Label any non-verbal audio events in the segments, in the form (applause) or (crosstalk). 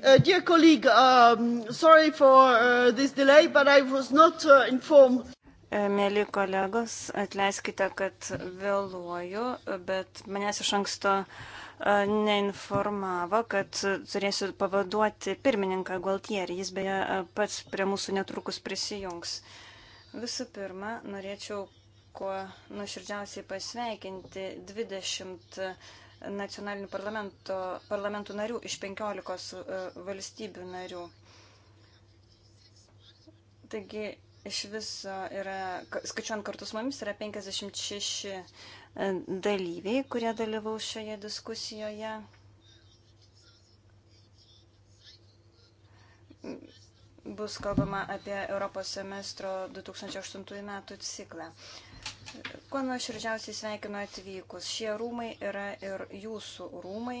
Uh, dear colleague, um, sorry for uh, this delay, but I was not uh, informed. E, mėly kolegos, atleiskite, kad vėluoju, bet manęs iš anksto e, neinformavo, kad turėsiu pavaduoti pirmininką Gualtierį. Jis beje e, pats prie mūsų netrukus prisijungs. Visų pirma, norėčiau kuo nuoširdžiausiai pasveikinti 20 nacionalinių parlamentų narių iš 15 e, valstybių narių. Taigi iš viso yra, skaičiuojant kartu su mumis, yra 56 e, dalyviai, kurie dalyvau šioje diskusijoje. Bus kalbama apie Europos semestro 2008 metų ciklą. Kuo nuoširdžiausiai sveikinu atvykus. Šie rūmai yra ir jūsų rūmai,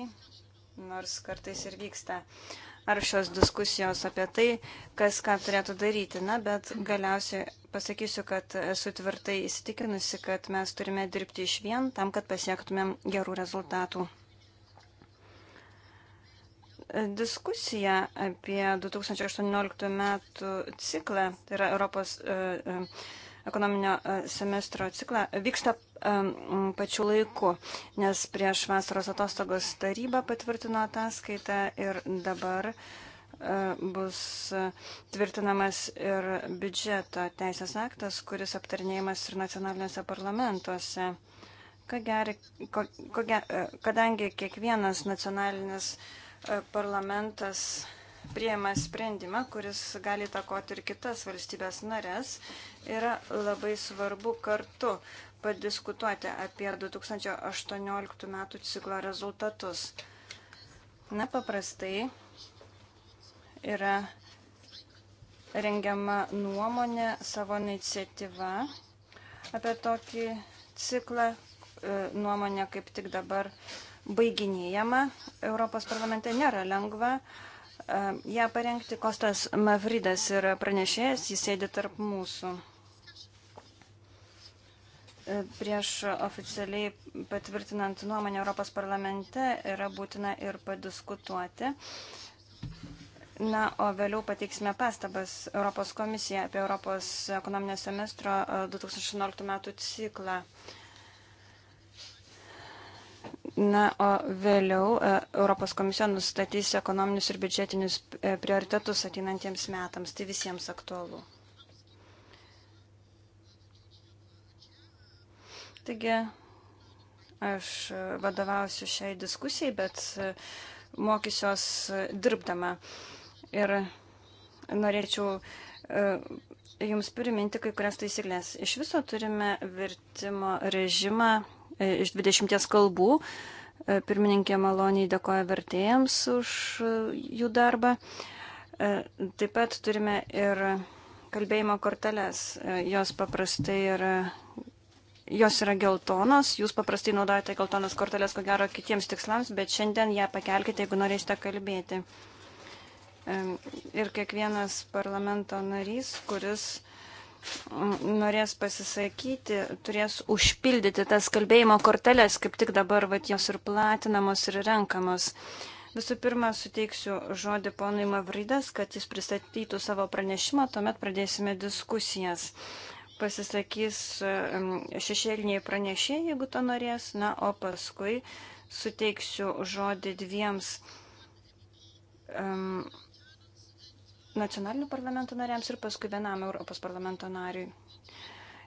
nors kartais ir vyksta aršios diskusijos apie tai, kas ką turėtų daryti. Na, bet galiausiai pasakysiu, kad esu tvirtai įsitikinusi, kad mes turime dirbti iš vien tam, kad pasiektumėm gerų rezultatų. Diskusija apie 2018 metų ciklą, tai yra Europos. Uh, uh, ekonominio e, semestro ciklą e, vyksta e, pačiu laiku, nes prieš vasaros atostogos taryba patvirtino ataskaitą ir dabar bus tvirtinamas ir biudžeto teisės aktas, kuris aptarnėjimas ir nacionaliniuose parlamentuose. Ko geri, ko, ko ger, kadangi kiekvienas nacionalinis parlamentas priema sprendimą, kuris gali takoti ir kitas valstybės narės, yra labai svarbu kartu padiskutuoti apie 2018 metų ciklo rezultatus. Na, paprastai yra rengiama nuomonė savo iniciatyva apie tokį ciklą. E, nuomonė kaip tik dabar baiginėjama. Europos parlamente nėra lengva ją parengti. Kostas Mavridas yra pranešėjas, jis sėdi tarp mūsų. Prieš oficialiai patvirtinant nuomonę Europos parlamente yra būtina ir padiskutuoti. Na, o vėliau pateiksime pastabas Europos komisiją apie Europos ekonominio semestro 2016 metų ciklą. Na, o vėliau e, Europos komisija nustatys ekonominius ir biudžetinius e, prioritetus ateinantiems metams. Tai visiems aktualu. Taigi, aš vadovausiu šiai diskusijai, bet e, mokysiuos dirbdama. Ir norėčiau Jums priminti kai kurias taisyklės. Iš viso turime vertimo režimą E, iš 20 kalbų. E, pirmininkė maloniai dėkoja vertėjams už e, jų darbą. Taip pat turime ir kalbėjimo korteles. Jos paprastai yra, jos yra geltonos. Jūs paprastai naudojate geltonas korteles, ko gero, kitiems tikslams, bet šiandien ją pakelkite, jeigu norėsite kalbėti. Ir kiekvienas parlamento narys, kuris norės pasisakyti, turės užpildyti tas kalbėjimo korteles, kaip tik dabar vat, jos ir platinamos, ir renkamos. Visų pirma, suteiksiu žodį ponui Mavrydas, kad jis pristatytų savo pranešimą, tuomet pradėsime diskusijas. Pasisakys šešėliniai pranešėjai, jeigu to norės, na, o paskui suteiksiu žodį dviems. Um, nacionalinių parlamentų nariams ir paskui vienam Europos parlamento nariui.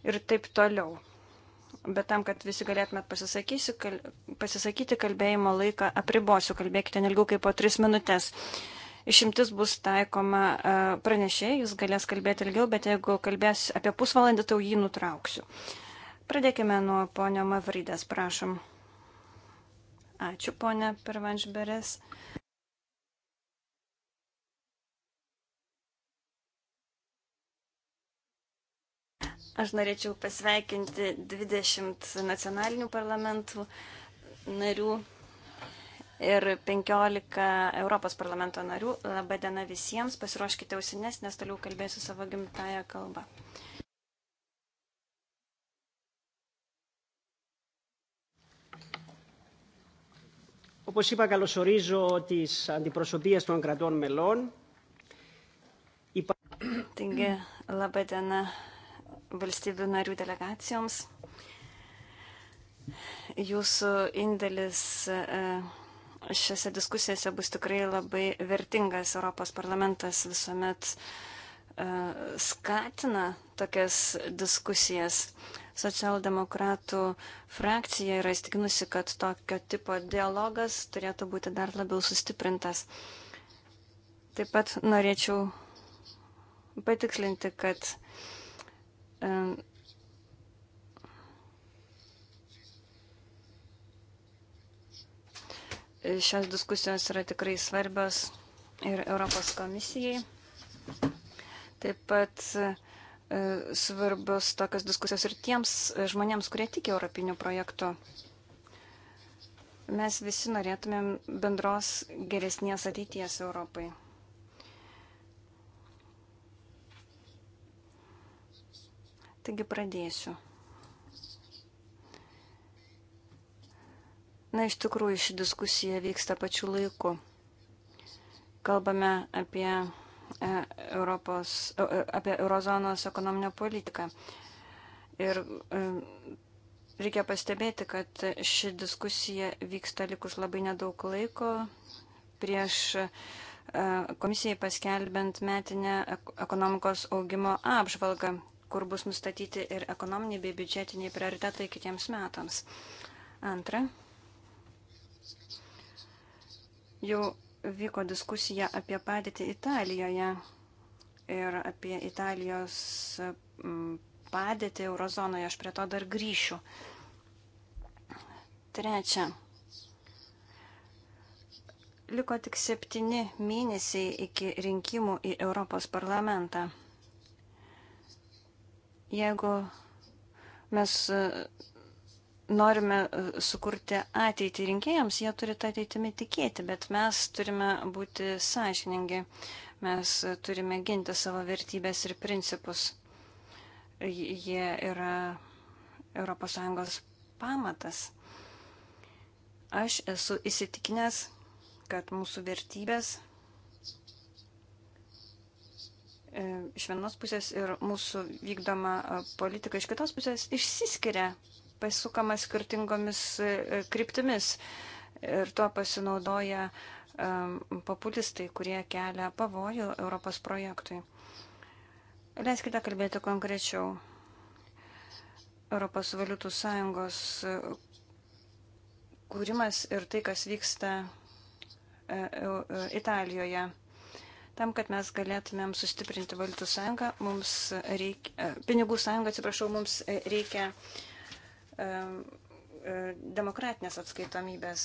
Ir taip toliau. Bet tam, kad visi galėtumėt kal... pasisakyti, kalbėjimo laiką apribosiu, kalbėkite nelgiau kaip po tris minutės. Išimtis bus taikoma e, pranešėjai, jis galės kalbėti ilgiau, bet jeigu kalbės apie pusvalandį, tai jį nutrauksiu. Pradėkime nuo ponio Mavrydės, prašom. Ačiū, ponė Pervanšberės. Aš norėčiau pasveikinti 20 nacionalinių parlamentų narių ir 15 Europos parlamento narių. Labadiena visiems, pasiruoškite ausines, nes toliau kalbėsiu savo gimtają kalbą. Όπως είπα, καλωσορίζω τις αντιπροσωπείες των κρατών μελών. Taigi, laba diena valstybių narių delegacijoms. Jūsų indėlis e, šiose diskusijose bus tikrai labai vertingas. Europos parlamentas visuomet e, skatina tokias diskusijas. Socialdemokratų frakcija yra įstikinusi, kad tokio tipo dialogas turėtų būti dar labiau sustiprintas. Taip pat norėčiau patikslinti, kad Um, šios diskusijos yra tikrai svarbios ir Europos komisijai. Taip pat e, svarbios tokios diskusijos ir tiems žmonėms, kurie tiki Europinių projektų. Mes visi norėtumėm bendros geresnės ateities Europai. Taigi pradėsiu. Na, iš tikrųjų, ši diskusija vyksta pačiu laiku. Kalbame apie, e, Europos, e, e, apie Eurozonos ekonominę politiką. Ir reikia pastebėti, kad ši diskusija vyksta likus labai nedaug laiko prieš komisijai paskelbent metinę ekonomikos augimo apžvalgą kur bus nustatyti ir ekonominiai bei biudžetiniai prioritetai kitiems metams. Antra, jau vyko diskusija apie padėtį Italijoje ir apie Italijos padėtį eurozonoje. Aš prie to dar grįšiu. Trečia liko tik septyni mėnesiai iki rinkimų į Europos parlamentą. Jeigu mes e, norime e, sukurti ateitį rinkėjams, jie turi tą ateitimi tikėti, bet mes turime būti sąžiningi, mes turime ginti savo vertybės ir principus. Jie yra ES pamatas. Aš esu įsitikinęs, kad mūsų vertybės E, iš vienos pusės ir mūsų vykdoma e, politika iš kitos pusės išsiskiria, pasukama skirtingomis e, kryptimis. Ir tuo pasinaudoja populistai, kurie kelia pavojų Europos projektui. Leiskite kalbėti konkrečiau. Europos valiutų sąjungos kūrimas ir tai, kas vyksta Italijoje. Tam, kad mes galėtumėm sustiprinti valiutų sąjungą, mums reikia, e, pinigų sąjungą, atsiprašau, mums reikia e, e, demokratinės atskaitomybės.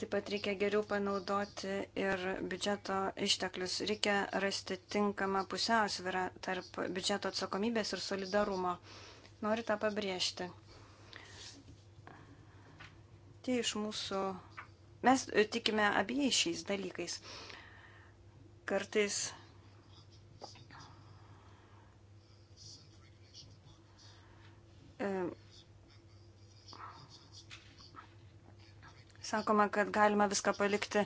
Taip pat reikia geriau panaudoti ir biudžeto išteklius. Reikia rasti tinkamą pusiausvyrą tarp biudžeto atsakomybės ir solidarumo. Noriu tą pabrėžti. Tie iš mūsų Mes e, tikime abiejai šiais dalykais. Kartais e, sakoma, kad galima viską palikti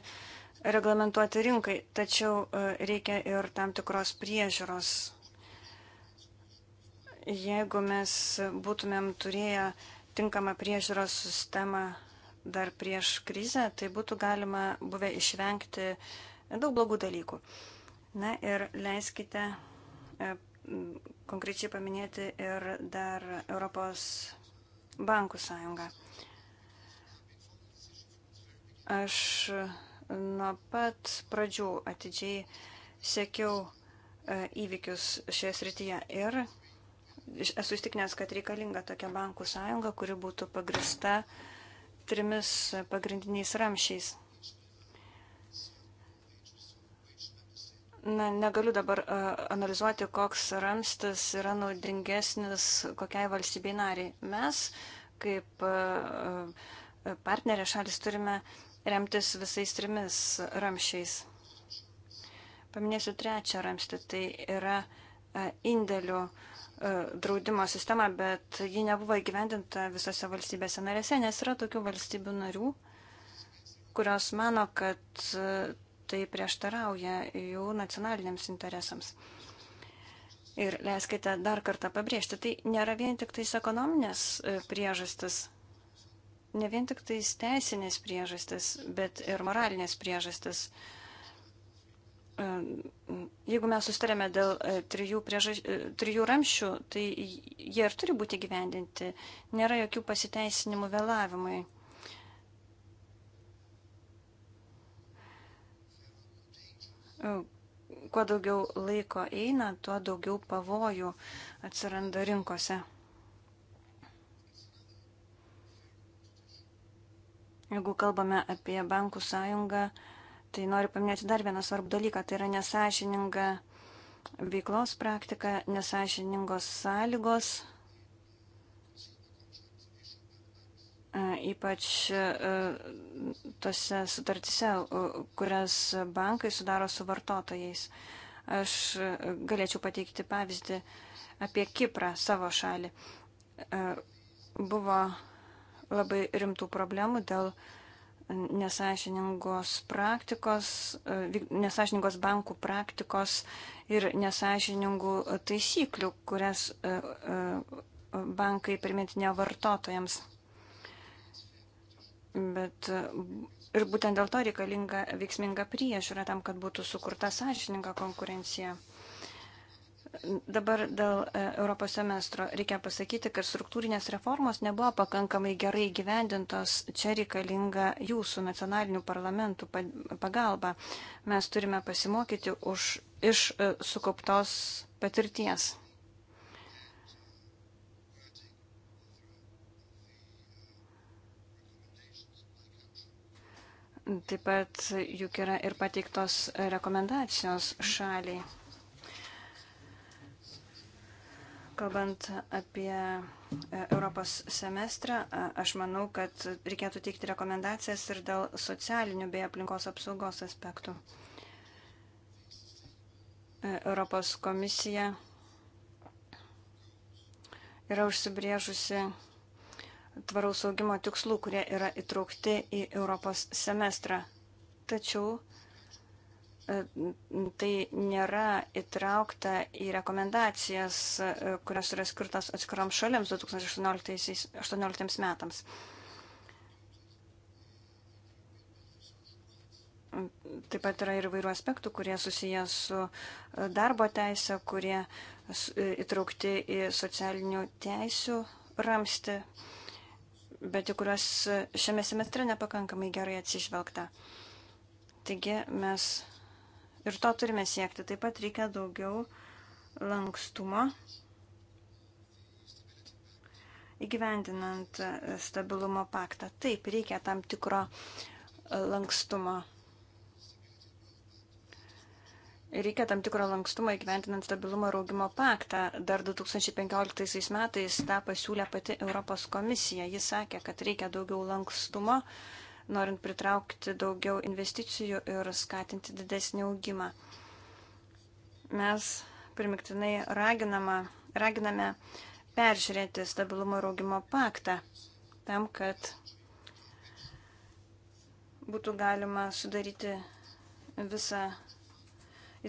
reglamentuoti rinkai, tačiau e, reikia ir tam tikros priežiūros. Jeigu mes būtumėm turėję tinkamą priežiūros sistemą dar prieš krizę, tai būtų galima buvę išvengti daug blogų dalykų. Na ir leiskite e, konkrečiai paminėti ir dar Europos bankų sąjungą. Aš nuo pat pradžių atidžiai sekiau e, įvykius šioje srityje ir esu įstikinęs, kad reikalinga tokia bankų sąjunga, kuri būtų pagrista uh, trimis pagrindiniais ramšiais. Na, negaliu dabar analizuoti, koks ramstis yra naudingesnis kokiai valstybei nariai. Mes, kaip partnerė šalis, turime remtis visais trimis ramšiais. Paminėsiu trečią ramstį, tai yra indėlių uh, E, draudimo sistemą, bet ji nebuvo įgyvendinta visose valstybėse narėse, nes yra tokių valstybių narių, kurios mano, kad e, tai prieštarauja jų nacionaliniams interesams. Ir leiskite dar kartą pabrėžti, tai nėra vien tik tais ekonominės e, priežastis, ne vien tik tais teisinės priežastis, bet ir moralinės priežastis. Uh, jeigu mes sustarėme dėl e, trijų, priežas, e, trijų ramščių, tai jie ir turi būti gyvendinti. Nėra jokių pasiteisinimų vėlavimui. E, kuo daugiau laiko eina, tuo daugiau pavojų atsiranda rinkose. Jeigu kalbame apie bankų sąjungą, tai noriu paminėti dar vieną svarbų dalyką, tai yra nesažininga veiklos praktika, nesažiningos sąlygos, e, ypač e, tose sutartise, kurias bankai sudaro su vartotojais. Aš e, galėčiau pateikti pavyzdį apie Kiprą, savo šalį. Buvo labai rimtų problemų dėl uh, nesažiningos praktikos, e, nesažiningos bankų praktikos ir nesažiningų taisyklių, kurias e, e, bankai primetinė vartotojams. Bet ir būtent dėl to reikalinga veiksminga priežiūra tam, kad būtų sukurta sąžininga konkurencija. Dabar dėl e, Europos semestro reikia pasakyti, kad struktūrinės reformos nebuvo pakankamai gerai gyvendintos. Čia reikalinga jūsų nacionalinių parlamentų pagalba. Mes turime pasimokyti už, iš e, sukauptos patirties. Taip pat juk yra ir pateiktos rekomendacijos šaliai. Kalbant apie e, Europos semestrą, aš manau, kad reikėtų teikti rekomendacijas ir dėl socialinių bei aplinkos apsaugos aspektų. E, Europos komisija yra užsibrėžusi tvaraus augimo tikslų, kurie yra įtraukti į Europos semestrą. Tačiau E, tai nėra įtraukta į rekomendacijas, e, kurios yra skirtas atskiroms šalims 2018 metams. Taip pat yra ir vairių aspektų, kurie susiję su e, darbo teisė, kurie įtraukti į socialinių teisių ramsti, bet į kuriuos šiame semestre nepakankamai gerai atsižvelgta. Taigi mes Ir to turime siekti. Taip pat reikia daugiau lankstumo įgyvendinant stabilumo paktą. Taip, reikia tam tikro lankstumo. Reikia tam tikro lankstumo įgyventinant stabilumo ir augimo paktą. Dar 2015 metais tą pasiūlė pati Europos komisija. Jis sakė, kad reikia daugiau lankstumo uh, norint pritraukti daugiau investicijų ir skatinti didesnį augimą. Mes primiktinai raginame peržiūrėti stabilumo ir augimo paktą tam, kad būtų galima sudaryti visą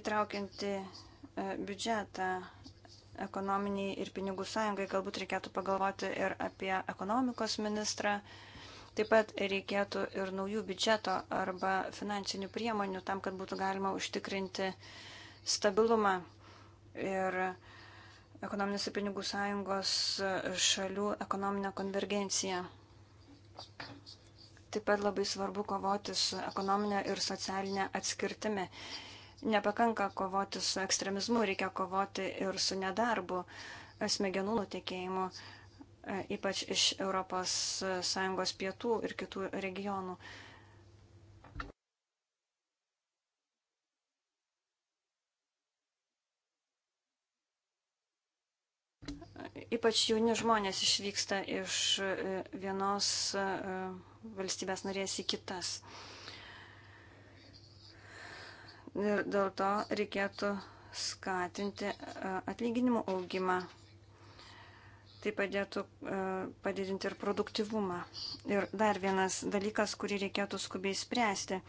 įtraukiantį e, biudžetą ekonominiai ir pinigų sąjungai. Galbūt reikėtų pagalvoti ir apie ekonomikos ministrą, Taip pat reikėtų ir naujų biudžeto arba finansinių priemonių tam, kad būtų galima užtikrinti stabilumą ir ekonominės ir pinigų sąjungos šalių ekonominę konvergenciją. Taip pat labai svarbu kovoti su ekonominė ir socialinė atskirtimi. Nepakanka kovoti su ekstremizmu, reikia kovoti ir su nedarbu, smegenų nutekėjimu E, ypač iš ES e, pietų ir kitų regionų. Ypač jauni žmonės išvyksta iš e, vienos valstybės narės į kitas. Ir dėl to reikėtų skatinti atlyginimų augimą Tai padėtų e, padidinti ir produktivumą. Ir dar vienas dalykas, kurį reikėtų skubiai spręsti.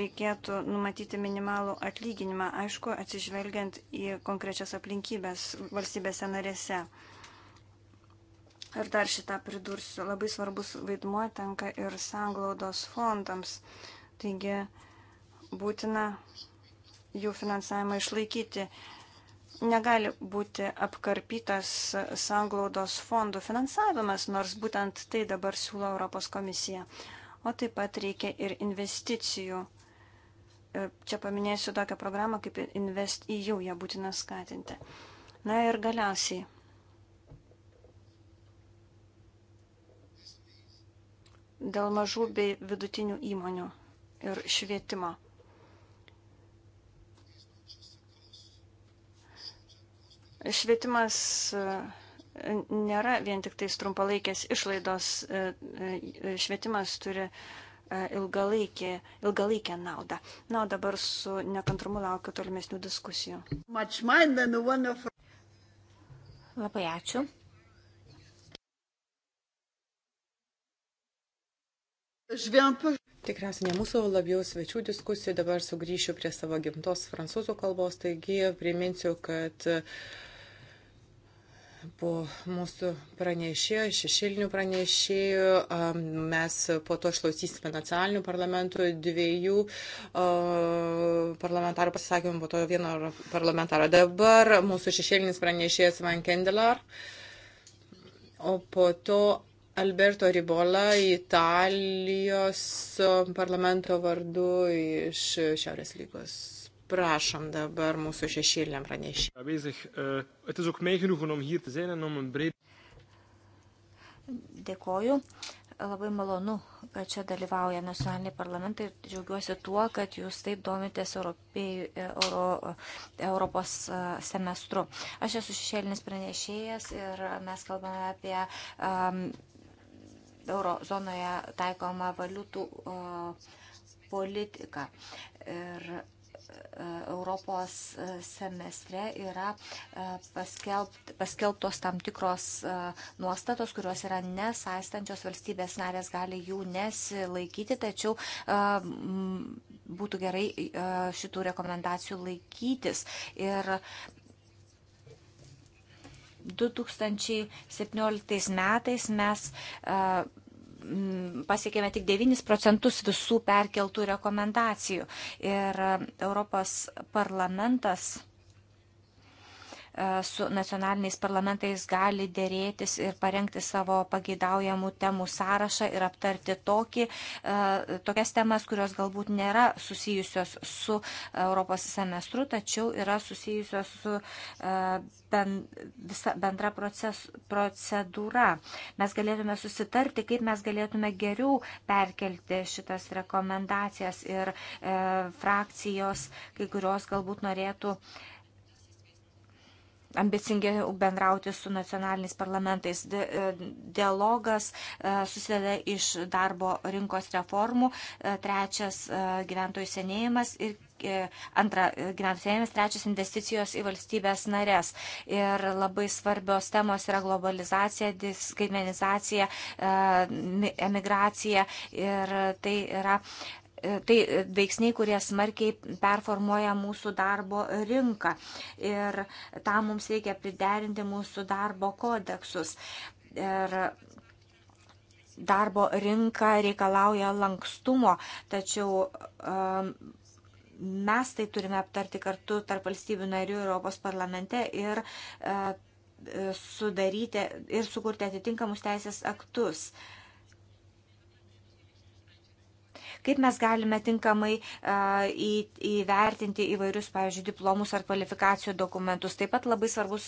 Reikėtų numatyti minimalų atlyginimą, aišku, atsižvelgiant į konkrečias aplinkybės valstybėse narėse. Ir dar šitą pridursiu, labai svarbus vaidmuo tenka ir sanglaudos fondams. Taigi būtina jų finansavimą išlaikyti negali būti apkarpytas sanglaudos fondų finansavimas, nors būtent tai dabar siūlo Europos komisija. O taip pat reikia ir investicijų. Čia paminėsiu tokią programą kaip Invest EU, ją būtina skatinti. Na ir galiausiai. Dėl mažų bei vidutinių įmonių ir švietimo. Švietimas e, nėra vien tik tais trumpalaikės išlaidos, e, e, švietimas turi ilgalaikį, ilgalaikę naudą. Na, o dabar su nekantrumu laukiu tolimesnių diskusijų. Labai ačiū. Tikriausiai ne mūsų labiau svečių diskusijų, dabar sugrįšiu prie savo gimtos prancūzų kalbos, taigi priminsiu, kad uh, po mūsų pranešėjo, šešilinių pranešėjų, mes po to išklausysime nacionalinių parlamentų dviejų parlamentarų pasisakymų, po to vieno parlamentaro. Dabar mūsų šešilinis pranešėjas Van Kendelar, o po to Alberto Ribola Italijos parlamento vardu iš Šiaurės lygos Prašom dabar mūsų šešėlėm pranešti. Dėkoju. Labai malonu, kad čia dalyvauja nacionaliniai parlamentai ir džiaugiuosi tuo, kad jūs taip domitės Europėj, Euro, Europos semestru. Aš esu šešėlinis pranešėjas ir mes kalbame apie um, eurozonoje taikomą valiutų uh, politiką. Ir Europos e, semestre yra e, paskelbt, paskelbtos tam tikros e, nuostatos, kurios yra nesaistančios valstybės narės, gali jų nesilaikyti, tačiau būtų gerai šitų rekomendacijų laikytis. Ir 2017 metais mes Mm, pasiekėme tik 9 procentus visų perkeltų rekomendacijų. Ir Europos parlamentas E, su nacionaliniais parlamentais gali dėrėtis ir parengti savo pageidaujamų temų sąrašą ir aptarti tokį, e, tokias temas, kurios galbūt nėra susijusios su Europos semestru, tačiau yra susijusios su e, ben, visa, bendra proces, procedūra. Mes galėtume susitarti, kaip mes galėtume geriau perkelti šitas rekomendacijas ir e, frakcijos, kai kurios galbūt norėtų e, ambicingiau bendrauti su nacionaliniais parlamentais. E, dialogas e, susideda iš darbo rinkos reformų, e, trečias gyventojų senėjimas ir antra gyventojų senėjimas, trečias investicijos į valstybės narės. Ir labai svarbios temos yra globalizacija, skaitmenizacija, emigracija ir tai yra tai veiksniai, kurie smarkiai performuoja mūsų darbo rinką. Ir tam mums reikia priderinti mūsų darbo kodeksus. Ir darbo rinka reikalauja lankstumo, tačiau um, mes tai turime aptarti kartu tarp valstybių narių Europos parlamente ir uh, sudaryti ir sukurti atitinkamus teisės aktus. Uh, Kaip mes galime tinkamai įvertinti įvairius, pavyzdžiui, diplomus ar kvalifikacijų dokumentus. Taip pat labai svarbus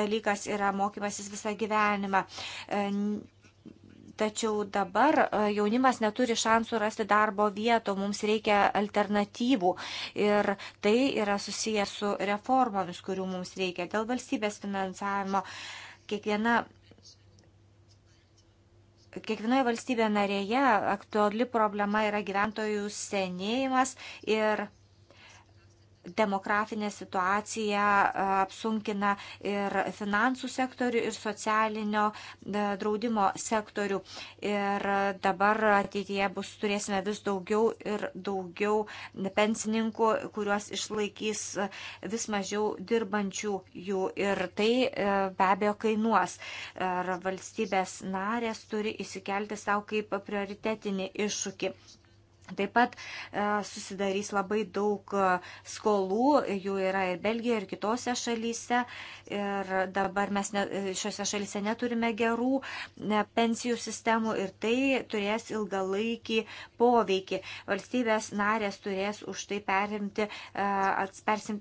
dalykas yra mokymasis visą gyvenimą. E, tačiau dabar jaunimas neturi šansų rasti darbo vietų, mums reikia alternatyvų. Ir tai yra susijęs su reformomis, kurių mums reikia dėl valstybės finansavimo. Kiekviena kiekvienoje valstybėje narėje aktuali problema yra gyventojų senėjimas ir demografinė situacija e, apsunkina ir finansų sektorių, ir socialinio e, draudimo sektorių. Ir dabar ateityje bus, turėsime vis daugiau ir daugiau pensininkų, kuriuos išlaikys vis mažiau dirbančių jų. Ir tai e, be abejo kainuos. Ir valstybės narės turi įsikelti savo kaip prioritetinį iššūkį. Taip pat e, susidarys labai daug e, skolų, jų yra ir Belgijoje, ir kitose šalyse. Ir dabar mes ne, e, šiuose šalyse neturime gerų pensijų sistemų ir tai turės ilgalaikį poveikį. Valstybės narės turės už tai perimti, atspersim,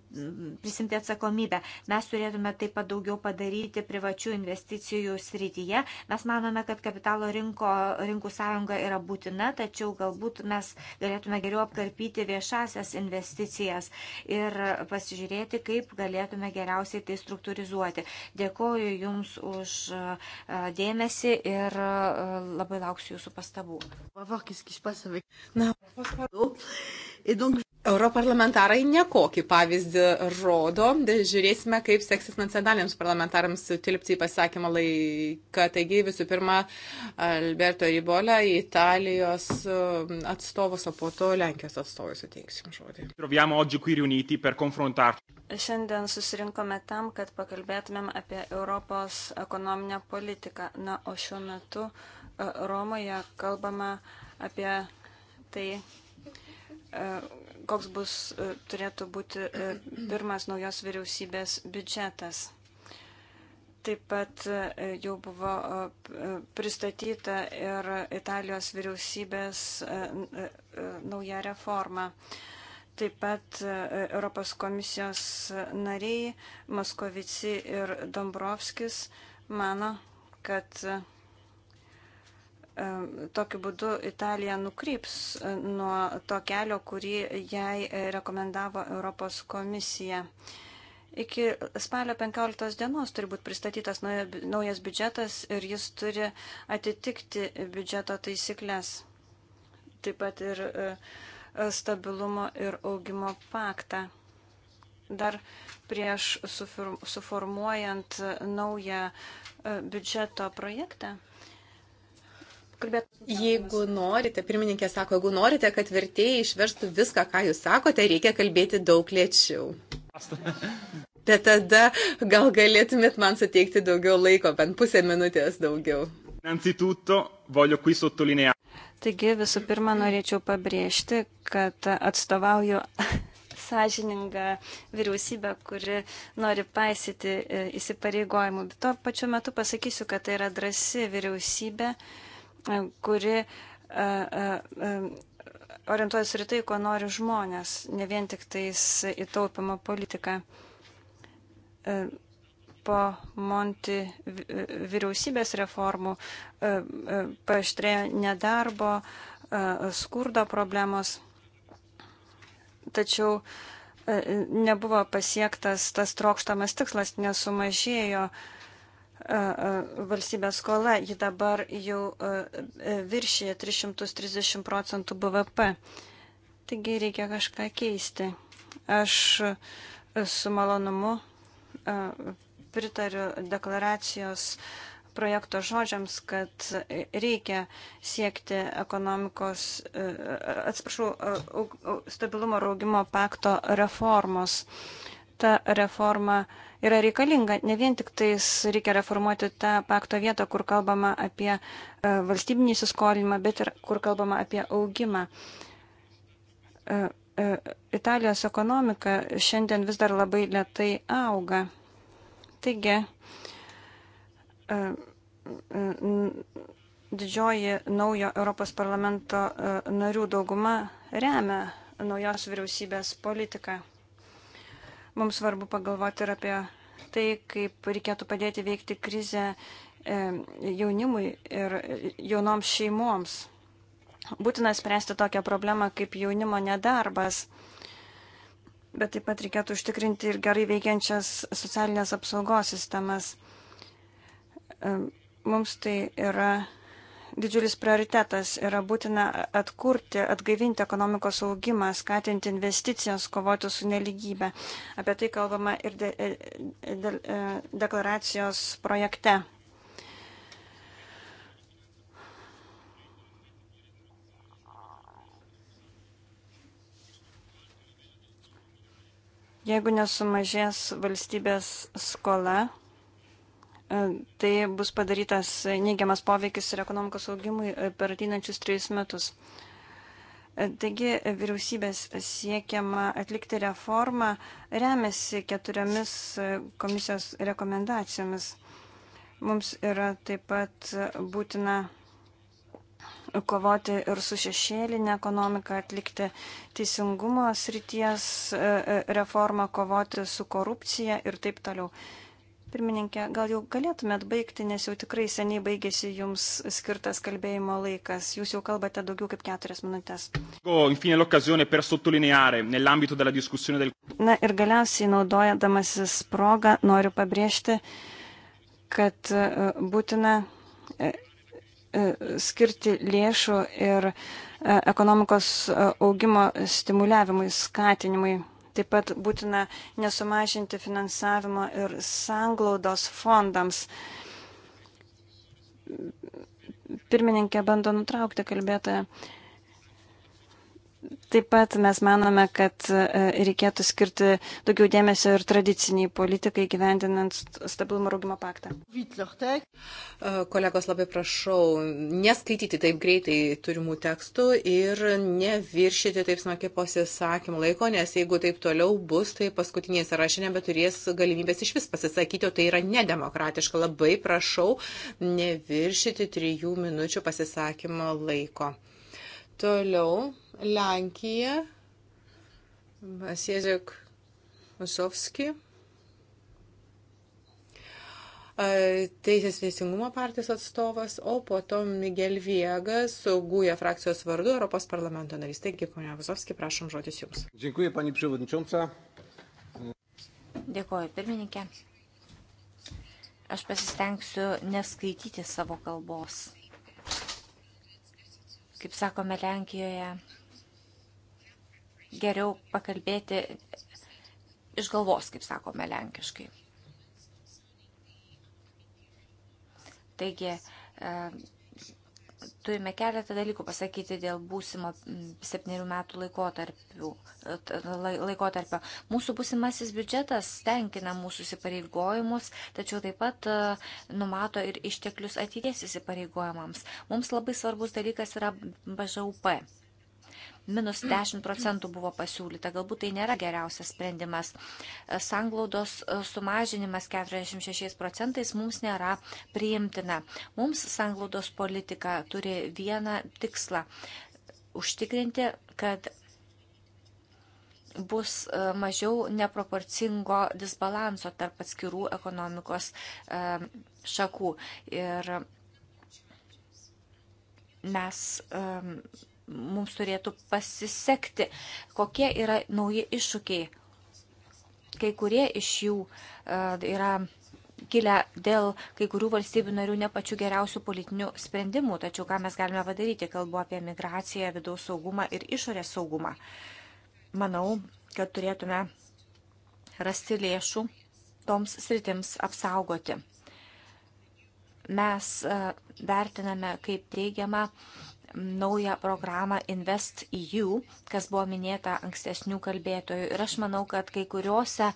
prisimti atsakomybę. Mes turėtume taip pat daugiau padaryti privačių investicijų srityje. Mes manome, kad kapitalo rinko, rinkų sąjunga yra būtina, tačiau galbūt mes galėtume geriau apkarpyti viešasias investicijas ir pasižiūrėti, kaip galėtume geriausiai tai struktūrizuoti. Dėkoju Jums už e, dėmesį ir e, labai lauksiu Jūsų pastabų. Na, Europarlamentarai nekokį pavyzdį rodo. Žiūrėsime, kaip seksis nacionaliniams parlamentarams tilpti į pasakymą laiką. Taigi visų pirma, Alberto Ribolė, Italijos um, atstovus, o po to Lenkijos atstovus suteiksim žodį. Šiandien susirinkome tam, kad pakalbėtumėm apie Europos ekonominę politiką. Na, o šiuo metu uh, Romoje kalbama apie tai uh, koks bus, e, turėtų būti e, pirmas naujos vyriausybės biudžetas. Taip pat e, jau buvo pristatyta ir Italijos vyriausybės nauja reforma. Taip pat Europos komisijos nariai Moskovici ir Dombrovskis mano, kad E, tokiu būdu Italija nukryps e, nuo to kelio, kurį jai e, rekomendavo Europos komisija. Iki spalio 15 dienos turi būti pristatytas naujas biudžetas ir jis turi atitikti biudžeto taisyklės. Taip pat ir stabilumo ir augimo paktą. Dar prieš suformuojant naują biudžeto projektą Kalbėt. Jeigu norite, pirmininkė sako, jeigu norite, kad vertėjai išverstų viską, ką jūs sakote, reikia kalbėti daug lėčiau. (laughs) Bet tada gal galėtumėt man suteikti daugiau laiko, bent pusę minutės daugiau. Taigi visų pirma norėčiau pabrėžti, kad atstovauju (laughs) sąžininga vyriausybė, kuri nori paisyti e, įsipareigojimų. Bet tuo pačiu metu pasakysiu, kad tai yra drasi vyriausybė, uh, E, kuri e, e, orientuojasi ir tai, ko nori žmonės, ne vien tik tais įtaupimo politiką. Po Monti vyriausybės reformų paštrėjo nedarbo, skurdo problemos, tačiau nebuvo pasiektas tas trokštamas tikslas, nesumažėjo uh, valstybės skola, ji dabar jau viršyje 330 procentų BVP. Taigi reikia kažką keisti. Aš su malonumu pritariu deklaracijos projekto žodžiams, kad reikia siekti ekonomikos, atsiprašau, stabilumo raugimo pakto reformos ta reforma yra reikalinga. Ne vien tik tais reikia reformuoti tą pakto vietą, kur kalbama apie e, valstybinį įsiskolinimą, bet ir kur kalbama apie augimą. E, e, Italijos ekonomika šiandien vis dar labai lietai auga. Taigi, didžioji naujo Europos parlamento narių dauguma remia naujos vyriausybės politiką. Mums svarbu pagalvoti ir apie tai, kaip reikėtų padėti veikti krizę e, jaunimui ir jaunoms šeimoms. Būtina spręsti tokią problemą kaip jaunimo nedarbas, bet taip pat reikėtų užtikrinti ir gerai veikiančias socialinės apsaugos sistemas. E, mums tai yra didžiulis prioritetas yra būtina atkurti, atgaivinti ekonomikos augimą, skatinti investicijas, kovoti su neligybė. Apie tai kalbama ir de, e, de, de, deklaracijos projekte. Jeigu nesumažės valstybės skola, tai bus padarytas neigiamas poveikis ir ekonomikos augimui e, per ateinančius trejus metus. E, taigi e, vyriausybės siekiama atlikti reformą remiasi keturiomis komisijos rekomendacijomis. Mums yra taip pat būtina kovoti ir su šešėlinė ekonomika, atlikti teisingumo srities reformą, kovoti su korupcija ir taip toliau. Pirmininkė, gal jau galėtumėt baigti, nes jau tikrai seniai baigėsi jums skirtas kalbėjimo laikas. Jūs jau kalbate daugiau kaip keturias minutės. Na ir galiausiai naudojadamasis progą noriu pabrėžti, kad e, būtina e, e, skirti lėšų ir ekonomikos augimo stimuliavimui, skatinimui. Taip pat būtina nesumažinti finansavimo ir sanglaudos fondams. Pirmininkė bando nutraukti kalbėtoją. Taip pat mes manome, kad e, reikėtų skirti daugiau dėmesio ir tradiciniai politikai gyvendinant stabilumo rūgimo paktą. E, kolegos, labai prašau neskaityti taip greitai turimų tekstų ir neviršyti taip smarkiai pasisakymų laiko, nes jeigu taip toliau bus, tai paskutiniai sąrašė nebeturės galimybės iš vis pasisakyti, o tai yra nedemokratiška. Labai prašau neviršyti trijų minučių pasisakymo laiko. Toliau Lenkija, Siezek Musovski. Teisės teisingumo partijos atstovas, o po to Miguel Viegas, Guja frakcijos vardu, Europos parlamento narys. Taigi, ponia Vasovski, prašom žodis jums. Dėkuoju, pani Privodničiomca. Dėkuoju, pirmininkė. Aš pasistengsiu neskaityti savo kalbos kaip sakome Lenkijoje, geriau pakalbėti iš galvos, kaip sakome lenkiškai. Taigi, turime keletą dalykų pasakyti dėl būsimo septynių metų laikotarpio. Mūsų būsimasis biudžetas tenkina mūsų įsipareigojimus, tačiau taip pat e, numato ir išteklius ateities įsipareigojimams. Mums labai svarbus dalykas yra BŽUP minus 10 procentų buvo pasiūlyta. Galbūt tai nėra geriausias sprendimas. Sanglaudos e, sumažinimas 46 procentais mums nėra priimtina. Mums sanglaudos politika turi vieną tikslą - užtikrinti, kad bus e, mažiau neproporcingo disbalanso tarp atskirų ekonomikos e, šakų. Ir mes mums turėtų pasisekti, kokie yra nauji iššūkiai. Kai kurie iš jų e, yra kilę dėl kai kurių valstybių narių ne pačių geriausių politinių sprendimų, tačiau ką mes galime padaryti, kalbu apie migraciją, vidaus saugumą ir išorės saugumą. Manau, kad turėtume rasti lėšų toms sritims apsaugoti. Mes e, vertiname kaip teigiamą uh, naują programą Invest EU, kas buvo minėta ankstesnių kalbėtojų. Ir aš manau, kad kai kuriuose e,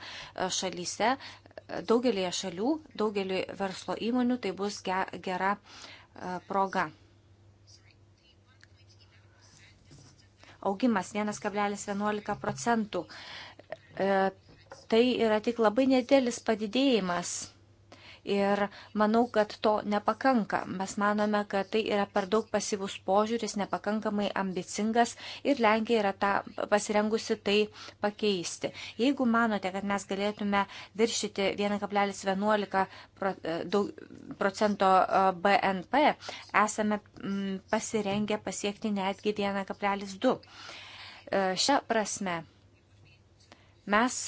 šalyse, e, daugelėje šalių, daugelį verslo įmonių tai bus gera e, proga. Augimas 1,11 procentų. Tai yra tik labai nedėlis padidėjimas Ir manau, kad to nepakanka. Mes manome, kad tai yra per daug pasyvus požiūris, nepakankamai ambicingas ir Lenkija yra ta, pasirengusi tai pakeisti. Jeigu manote, kad mes galėtume viršyti 1,11 e, procento e, BNP, esame mm, pasirengę pasiekti netgi 1,2. E, Šią prasme mes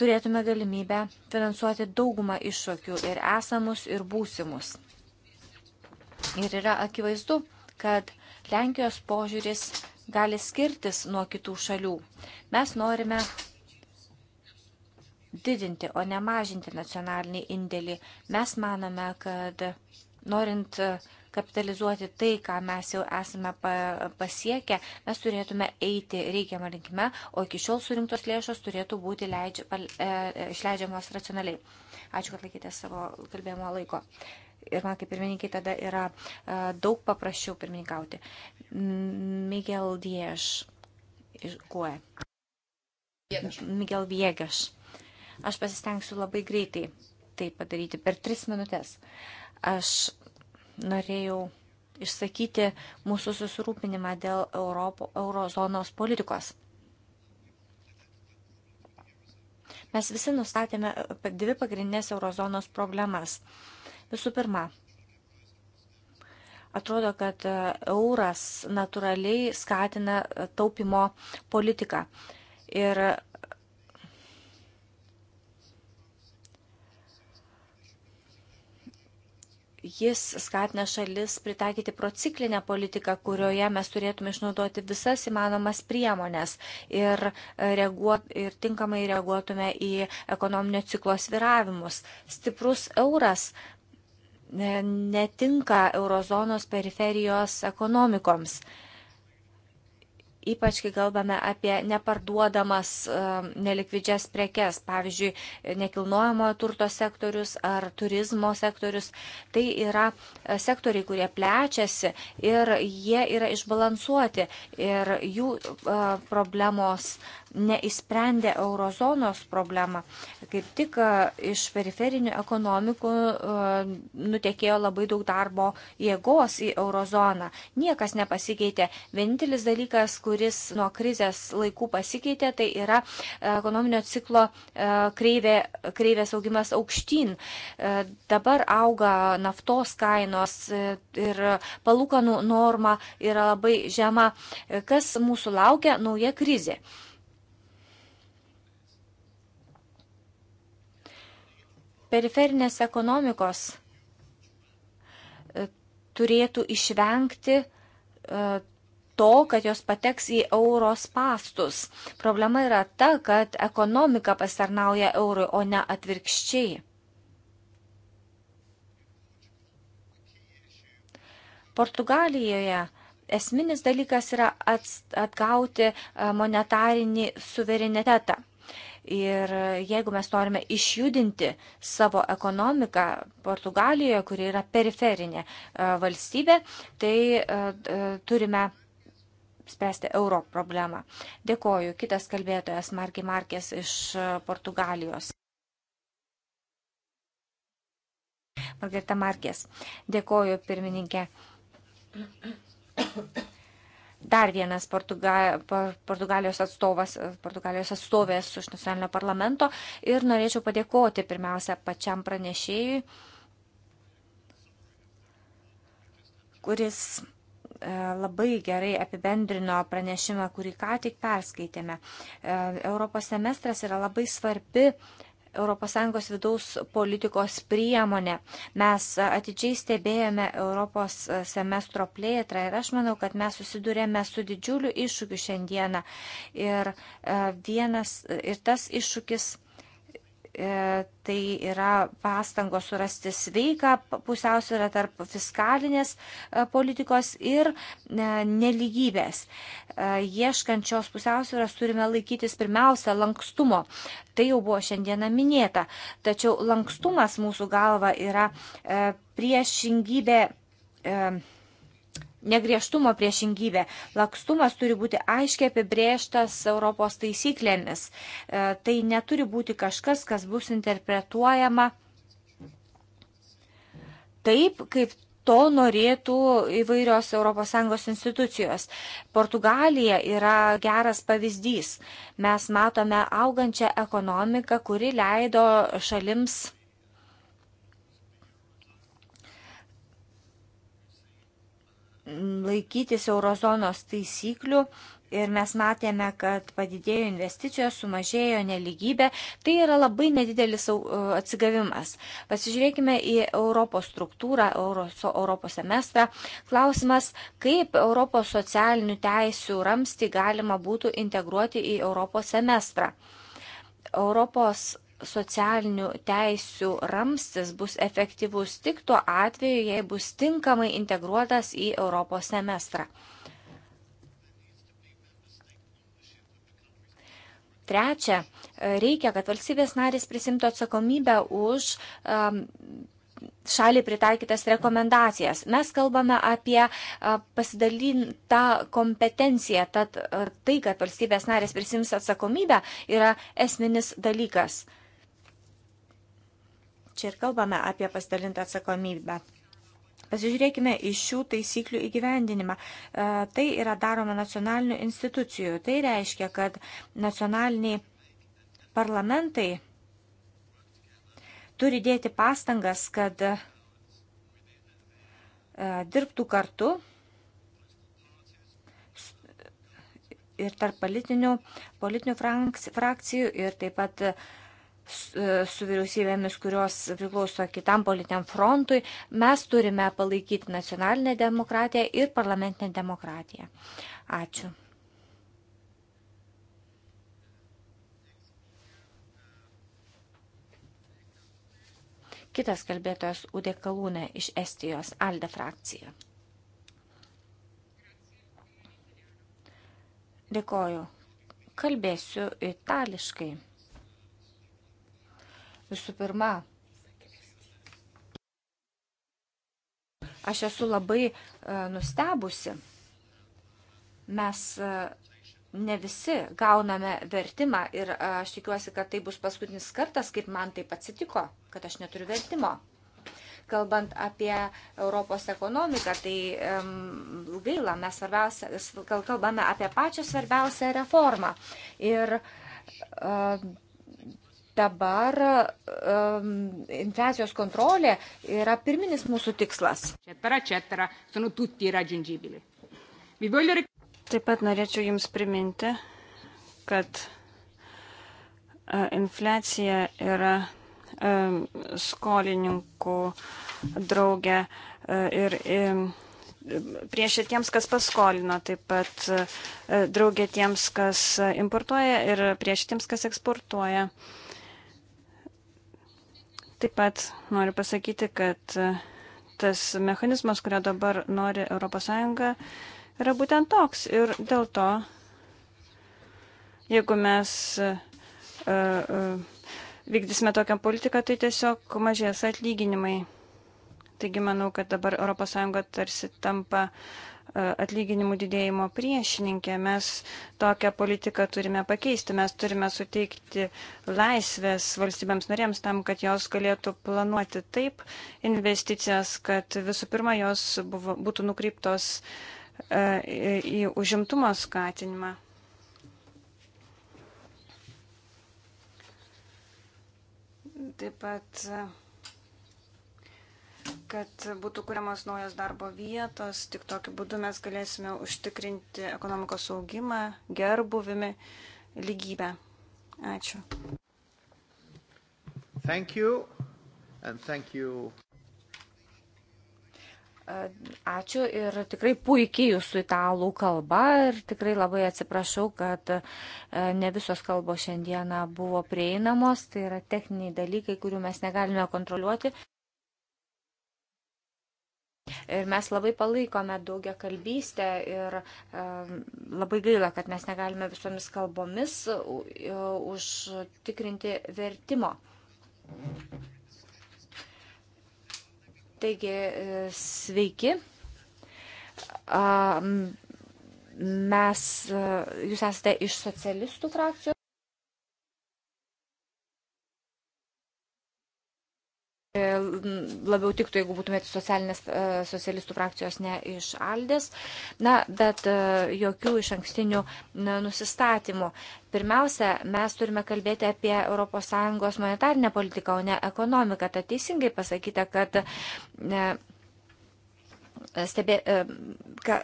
turėtume galimybę finansuoti daugumą iššūkių ir esamus, ir būsimus. Ir yra akivaizdu, kad Lenkijos požiūris gali skirtis nuo kitų šalių. Mes norime didinti, o ne mažinti nacionalinį indėlį. Mes manome, kad norint uh, kapitalizuoti tai, ką mes jau esame pasiekę, mes turėtume eiti reikiamą linkme, o iki šiol surinktos lėšos turėtų būti leidži, pal, e, e, išleidžiamos racionaliai. Ačiū, kad laikėte savo kalbėjimo laiko. Ir man kaip pirmininkai tada yra e, daug paprasčiau pirmininkauti. Miguel Dieš iš Guoja. Miguel Viegas. Aš pasistengsiu labai greitai tai padaryti per tris minutės. Aš norėjau išsakyti mūsų susirūpinimą dėl Europo, eurozonos politikos. Mes visi nustatėme dvi pagrindinės eurozonos problemas. Visų pirma, atrodo, kad euras natūraliai skatina taupimo politiką. Ir jis skatina šalis pritaikyti prociklinę politiką, kurioje mes turėtume išnaudoti visas įmanomas priemonės ir, e, reaguot, ir tinkamai reaguotume į ekonominio ciklo sviravimus. Stiprus euras e, netinka eurozonos periferijos ekonomikoms ypač kai kalbame apie neparduodamas e, nelikvidžias prekes, pavyzdžiui, nekilnojamojo turto sektorius ar turizmo sektorius. Tai yra e, sektoriai, kurie plečiasi ir jie yra išbalansuoti ir jų e, problemos neįsprendę eurozonos problemą. Kaip tik e, iš periferinių ekonomikų e, nutekėjo labai daug darbo jėgos į eurozoną. Niekas nepasikeitė. Vienintelis dalykas, kuris nuo krizės laikų pasikeitė, tai yra e, ekonominio ciklo kreivė, kreivės augimas aukštyn. Dabar auga naftos kainos ir palūkanų norma yra labai žema. Kas mūsų laukia? Nauja krizė. Periferinės ekonomikos e, turėtų išvengti e, to, kad jos pateks į euros pastus. Problema yra ta, kad ekonomika pasarnauja eurui, o ne atvirkščiai. Portugalijoje esminis dalykas yra atgauti e, monetarinį suverenitetą. Ir e, jeigu mes norime išjudinti savo ekonomiką Portugalijoje, kuri yra periferinė e, valstybė, tai e, turime spręsti euro problemą. Dėkoju. Kitas kalbėtojas Marki Markės iš Portugalijos. Margarita Markės. Dėkoju, pirmininkė dar vienas Portuga, Portugalijos atstovas, Portugalijos atstovės iš nacionalinio parlamento ir norėčiau padėkoti pirmiausia pačiam pranešėjui, kuris e, labai gerai apibendrino pranešimą, kurį ką tik perskaitėme. E, Europos semestras yra labai svarbi ES vidaus politikos priemonė. Mes atidžiai stebėjome Europos semestro plėtrą ir aš manau, kad mes susidurėme su didžiuliu iššūkiu šiandieną. Ir, e, vienas, ir tas iššūkis E, tai yra pastangos surasti sveiką pusiausvyrą tarp fiskalinės e, politikos ir e, neligybės. Ieškant šios pusiausvyros turime laikytis pirmiausia lankstumo. Tai jau buvo šiandieną minėta. Tačiau lankstumas mūsų galva yra priešingybė negriežtumo priešingybė. Lakstumas turi būti aiškiai apibrėžtas Europos taisyklėmis. E, tai neturi būti kažkas, kas bus interpretuojama taip, kaip to norėtų įvairios ES institucijos. Portugalija yra geras pavyzdys. Mes matome augančią ekonomiką, kuri leido šalims laikytis eurozonos taisyklių ir mes matėme, kad padidėjo investicijos, sumažėjo neligybė, tai yra labai nedidelis e, atsigavimas. Pasižiūrėkime į Europos struktūrą, Euros, Europos semestrą. Klausimas, kaip Europos socialinių teisių ramsti galima būtų integruoti į Europos semestrą. Europos socialinių teisių ramstis bus efektyvus tik tuo atveju, jei bus tinkamai integruotas į Europos semestrą. Trečia, reikia, kad valstybės narės prisimtų atsakomybę už um, šaliai pritaikytas rekomendacijas. Mes kalbame apie uh, pasidalintą kompetenciją, tad tai, kad valstybės narės prisims atsakomybę, yra esminis dalykas čia ir kalbame apie pasidalintą atsakomybę. Pasižiūrėkime į šių taisyklių įgyvendinimą. E, tai yra daroma nacionalinių institucijų. Tai reiškia, kad nacionaliniai parlamentai turi dėti pastangas, kad e, dirbtų kartu ir tarp politinių, politinių frakcijų ir taip pat E, su vyriausybėmis, kurios priklauso kitam politiniam frontui, mes turime palaikyti nacionalinę demokratiją ir parlamentinę demokratiją. Ačiū. Kitas kalbėtojas Ude Kalūne iš Estijos Alde frakcija. Dėkoju. Kalbėsiu itališkai. Visų pirma, aš esu labai e, nustebusi. Mes e, ne visi gauname vertimą ir e, aš tikiuosi, kad tai bus paskutinis kartas, kaip man taip atsitiko, kad aš neturiu vertimo. Kalbant apie Europos ekonomiką, tai um, gaila, mes svarbiausia, kalbame apie pačią svarbiausią reformą. Ir um, Dabar um, infliacijos kontrolė yra pirminis mūsų tikslas. Taip pat norėčiau Jums priminti, kad e, infliacija yra e, skolininkų draugė e, ir prieš tiems, kas paskolino, taip pat draugė tiems, kas importuoja ir prieš tiems, kas eksportuoja. Taip pat noriu pasakyti, kad e, tas mechanizmas, kurio dabar nori ES, yra būtent toks. Ir dėl to, jeigu mes e, e, vykdysime tokią politiką, tai tiesiog mažės atlyginimai. Taigi manau, kad dabar ES tarsi tampa E, atlyginimų didėjimo priešininkė. Mes tokią politiką turime pakeisti, mes turime suteikti laisvės valstybėms norėms tam, kad jos galėtų planuoti taip investicijas, kad visų pirma jos buvo, būtų nukreiptos e, į užimtumo skatinimą. Taip pat e, kad būtų kuriamos naujos darbo vietos, tik tokiu būdu mes galėsime užtikrinti ekonomikos augimą, gerbuvimi, lygybę. Ačiū. Thank you. And thank you. Ačiū ir tikrai puikiai jūsų italų kalba ir tikrai labai atsiprašau, kad ne visos kalbos šiandieną buvo prieinamos, tai yra techniniai dalykai, kurių mes negalime kontroliuoti. Ir mes labai palaikome daugia kalbystę ir labai gaila, kad mes negalime visomis kalbomis užtikrinti vertimo. Taigi, e, sveiki. Mes, e, jūs esate iš socialistų frakcijos. E, labiau tiktų, jeigu būtumėte socialinės e, socialistų frakcijos ne iš Aldės. Na, bet e, jokių iš ankstinių nusistatymų. Pirmiausia, mes turime kalbėti apie ES monetarinę politiką, o ne ekonomiką. Tad teisingai pasakyta, kad stebė, e, e,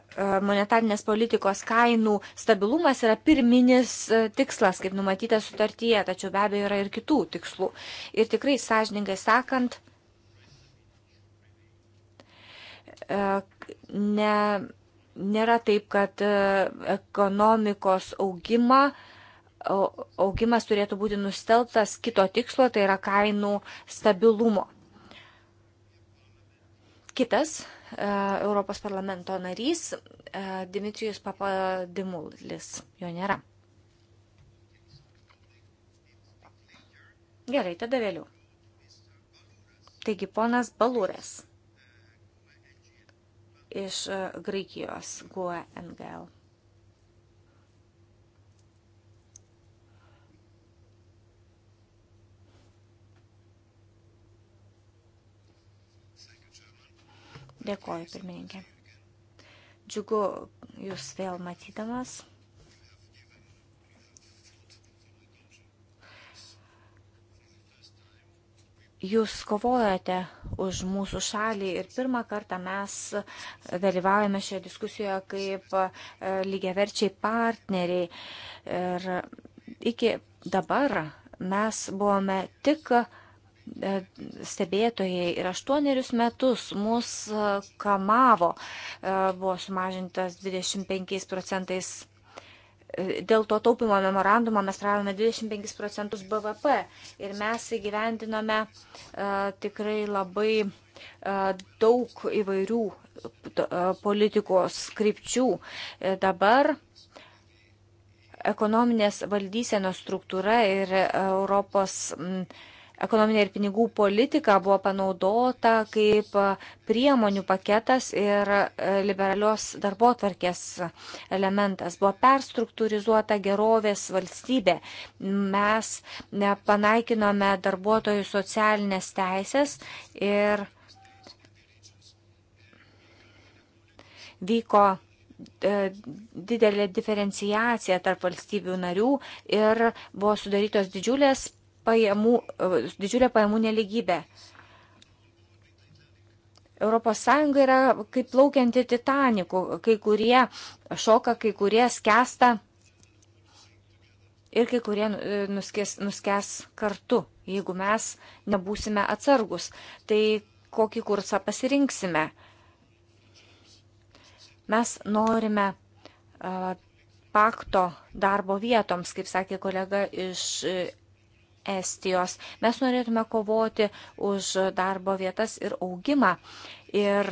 monetarnės politikos kainų stabilumas yra pirminis e, tikslas, kaip numatyta sutartyje, tačiau be abejo yra ir kitų tikslų. Ir tikrai sąžininkai sakant, ne, nėra taip, kad ekonomikos augimą augimas turėtų būti nusteltas kito tikslo, tai yra kainų stabilumo. Kitas e, Europos parlamento narys e, Dimitrijus Papadimulis. Jo nėra. Gerai, tada vėliau. Taigi, ponas Balūras iš e, Graikijos GUE NGL. Dėkoju, pirmininkė. Džiugu jūs vėl matydamas. jūs kovojate už mūsų šalį ir pirmą kartą mes dalyvaujame šioje diskusijoje kaip e, lygiaverčiai partneriai. Ir iki dabar mes buvome tik E, stebėtojai ir aštuonerius metus mus e, kamavo, e, buvo sumažintas 25 procentais. Dėl to taupimo memorandumo mes radome 25 procentus BVP ir mes įgyvendinome uh, tikrai labai uh, daug įvairių uh, politikos krypčių. Dabar ekonominės valdysenos struktūra ir Europos uh, ekonominė ir pinigų politika buvo panaudota kaip e, priemonių paketas ir e, liberalios darbo tvarkės elementas. Buvo perstruktūrizuota gerovės valstybė. Mes panaikinome darbuotojų socialinės teisės ir vyko e, didelė diferenciacija tarp valstybių narių ir buvo sudarytos didžiulės pajamų, didžiulė pajamų neligybė. Europos Sąjunga yra kaip plaukianti titanikų, kai kurie šoka, kai kurie skęsta ir kai kurie e, nuskes, nuskes kartu, jeigu mes nebūsime atsargus. Tai kokį kursą pasirinksime? Mes norime uh, pakto darbo vietoms, kaip sakė kolega iš e, Estijos. Mes norėtume kovoti už darbo vietas ir augimą. Ir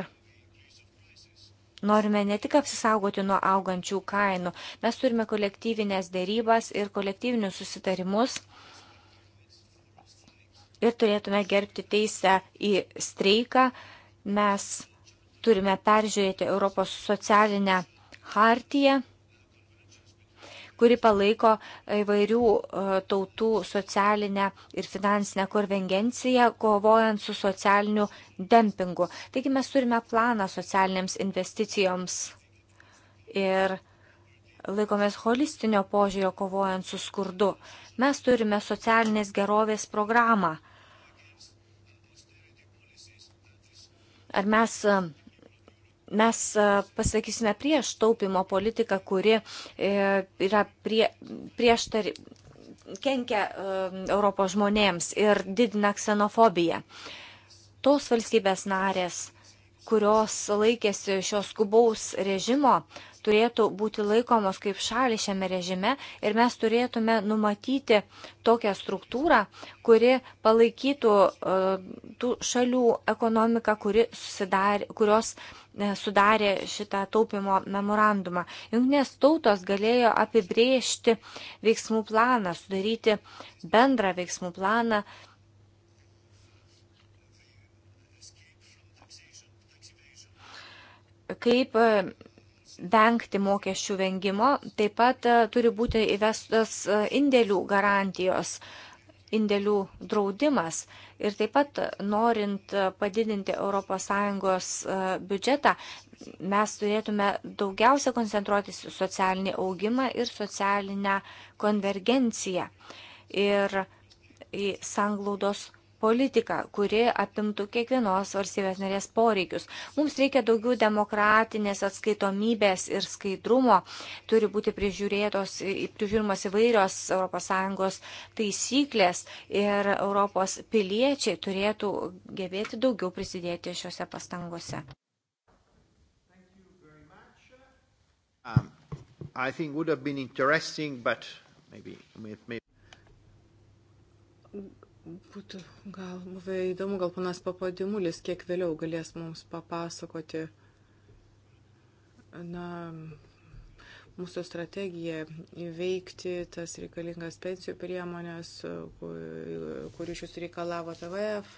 norime ne tik apsisaugoti nuo augančių kainų, mes turime kolektyvinės dėrybas ir kolektyvinius susitarimus. Ir turėtume gerbti teisę į streiką. Mes turime peržiūrėti Europos socialinę hartiją kuri palaiko įvairių e, tautų socialinę ir finansinę konvengenciją, kovojant su socialiniu dempingu. Taigi mes turime planą socialinėms investicijoms ir laikomės holistinio požiūrio kovojant su skurdu. Mes turime socialinės gerovės programą. Ar mes mes e, pasakysime prieš taupimo politiką, kuri e, yra prie, prieš tar, kenkia e, Europos žmonėms ir didina ksenofobiją. Tos valstybės narės, kurios laikėsi šios skubaus režimo, turėtų būti laikomos kaip šalis šiame režime ir mes turėtume numatyti tokią struktūrą, kuri palaikytų e, tų šalių ekonomiką, kuri susidarė, kurios e, sudarė šitą taupimo memorandumą. Junknės tautos galėjo apibriežti veiksmų planą, sudaryti bendrą veiksmų planą. kaip e, vengti mokesčių vengimo, taip pat e, turi būti įvestas e, indėlių garantijos, indėlių draudimas. Ir taip pat norint e, padidinti ES biudžetą, mes turėtume daugiausia koncentuotis į socialinį augimą ir socialinę konvergenciją ir į sanglaudos politiką, kuri apimtų kiekvienos valstybės narės poreikius. Mums reikia daugiau demokratinės atskaitomybės ir skaidrumo. Turi būti prižiūrimos įvairios ES taisyklės ir Europos piliečiai turėtų gebėti daugiau prisidėti šiuose pastangose. Um, I think would have been interesting, but maybe, maybe Būtų gal buvę įdomu, gal panas papadimulis kiek vėliau galės mums papasakoti na, mūsų strategiją įveikti tas reikalingas pensijų priemonės, kurių iš jūsų reikalavo TVF.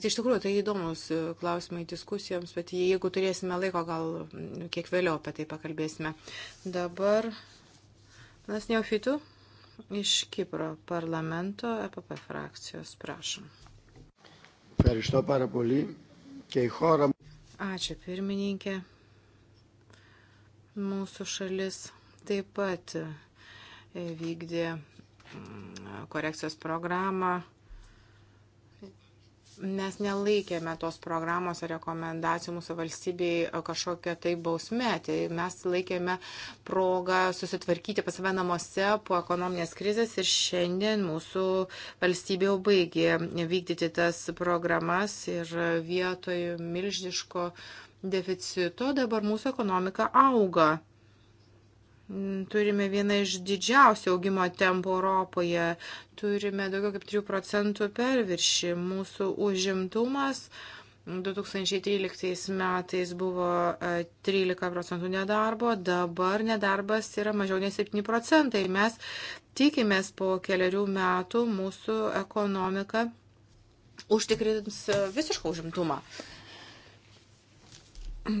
Iš tikrųjų, tai įdomus klausimai diskusijoms, bet jeigu turėsime laiko, gal kiek vėliau apie tai pakalbėsime. Dabar, nas neofitų iš Kipro parlamento EPP frakcijos. Prašom. Ačiū pirmininkė. Mūsų šalis taip pat e, vykdė mm, korekcijos programą mes nelaikėme tos programos ar rekomendacijų mūsų valstybei kažkokia tai bausmė. Tai mes laikėme progą susitvarkyti pas save namuose po ekonominės krizės ir šiandien mūsų valstybė jau baigė vykdyti tas programas ir vietoj milžiniško deficito dabar mūsų ekonomika auga. Turime vieną iš didžiausių augimo tempų Europoje, turime daugiau kaip 3 procentų perviršį. Mūsų užimtumas 2013 metais buvo 13 e, procentų nedarbo, dabar nedarbas yra mažiau nei 7 procentai. Mes tikimės po keliarių metų mūsų ekonomika užtikrins e, visišką užimtumą.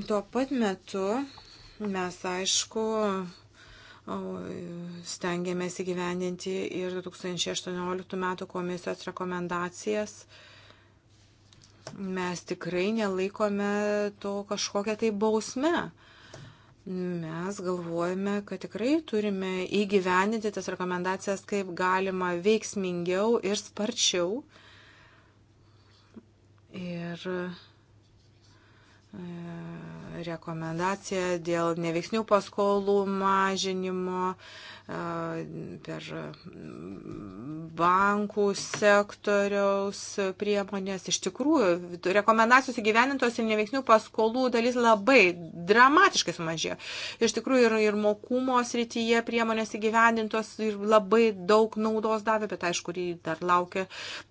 Tuo pat metu mes, aišku, stengiamės įgyvendinti ir 2018 m. komisijos rekomendacijas. Mes tikrai nelaikome to kažkokią tai bausmę. Mes galvojame, kad tikrai turime įgyvendinti tas rekomendacijas kaip galima veiksmingiau ir sparčiau. Ir uh E, rekomendacija dėl neveiksnių paskolų mažinimo e, per bankų sektoriaus priemonės. Iš tikrųjų, rekomendacijos įgyvenintos ir neveiksnių paskolų dalis labai dramatiškai sumažėjo. Iš tikrųjų, ir, ir mokumo srityje priemonės įgyvenintos ir labai daug naudos davė, bet aišku, dar laukia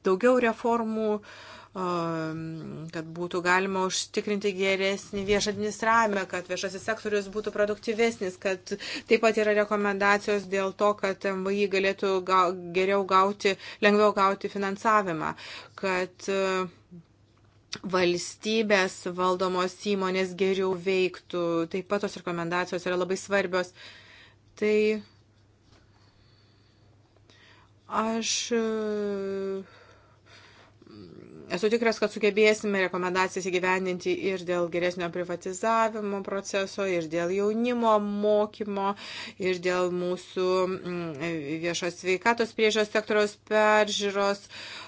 daugiau reformų. Uh, Ehm, kad būtų galima užtikrinti geresnį viešą administravimą, kad viešasis sektorius būtų produktyvesnis, kad taip pat yra rekomendacijos dėl to, kad MVI galėtų gau, geriau gauti, lengviau gauti finansavimą, kad e, valstybės valdomos įmonės geriau veiktų. Taip pat tos rekomendacijos yra labai svarbios. Tai aš. Uh, Esu tikras, kad sugebėsime rekomendacijas įgyvendinti ir dėl geresnio privatizavimo proceso, ir dėl jaunimo mokymo, ir dėl mūsų mm, viešos sveikatos priežios sektoriaus peržiūros. Uh,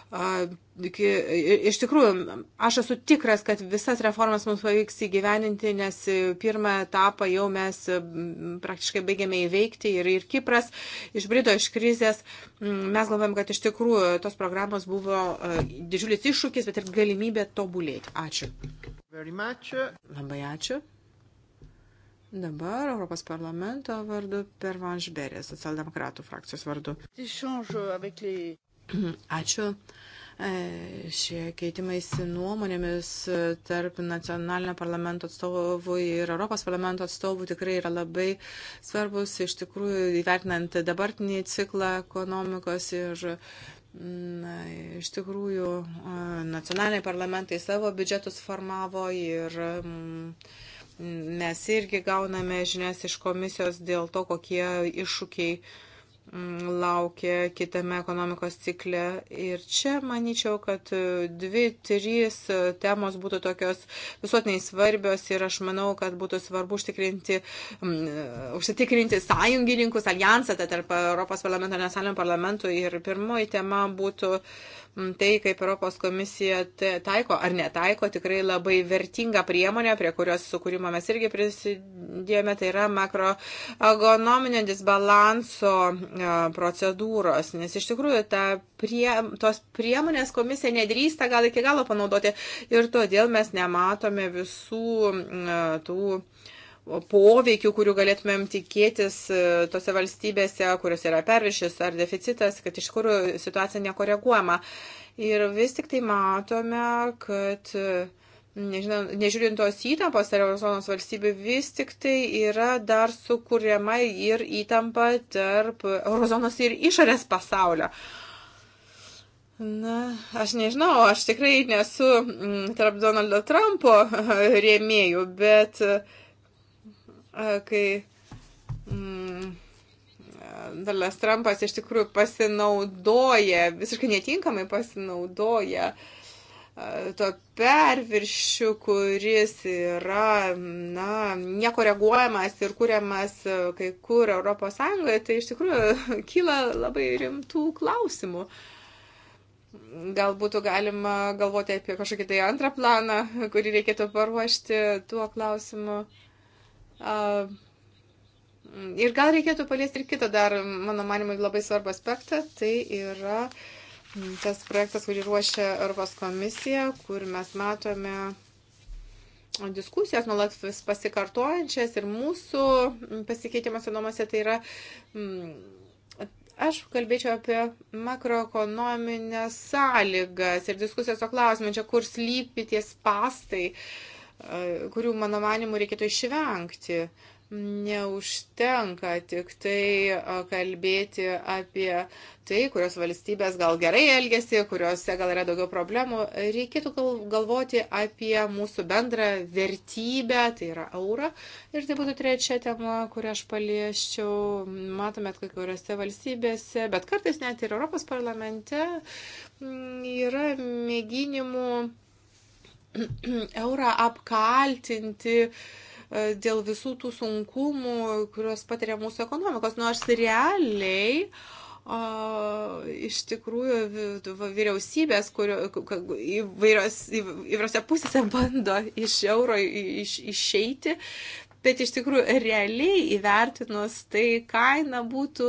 Iš tikrųjų, aš esu tikras, kad visas reformas mums pavyks įgyveninti, nes pirmą etapą jau mes praktiškai baigėme įveikti ir, ir Kipras išbrido iš krizės. Mes galvojam, kad iš tikrųjų tos programos buvo didžiulis iššūkis, bet ir galimybė tobulėti. Ačiū. Labai ačiū. Dabar Europos parlamento vardu per Vanžberė, socialdemokratų frakcijos vardu. Ačiū. E, šie keitimais nuomonėmis e, tarp nacionalinio parlamento atstovų ir Europos parlamento atstovų tikrai yra labai svarbus, iš tikrųjų, įvertinant dabartinį ciklą ekonomikos ir Na, iš tikrųjų, e, nacionaliniai parlamentai savo biudžetus formavo ir mes irgi gauname žinias iš komisijos dėl to, kokie iššūkiai uh, laukia kitame ekonomikos cikle. Ir čia manyčiau, kad dvi, trys temos būtų tokios visuotiniai svarbios ir aš manau, kad būtų svarbu užtikrinti, um, užsitikrinti sąjungininkus, alijansą tarp Europos parlamento ir nacionalinio parlamento. Ir pirmoji tema būtų uh, tai, kaip Europos komisija taiko ar netaiko, tikrai labai vertinga priemonė, prie kurios sukūrimo mes irgi prisidėjome, tai yra makroekonominio disbalanso procedūros, nes iš tikrųjų ta prie, tos priemonės komisija nedrįsta gal iki galo panaudoti ir todėl mes nematome visų tų poveikių, kurių galėtumėm tikėtis e, tose valstybėse, kurios yra perviršis ar deficitas, kad iš kur situacija nekoreguojama. Ir vis tik tai matome, kad e, nežinau, nežiūrint tos įtampos ar eurozonos valstybių, vis tik tai yra dar sukūriama ir įtampa tarp eurozonos ir išorės pasaulio. Na, aš nežinau, aš tikrai nesu mm, tarp Donaldo Trumpo (laughs) rėmėjų, bet uh, kai mm, Dalas Trumpas iš tikrųjų pasinaudoja, visiškai netinkamai pasinaudoja to perviršių, kuris yra, na, nekoreguojamas ir kuriamas kai kur Europos Sąjungoje, tai iš tikrųjų (laughs) kyla labai rimtų klausimų. Gal būtų galima galvoti apie kažkokį tai antrą planą, kurį reikėtų paruošti tuo klausimu. Uh, Uh, ir gal reikėtų paliesti ir kitą dar, mano manimui, labai svarbą aspektą. Tai yra mm, tas projektas, kurį ruošia Europos komisija, kur mes matome diskusijas nuolat vis pasikartojančias ir mūsų mm, pasikeitimas įdomuose tai yra. Mm, aš kalbėčiau apie makroekonominės sąlygas ir diskusijos o klausimą, čia kur slypi tie pastai. Uh, kurių, mano manimu, reikėtų išvengti. Neužtenka tik tai kalbėti apie tai, kurios valstybės gal gerai elgesi, kuriuose gal yra daugiau problemų. Reikėtų galvoti apie mūsų bendrą vertybę, tai yra eurą. Ir tai būtų trečia tema, kurią aš palieščiau. Matome, kad kuriuose valstybėse, bet kartais net ir Europos parlamente yra mėginimų (clears throat) eurą apkaltinti e, dėl visų tų sunkumų, kuriuos patiria mūsų ekonomikos, nors nu, realiai o, iš tikrųjų vyriausybės, kurio, įvairios, įvairiose pusėse bando iš euro iš, išeiti, bet iš tikrųjų realiai įvertinus, tai kaina būtų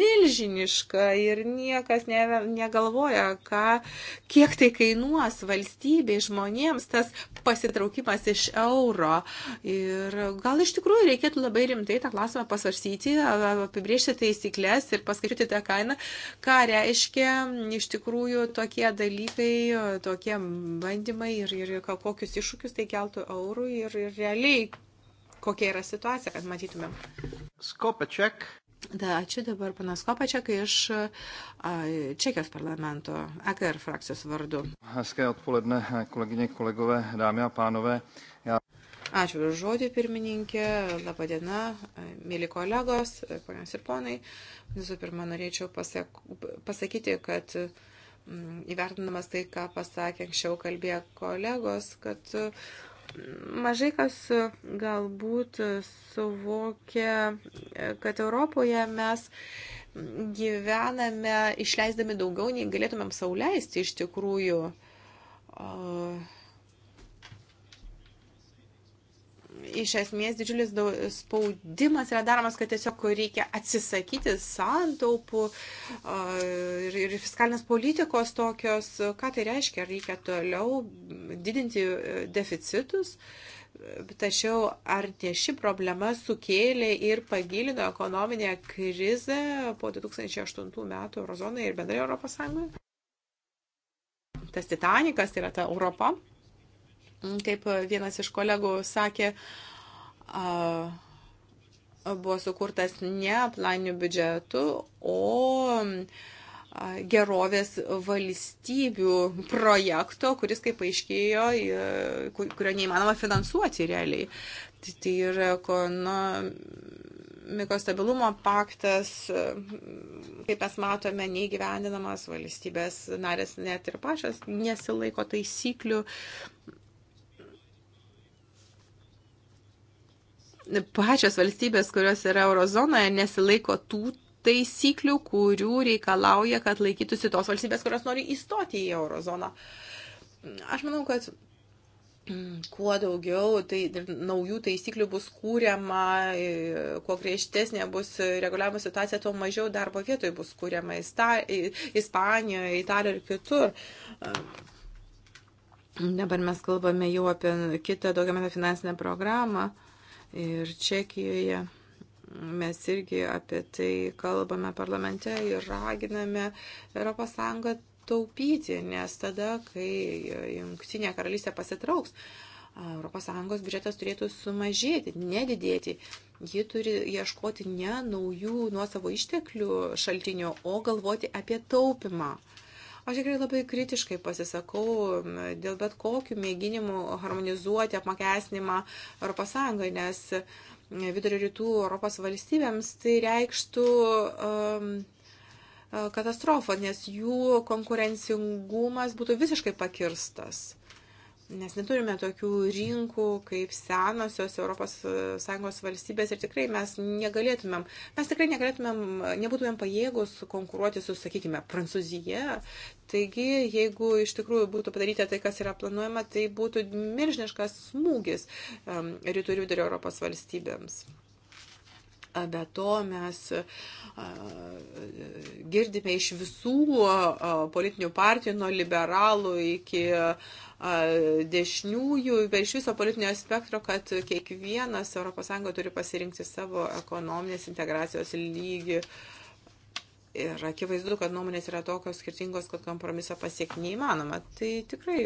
milžiniška ir niekas ne, negalvoja, ką, kiek tai kainuos valstybei, žmonėms tas pasitraukimas iš euro. Ir gal iš tikrųjų reikėtų labai rimtai tą klausimą pasvarsyti, apibriežti taisyklės ir paskaičiuoti tą kainą, ką reiškia iš tikrųjų tokie dalykai, tokie bandymai ir, ir kokius iššūkius tai keltų eurų ir, ir realiai kokia yra situacija, kad matytumėm. Skopačiak. Da, ačiū dabar panas Kopačiak iš Čekijos parlamento EKR frakcijos vardu. Hezké odpoledne, kolegyně, kolegové, dámy a pánové. Já... Ačiū už žodį, pirmininkė. Labą dieną, mėly kolegos, ponios ir ponai. Visų pirma, norėčiau pasak pasakyti, kad mm, įvertinamas tai, ką pasakė anksčiau kalbėję kolegos, kad uh, mažai kas e, galbūt e, suvokia, e, kad Europoje mes gyvename išleisdami daugiau, nei galėtumėm sauliaisti iš tikrųjų. Uh, iš esmės didžiulis spaudimas yra daromas, kad tiesiog reikia atsisakyti santaupų ir, ir fiskalinės politikos tokios. Ką tai reiškia? Reikia toliau didinti e, deficitus. Tačiau ar ne ši problema sukėlė ir pagilino ekonominę krizę po 2008 metų Eurozonoje ir bendrai Europos Sąjungoje? Tas Titanikas tai yra ta Europa Kaip vienas iš kolegų sakė, buvo sukurtas ne planiniu biudžetu, o gerovės valstybių projekto, kuris, kaip aiškėjo, kurio neįmanoma finansuoti realiai. Tai, tai yra ekonomikos stabilumo paktas, kaip mes matome, neįgyvendinamas valstybės narės net ir pačios nesilaiko taisyklių pačios valstybės, kurios yra eurozonoje, nesilaiko tų taisyklių, kurių reikalauja, kad laikytųsi tos valstybės, kurios nori įstoti į eurozoną. Aš manau, kad mm, kuo daugiau tai naujų taisyklių bus kūriama, kuo griežtesnė bus reguliavimo situacija, tuo mažiau darbo vietoj bus kūriama Ispanijoje, Italijoje ir kitur. Dabar mes kalbame jau apie kitą daugiametę finansinę programą ir Čekijoje. Mes irgi apie tai kalbame parlamente ir raginame ES taupyti, nes tada, kai Junktinė karalystė pasitrauks, ES biudžetas turėtų sumažėti, nedidėti. Ji turi ieškoti ne naujų nuosavo išteklių šaltinių, o galvoti apie taupimą. Aš tikrai labai kritiškai pasisakau dėl bet kokių mėginimų harmonizuoti apmokesnimą ES, nes vidurio rytų Europos valstybėms tai reikštų. Um, katastrofą, nes jų konkurencingumas būtų visiškai pakirstas. Nes neturime tokių rinkų kaip senosios ES e, valstybės ir tikrai mes negalėtumėm, mes tikrai negalėtumėm, nebūtumėm pajėgus konkuruoti su, sakykime, Prancūzija. Taigi, jeigu iš tikrųjų būtų padaryta tai, kas yra planuojama, tai būtų milžiniškas smūgis um, rytų ir vidurio Europos valstybėms. Be to mes girdime iš visų politinių partijų, nuo liberalų iki dešiniųjų, bet iš viso politinio spektro, kad kiekvienas ES turi pasirinkti savo ekonominės integracijos lygį. Uh, Ir akivaizdu, kad nuomonės yra tokios skirtingos, kad kompromiso pasiekti neįmanoma. Tai tikrai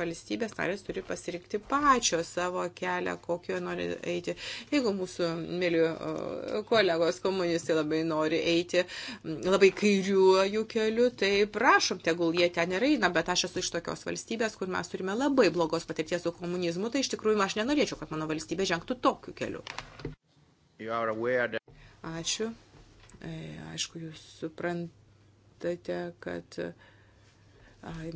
valstybės narės turi pasirinkti pačios savo kelią, kokio nori eiti. Jeigu mūsų mėly kolegos komunistai labai nori eiti labai kairiuoju keliu, tai prašom, tegul jie ten ir eina, bet aš esu iš tokios valstybės, kur mes turime labai blogos patirties su komunizmu, tai iš tikrųjų aš nenorėčiau, kad mano valstybė žengtų tokiu keliu. Ačiū. E, aišku, jūs suprantate, kad e,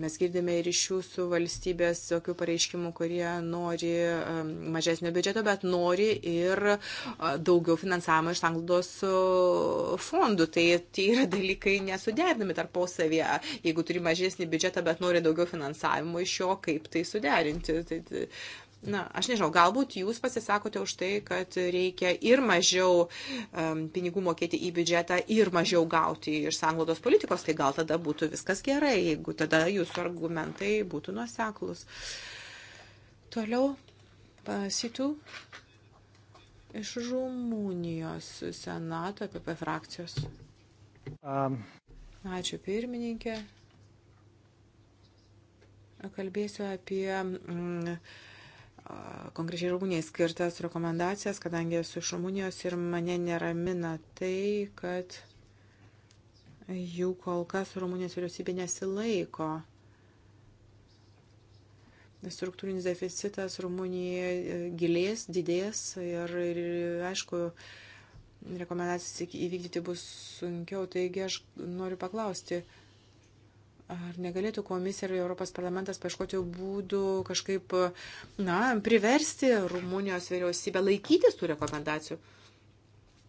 Mes girdime ir iš jūsų valstybės tokių pareiškimų, kurie nori e, mažesnio biudžeto, bet nori ir daugiau finansavimo iš anglos fondų. Tai tai yra dalykai nesuderinami tarpusavėje. Jeigu turi mažesnį biudžetą, bet nori daugiau finansavimo iš jo, kaip tai suderinti. Tai, tai, na, aš nežinau, galbūt jūs pasisakote už tai, kad reikia ir mažiau um, pinigų mokėti į biudžetą, ir mažiau gauti iš sanglaudos politikos, tai gal tada būtų viskas gerai, jeigu tada jūsų argumentai būtų nuoseklus. Toliau pasitų iš Rumunijos senato apie frakcijos. Um. Ačiū pirmininkė. Kalbėsiu apie mm, konkrečiai Rumunijai skirtas rekomendacijas, kadangi esu iš Rumunijos ir mane neramina tai, kad jų kol kas Rumunijos vyriausybė nesilaiko. Struktūrinis deficitas Rumunijoje e, gilės, didės ir, ir aišku, rekomendacijas įvykdyti bus sunkiau. Taigi aš noriu paklausti, uh, Ar negalėtų komisija ir Europos parlamentas paškoti būdų kažkaip, na, priversti Rumunijos vyriausybę laikytis tų rekomendacijų?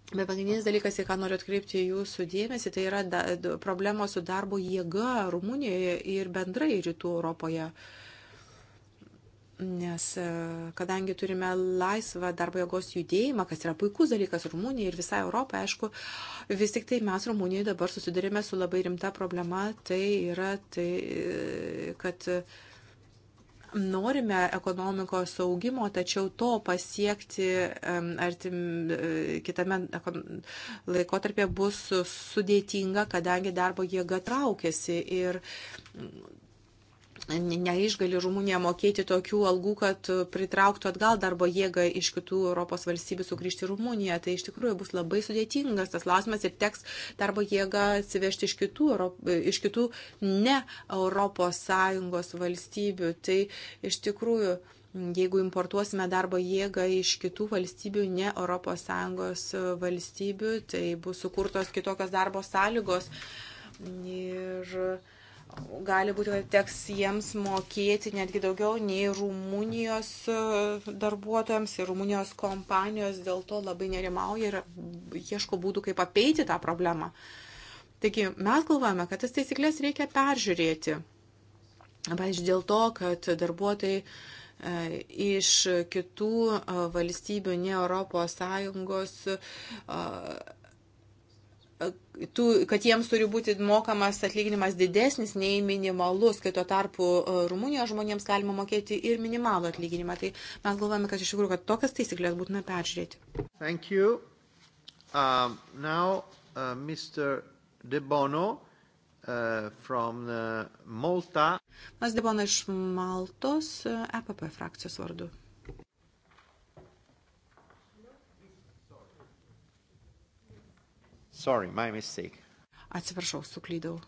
Bet pagrindinis dalykas, į ką noriu atkreipti jūsų dėmesį, tai yra da, problemos su darbo jėga Rumunijoje ir bendrai rytų Europoje. Uh, nes e, kadangi turime laisvą darbo jėgos judėjimą, kas yra puikus dalykas Rumunijai ir visai Europai, aišku, vis tik tai mes Rumunijoje dabar susidurime su labai rimta problema, tai yra tai, e, kad norime ekonomikos augimo, tačiau to pasiekti e, artim, kitame laikotarpė bus sudėtinga, kadangi darbo jėga traukiasi ir neišgali Rumunija mokėti tokių algų, kad e, pritrauktų atgal darbo jėgą iš kitų Europos valstybių sugrįžti į Rumuniją. Tai iš tikrųjų bus labai sudėtingas tas klausimas ir teks darbo jėgą atsivežti iš kitų, e, iš kitų ne Europos Sąjungos valstybių. Tai iš tikrųjų jeigu importuosime darbo jėgą iš kitų valstybių, ne ES e, valstybių, tai bus sukurtos kitokios darbo sąlygos. Ir gali būti, kad teks jiems mokėti netgi daugiau nei Rumunijos e, darbuotojams ir Rumunijos kompanijos dėl to labai nerimauja ir ieško būdų, kaip apeiti tą problemą. Taigi mes galvojame, kad tas taisyklės reikia peržiūrėti. Pavyzdžiui, dėl to, kad darbuotojai e, iš kitų e, valstybių, ne Europos Sąjungos, tų, kad jiems turi būti mokamas atlyginimas didesnis nei minimalus, kai tuo tarpu e, Rumunijos žmonėms galima mokėti ir minimalų atlyginimą. Tai mes galvojame, kad iš tikrųjų, kad tokias taisyklės būtina peržiūrėti. Thank you. Um, now, uh, Mr. De Bono uh, from uh, Malta. Mas De Bono iš Maltos, uh, EPP frakcijos vardu. Sorry, my mistake. Atsiprašau, suklydau.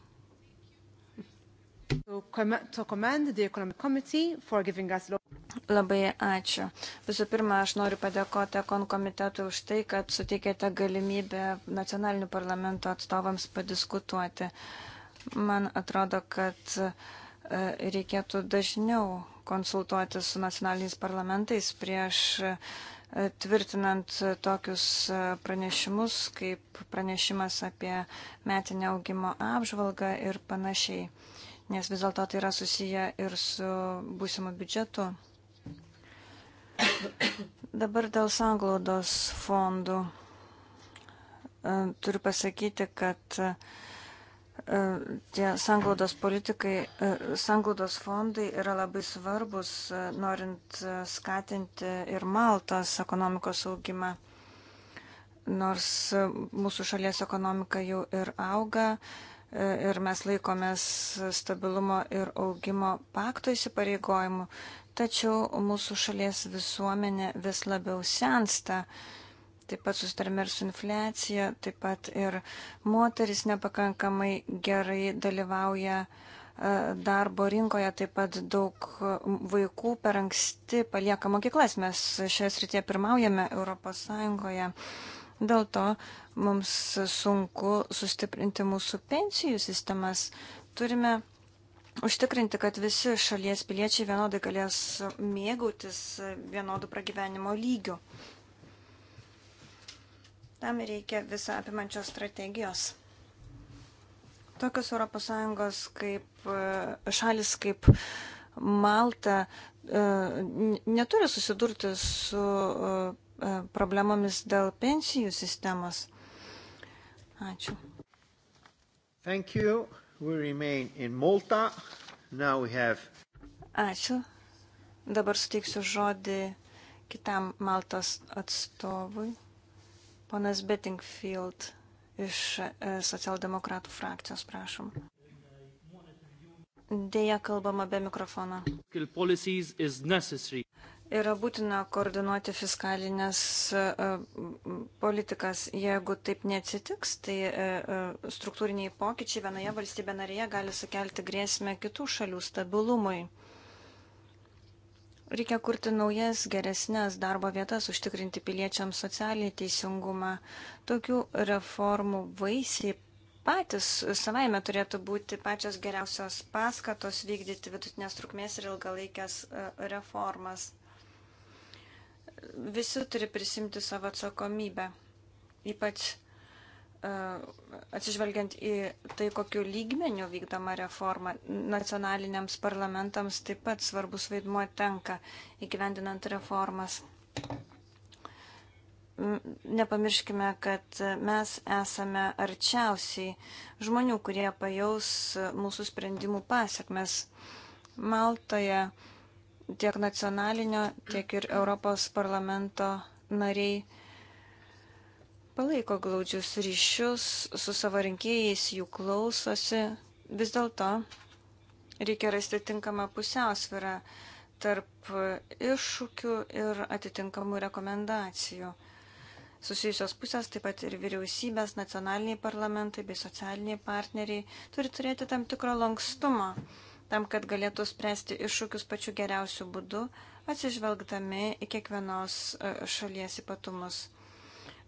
Labai ačiū. Visų pirma, aš noriu padėkoti Ekon komitetui už tai, kad suteikėte galimybę nacionalinių parlamento atstovams padiskutuoti. Man atrodo, kad e, reikėtų dažniau konsultuoti su nacionaliniais parlamentais prieš tvirtinant tokius pranešimus, kaip pranešimas apie metinę augimo apžvalgą ir panašiai, nes vis dėlto tai yra susiję ir su būsimu biudžetu. Dabar dėl sanglaudos fondų. Turiu pasakyti, kad E, tie sanglaudos politikai, e, sanglaudos fondai yra labai svarbus, e, norint skatinti ir Maltos ekonomikos augimą. Nors mūsų šalies ekonomika jau ir auga ir mes laikomės stabilumo ir augimo pakto įsipareigojimų, tačiau mūsų šalies visuomenė vis labiau sensta. Uh, Taip pat susitarime ir su infliacija, taip pat ir moteris nepakankamai gerai dalyvauja e, darbo rinkoje, taip pat daug vaikų per anksti palieka mokyklas. Mes šioje srityje pirmaujame Europos Sąjungoje. Dėl to mums sunku sustiprinti mūsų pensijų sistemas. Turime užtikrinti, kad visi šalies piliečiai vienodai galės mėgautis vienodų pragyvenimo lygių. Tam reikia visą apimančios strategijos. Tokios ES kaip e, šalis kaip Malta e, neturi susidurti su e, problemomis dėl pensijų sistemos. Ačiū. Thank you. We remain in Malta. Now we have... Ačiū. Dabar suteiksiu žodį kitam Maltos atstovui. Ponas Bettingfield iš e, socialdemokratų frakcijos, prašom. Deja, kalbama be mikrofono. Yra būtina koordinuoti fiskalinės e, e, politikas. Jeigu taip neatsitiks, tai struktūriniai pokyčiai vienoje valstybė narėje gali sukelti grėsmę kitų šalių stabilumui. Reikia kurti naujas, geresnės darbo vietas, užtikrinti piliečiams socialinį teisingumą. Tokių reformų vaisiai patys savaime turėtų būti pačios geriausios paskatos vykdyti vidutinės trukmės ir ilgalaikės e, reformas. Visi turi prisimti savo atsakomybę, ypač atsižvelgiant į tai, kokiu lygmeniu vykdoma reforma, nacionaliniams parlamentams taip pat svarbus vaidmuo tenka įgyvendinant reformas. Nepamirškime, kad mes esame arčiausiai žmonių, kurie pajaus mūsų sprendimų pasiekmes. Maltoje tiek nacionalinio, tiek ir Europos parlamento nariai palaiko glaudžius ryšius su savo rinkėjais, jų klausosi. Vis dėlto reikia rasti tinkamą pusiausvyrą tarp iššūkių ir atitinkamų rekomendacijų. Susijusios pusės, taip pat ir vyriausybės, nacionaliniai parlamentai bei socialiniai partneriai turi turėti tam tikro lankstumo, tam, kad galėtų spręsti iššūkius pačiu geriausiu būdu, atsižvelgdami į kiekvienos e, šalies ypatumus.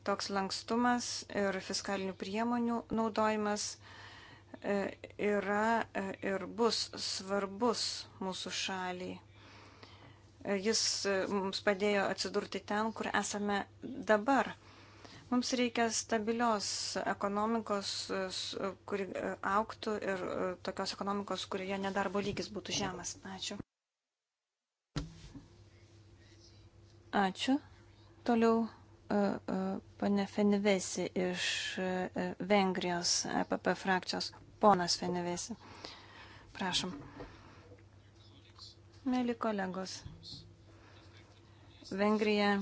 Toks lankstumas ir fiskalinių priemonių naudojimas e, yra e, ir bus svarbus mūsų šaliai. E, jis mums padėjo atsidurti ten, kur esame dabar. Mums reikia stabilios ekonomikos, kuri auktų ir tokios ekonomikos, kurioje nedarbo lygis būtų žemas. Ačiū. Ačiū. Toliau pane Fenivesi iš e, e, Vengrijos EPP frakcijos. Ponas Fenivesi. Prašom. Mėly kolegos, Vengrija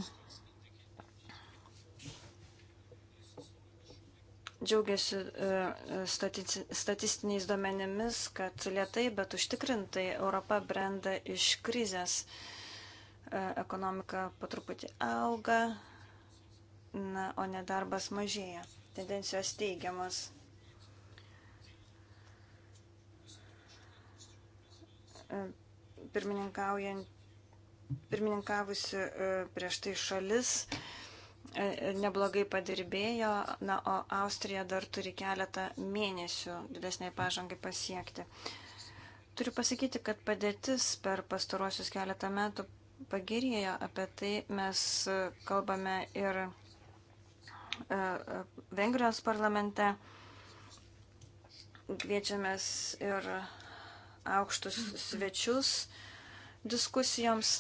džiaugiasi e, statistiniais duomenimis, kad lietai, bet užtikrintai Europa brenda iš krizės. Ekonomika patruputį auga, na, o nedarbas mažėja. Tendencijos teigiamos. E, pirmininkavusi e, prieš tai šalis e, neblogai padirbėjo, na, o Austrija dar turi keletą mėnesių didesniai pažangai pasiekti. Turiu pasakyti, kad padėtis per pastaruosius keletą metų pagerėjo, apie tai mes kalbame ir E, e, Vengrijos parlamente. Kviečiamės ir aukštus svečius diskusijoms.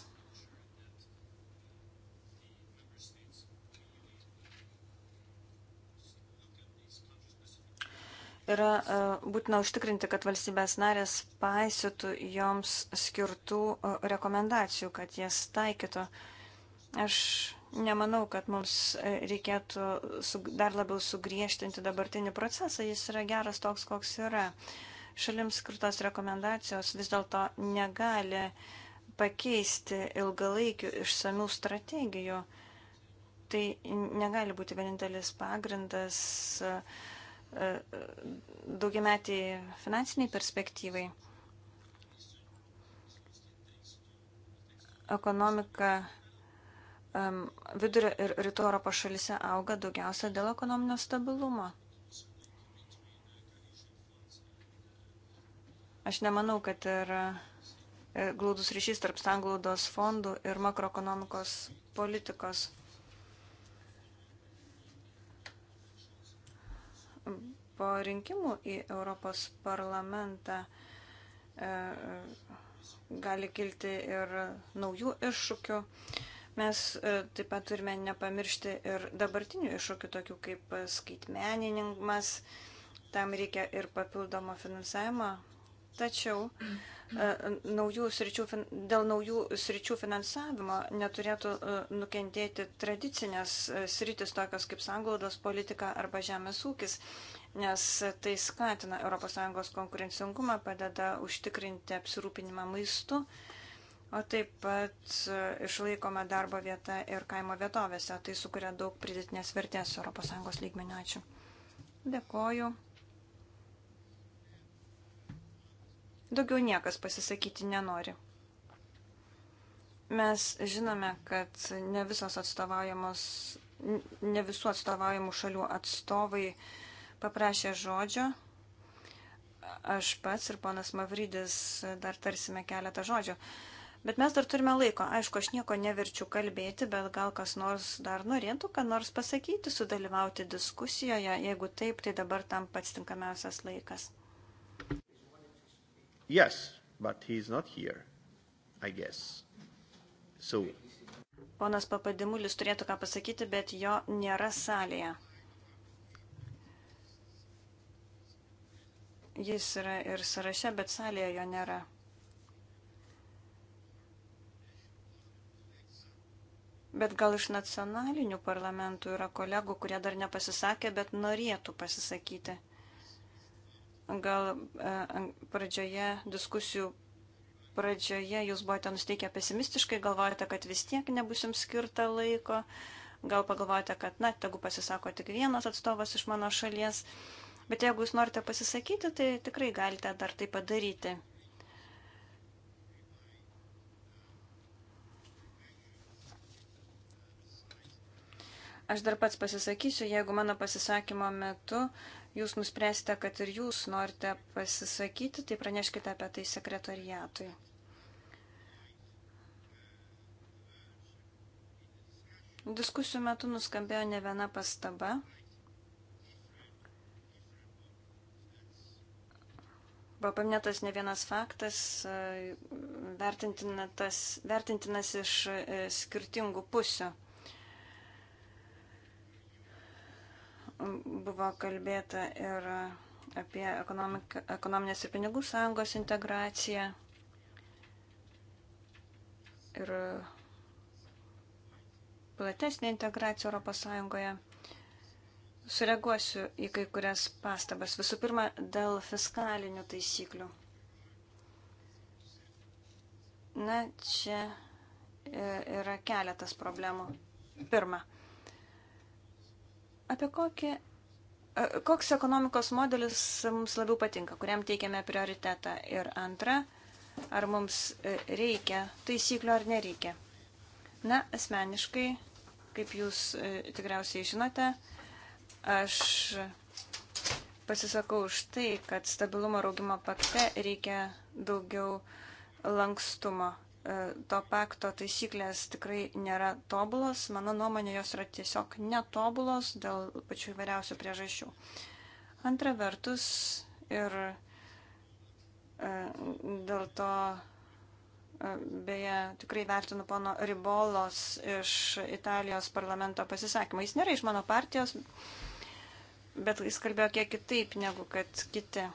yra e, būtina užtikrinti, kad valstybės narės paisytų joms skirtų rekomendacijų, kad jas taikytų. Aš Nemanau, kad mums e, reikėtų dar labiau sugriežtinti dabartinį procesą, jis yra geras toks, koks yra. Šalims skirtos rekomendacijos vis dėlto negali pakeisti ilgalaikių išsamių strategijų. Tai negali būti vienintelis pagrindas e, e, daugiametiai finansiniai perspektyvai. Ekonomika vidurio ir rytų Europos šalise auga daugiausia dėl ekonominio stabilumo. Aš nemanau, kad yra e, glaudus ryšys tarp sanglaudos fondų ir makroekonomikos politikos. Po rinkimų į Europos parlamentą e, e, gali kilti ir naujų iššūkių. Mes e, taip pat turime nepamiršti ir dabartinių iššūkių, tokių kaip skaitmeninimas, tam reikia ir papildomo finansavimo. Tačiau e, naujų sričių, dėl naujų sričių finansavimo neturėtų e, nukentėti tradicinės sritis, tokios kaip sanglaudos politika arba žemės ūkis, nes tai skatina ES konkurencingumą, padeda užtikrinti apsirūpinimą maistu. Uh, o taip pat e, išlaikoma darbo vieta ir kaimo vietovėse. Tai sukuria daug pridėtinės vertės ES lygmenio. Ačiū. Dėkoju. Daugiau niekas pasisakyti nenori. Mes žinome, kad ne visos atstovaujamos, ne visų atstovaujamų šalių atstovai paprašė žodžio aš pats ir ponas Mavrydis dar tarsime keletą žodžių. Bet mes dar turime laiko. Aišku, aš nieko neverčiu kalbėti, bet gal kas nors dar norėtų, ką nors pasakyti, sudalyvauti diskusijoje. Jeigu taip, tai dabar tam pats tinkamiausias laikas. Yes, but he is not here, I guess. So. Ponas Papadimulis turėtų ką pasakyti, bet jo nėra salėje. Jis yra ir sąraše, bet salėje jo nėra. Bet gal iš nacionalinių parlamentų yra kolegų, kurie dar nepasisakė, bet norėtų pasisakyti. Gal e, pradžioje, diskusijų pradžioje jūs buvote nusteikę pesimistiškai, galvojate, kad vis tiek nebus jums skirta laiko, gal pagalvojate, kad, na, tegu pasisako tik vienas atstovas iš mano šalies, bet jeigu jūs norite pasisakyti, tai tikrai galite dar tai padaryti. Aš dar pats pasisakysiu, jeigu mano pasisakymo metu jūs nuspręsite, kad ir jūs norite pasisakyti, tai praneškite apie tai sekretoriatui. Diskusijų metu nuskambėjo ne viena pastaba. Buvo paminėtas ne vienas faktas, e, vertintinas, vertintinas iš e, skirtingų pusių. buvo kalbėta ir apie ekonominės ir pinigų sąjungos integraciją. Ir platesnė integracija Europos Sąjungoje. Sureaguosiu į kai kurias pastabas. Visų pirma, dėl fiskalinių taisyklių. Na, čia e, yra keletas problemų. Pirma, Apie kokį, e, koks ekonomikos modelis mums labiau patinka, kuriam teikiame prioritetą? Ir antra, ar mums e, reikia taisyklių ar nereikia? Na, asmeniškai, kaip jūs e, tikriausiai žinote, aš pasisakau už tai, kad stabilumo raugimo pakte reikia daugiau lankstumo. E, to pakto taisyklės tikrai nėra tobulos. Mano nuomonė, jos yra tiesiog netobulos dėl pačių įvairiausių priežasčių. Antra vertus ir e, dėl to, e, beje, tikrai vertinu pono Ribolos iš Italijos parlamento pasisakymą. Jis nėra iš mano partijos, bet jis kalbėjo kiek kitaip negu kad kiti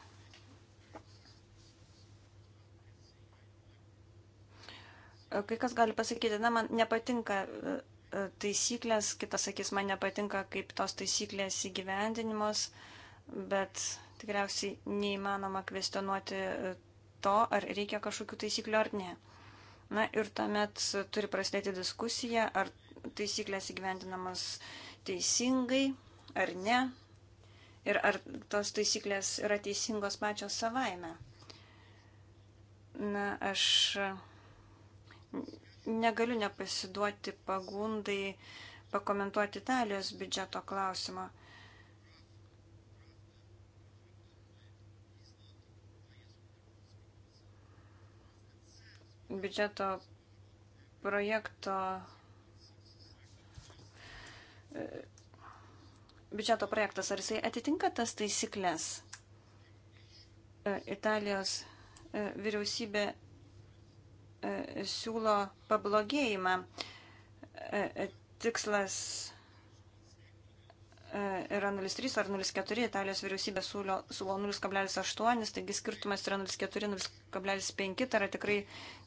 E, kai kas gali pasakyti, na, man nepatinka e, e, taisyklės, kitas sakys, man nepatinka, kaip tos taisyklės įgyvendinimos, bet tikriausiai neįmanoma kvestionuoti to, ar reikia kažkokių taisyklių ar ne. Na ir tuomet turi prasidėti diskusija, ar taisyklės įgyvendinamos teisingai ar ne, ir ar tos taisyklės yra teisingos pačios savaime. Na, aš negaliu nepasiduoti pagundai pakomentuoti Italijos biudžeto klausimą. Biudžeto projekto biudžeto projektas, ar jisai atitinka tas taisyklės? Italijos e, vyriausybė E, siūlo pablogėjimą. E, e, tikslas yra 0,3 ar 0,4, Italijos vyriausybė siūlo 0,8, taigi skirtumas yra 0,4, 0,5, tai yra tikrai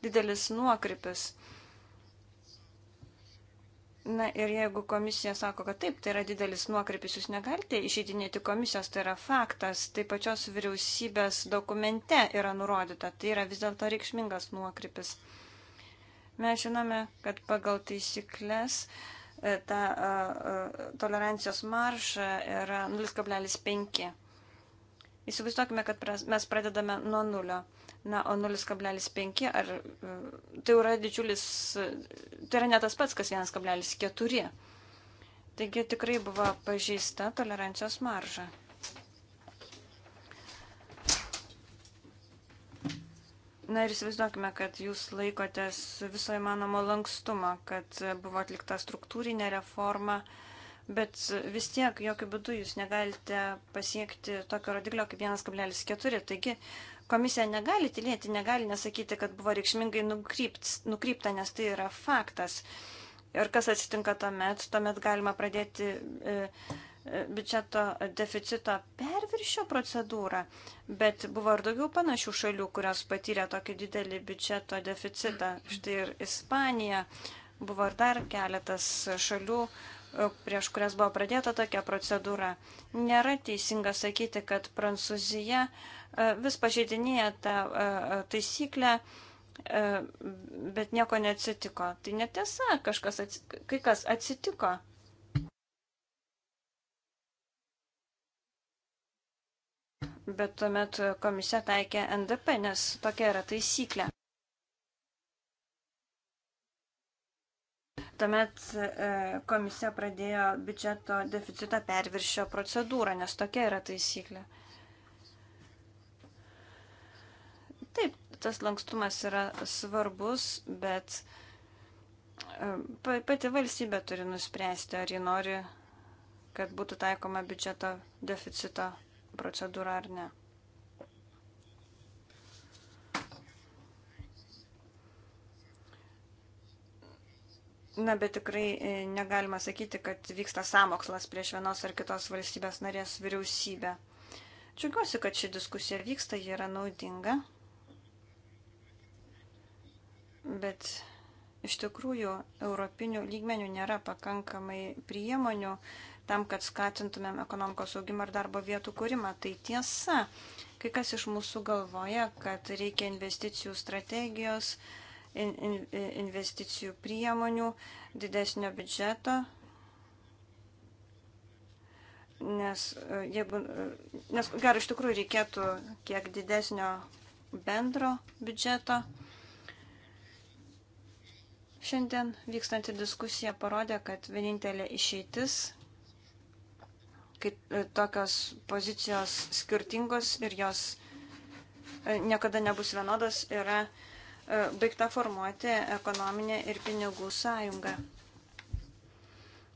didelis nuokrypis. Na ir jeigu komisija sako, kad taip, tai yra didelis nuokrypis, jūs negalite išeidinėti komisijos, tai yra faktas, tai pačios vyriausybės dokumente yra nurodyta, tai yra vis dėlto reikšmingas nuokrypis. Mes žinome, kad pagal taisyklės e, ta a, a, tolerancijos marša yra 0,5. Įsivaizduokime, kad mes pradedame nuo nulio. Na, o 0,5 ar e, tai yra didžiulis, e, tai yra ne tas pats, kas 1,4. Taigi tikrai buvo pažįsta tolerancijos marža. Na ir įsivaizduokime, kad jūs laikotės viso įmanomo lankstumo, kad buvo atlikta struktūrinė reforma, uh, bet vis tiek jokių būdų jūs negalite pasiekti tokio rodiklio kaip 1,4. Taigi komisija negali tylėti, negali nesakyti, kad buvo reikšmingai nukrypt, nukrypta, nes tai yra faktas. Ir kas atsitinka tuomet? Tuomet galima pradėti e, e, biudžeto deficito perviršio procedūrą, bet buvo ir daugiau panašių šalių, kurios patyrė tokį didelį biudžeto deficitą. Štai ir Ispanija, buvo ir dar keletas šalių, E, prieš kurias buvo pradėta tokia procedūra. Nėra teisinga sakyti, kad Prancūzija e, vis pažeidinėja tą e, taisyklę, bet nieko neatsitiko. Tai netiesa, kažkas atsitiko, kai kas atsitiko. Bet tuomet komisija taikė NDP, nes tokia yra taisyklė. Tuomet e, komisija pradėjo biudžeto deficito perviršio procedūrą, nes tokia yra taisyklė. Taip, tas lankstumas yra svarbus, bet e, pati valstybė turi nuspręsti, ar ji nori, kad būtų taikoma biudžeto deficito procedūra ar ne. Na, bet tikrai e, negalima sakyti, kad vyksta samokslas prieš vienos ar kitos valstybės narės vyriausybę. Džiugiuosi, kad ši diskusija vyksta, ji yra naudinga. Bet iš tikrųjų europinių lygmenių nėra pakankamai priemonių tam, kad skatintumėm ekonomikos augimą ir darbo vietų kūrimą. Tai tiesa, kai kas iš mūsų galvoja, kad reikia investicijų strategijos, uh, investicijų priemonių, didesnio biudžeto, nes, e, jeigu, e, nes gerai, iš tikrųjų reikėtų kiek didesnio bendro biudžeto. Šiandien vykstanti diskusija parodė, kad vienintelė išeitis, kai e, tokios pozicijos skirtingos ir jos niekada nebus vienodos, yra uh, baigta formuoti ekonominė ir pinigų sąjunga.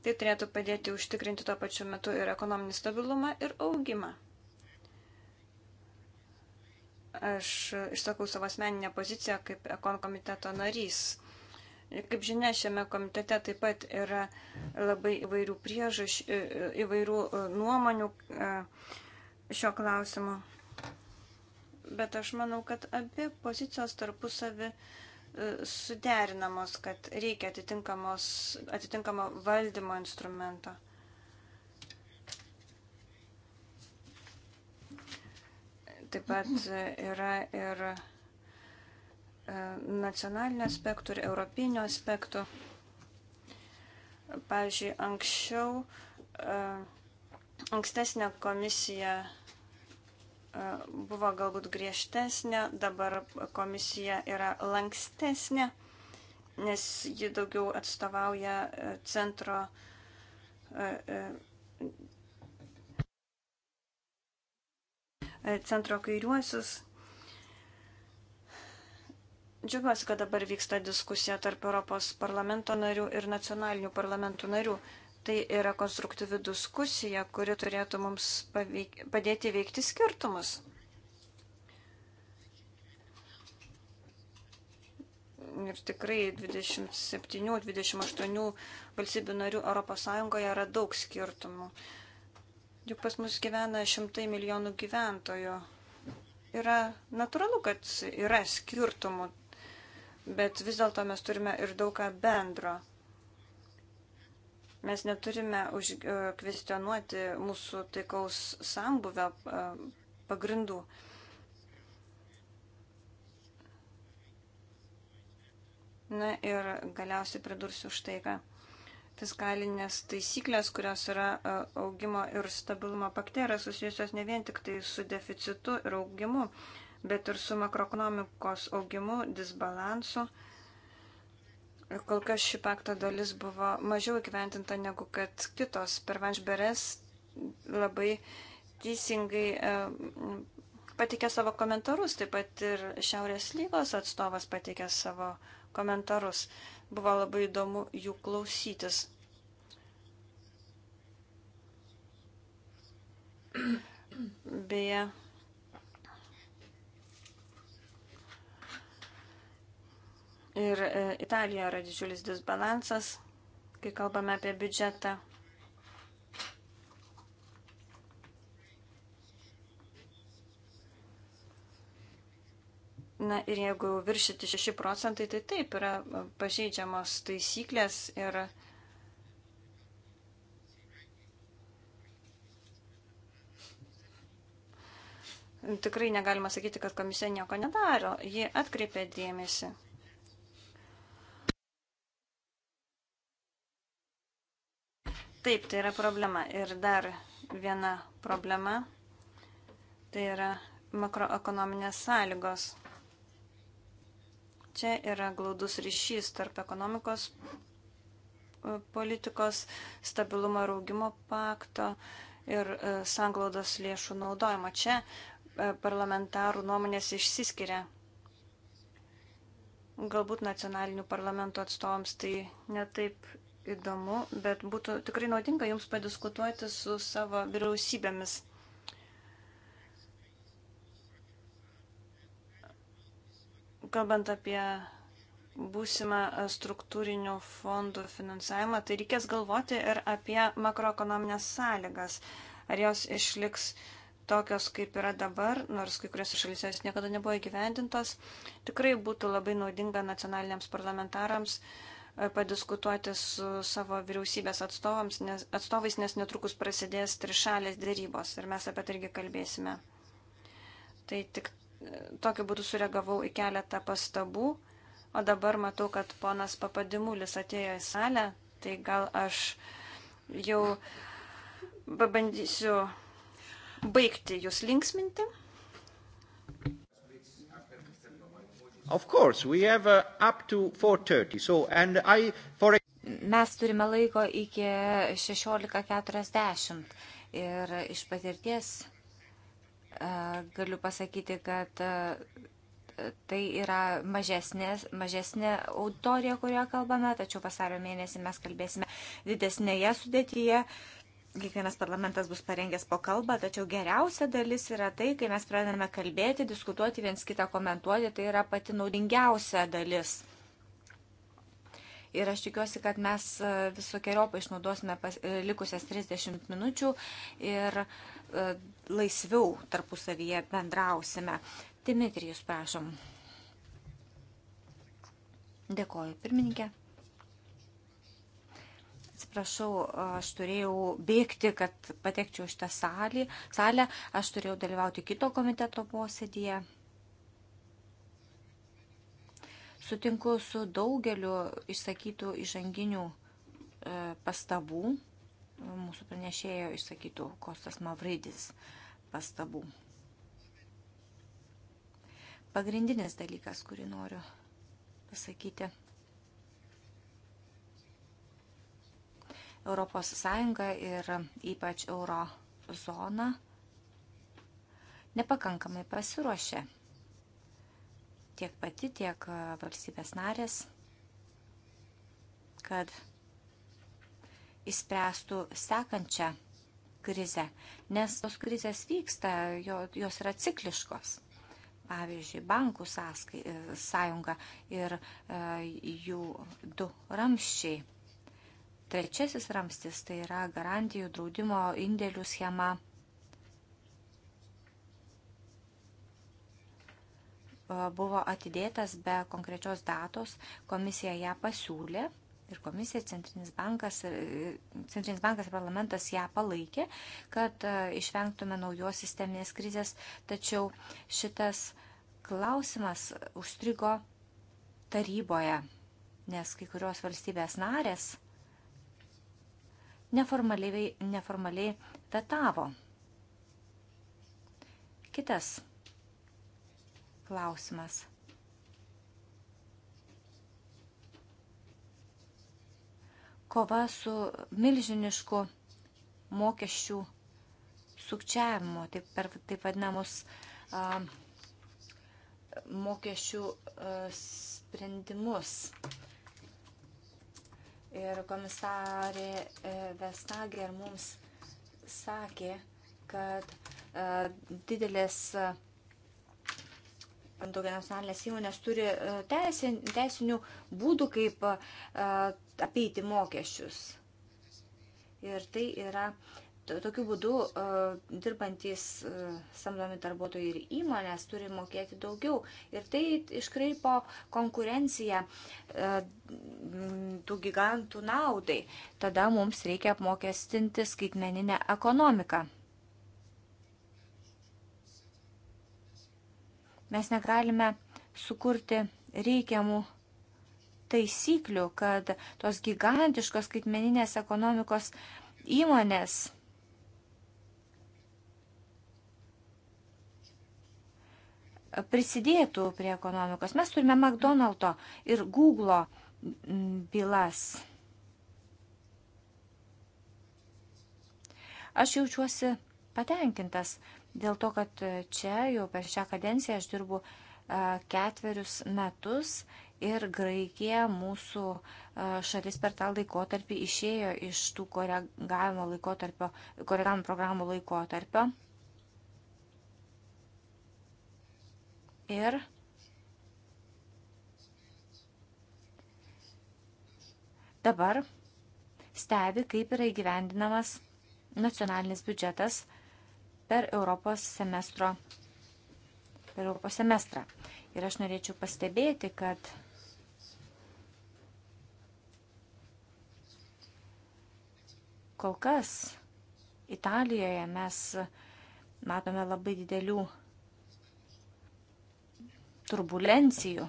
Tai turėtų padėti užtikrinti tuo pačiu metu ir ekonominį stabilumą ir augimą. Aš išsakau savo asmeninę poziciją kaip ekon komiteto narys. Kaip žinia, šiame komitete taip pat yra labai įvairių priežasčių, įvairių e, e, nuomonių e, šio klausimu bet aš manau, kad abi pozicijos tarpusavį e, suderinamos, kad reikia atitinkamo valdymo instrumento. Taip pat e, yra ir e, nacionalinių aspektų, ir europinių aspektų. Pavyzdžiui, anksčiau ankstesnė komisija buvo galbūt griežtesnė, dabar komisija yra lankstesnė, nes ji daugiau atstovauja e, centro e, e, centro kairiuosius. Džiugiuosi, kad dabar vyksta diskusija tarp Europos parlamento narių ir nacionalinių parlamentų narių. Tai yra konstruktyvi diskusija, kuri turėtų mums paveik, padėti veikti skirtumus. ir tikrai 27-28 valstybių narių ES yra daug skirtumų. Juk pas mus gyvena šimtai milijonų gyventojų. Yra natūralu, kad yra skirtumų, bet vis dėlto mes turime ir daug ką bendro. Mes neturime e, kvestionuoti mūsų taikaus sambuvę e, pagrindų. Na ir galiausiai pridursiu štai ką. Fiskalinės taisyklės, kurios yra e, augimo ir stabilumo pakte, yra susijusios ne vien tik tai su deficitu ir augimu, bet ir su makroekonomikos augimu, disbalansu. Uh, Kol kas ši pakto dalis buvo mažiau įgyventinta negu kad kitos. Per Vanšberes labai teisingai e, patikė savo komentarus, taip pat ir Šiaurės lygos atstovas patikė savo komentarus. Buvo labai įdomu jų klausytis. Beje, Ir e, Italijoje yra didžiulis disbalansas, kai kalbame apie biudžetą. Na ir jeigu viršyti 6 procentai, tai taip yra pažeidžiamos taisyklės ir tikrai negalima sakyti, kad komisija nieko nedaro. Ji atkreipė dėmesį. Taip, tai yra problema. Ir dar viena problema, tai yra makroekonominės sąlygos. Čia yra glaudus ryšys tarp ekonomikos e, politikos, stabilumo ir augimo pakto ir e, sanglaudos lėšų naudojimo. Čia e, parlamentarų nuomonės išsiskiria. Galbūt nacionalinių parlamentų atstovams tai netaip įdomu, bet būtų tikrai naudinga jums padiskutuoti su savo vyriausybėmis. Kalbant apie būsimą struktūrinių fondų finansavimą, tai reikės galvoti ir apie makroekonominės sąlygas. Ar jos išliks tokios, kaip yra dabar, nors kai kuriuose šalyse jos niekada nebuvo įgyvendintos, tikrai būtų labai naudinga nacionaliniams parlamentarams uh, E, padiskutuoti su savo vyriausybės atstovams, nes, atstovais, nes netrukus prasidės trišalės dėrybos ir mes apie tai irgi kalbėsime. Tai tik e, tokiu būdu sureagavau į keletą pastabų, o dabar matau, kad ponas Papadimulis atėjo į salę, tai gal aš jau pabandysiu baigti jūs linksminti. Of course, we have uh, up to 4.30, so, and I, for... Mes turime laiko iki 16.40 ir iš patirties uh, galiu pasakyti, kad uh, tai yra mažesnė, mažesnė auditorija, kurioje kalbame, tačiau vasario mėnesį mes kalbėsime didesnėje sudėtyje kiekvienas parlamentas bus parengęs po kalbą, tačiau geriausia dalis yra tai, kai mes pradedame kalbėti, diskutuoti, viens kitą komentuoti, tai yra pati naudingiausia dalis. Ir aš tikiuosi, kad mes e, visokiojopai išnaudosime pas, e, likusias 30 minučių ir e, laisviau tarpusavyje bendrausime. Dimitrijus, prašom. Dėkoju, pirmininkė. Atsiprašau, aš turėjau bėgti, kad patekčiau šitą salį, salę. Aš turėjau dalyvauti kito komiteto posėdėje. Sutinku su daugeliu išsakytų įžanginių e, pastabų, mūsų pranešėjo išsakytų Kostas Mavridis pastabų. Pagrindinis dalykas, kurį noriu pasakyti. ES ir ypač euro zona nepakankamai pasiruošė. Tiek pati, tiek valstybės narės, kad įspręstų sekančią krizę, nes tos krizės vyksta, jos yra cikliškos. Pavyzdžiui, bankų sąskai, e, sąjunga ir e, jų du ramščiai Trečiasis ramstis tai yra garantijų draudimo indėlių schema. E, buvo atidėtas be konkrečios datos, komisija ją pasiūlė ir komisija, Centrinis bankas, e, Centrinis bankas ir parlamentas ją palaikė, kad e, išvengtume naujos sisteminės krizės, tačiau šitas klausimas užstrigo taryboje, nes kai kurios valstybės narės neformaliai, neformaliai vetavo. Kitas klausimas. Kova su milžinišku mokesčių sukčiavimu, taip, per, taip vadinamus a, mokesčių a, sprendimus. A, Ir komisarė e, Vestager mums sakė, kad e, didelės e, daugianacionalinės įmonės turi teisin, teisinių būdų, kaip apeiti mokesčius. Ir tai yra Tokiu būdu e, dirbantis e, samdomi darbuotojai ir įmonės turi mokėti daugiau. Ir tai iškraipo konkurenciją e, tų gigantų naudai. Tada mums reikia apmokestinti skaitmeninę ekonomiką. Mes negalime sukurti reikiamų taisyklių, kad tos gigantiškos skaitmeninės ekonomikos įmonės prisidėtų prie ekonomikos. Mes turime McDonald'o ir Google'o bylas. Aš jaučiuosi patenkintas dėl to, kad čia jau per šią kadenciją aš dirbu ketverius metus ir Graikija mūsų šalis per tą laikotarpį išėjo iš tų koregavimo, laikotarpio, koregavimo programų laikotarpio ir dabar stebi, kaip yra įgyvendinamas nacionalinis biudžetas per Europos semestro. Per Europos semestrą. Ir aš norėčiau pastebėti, kad kol kas Italijoje mes matome labai didelių turbulencijų,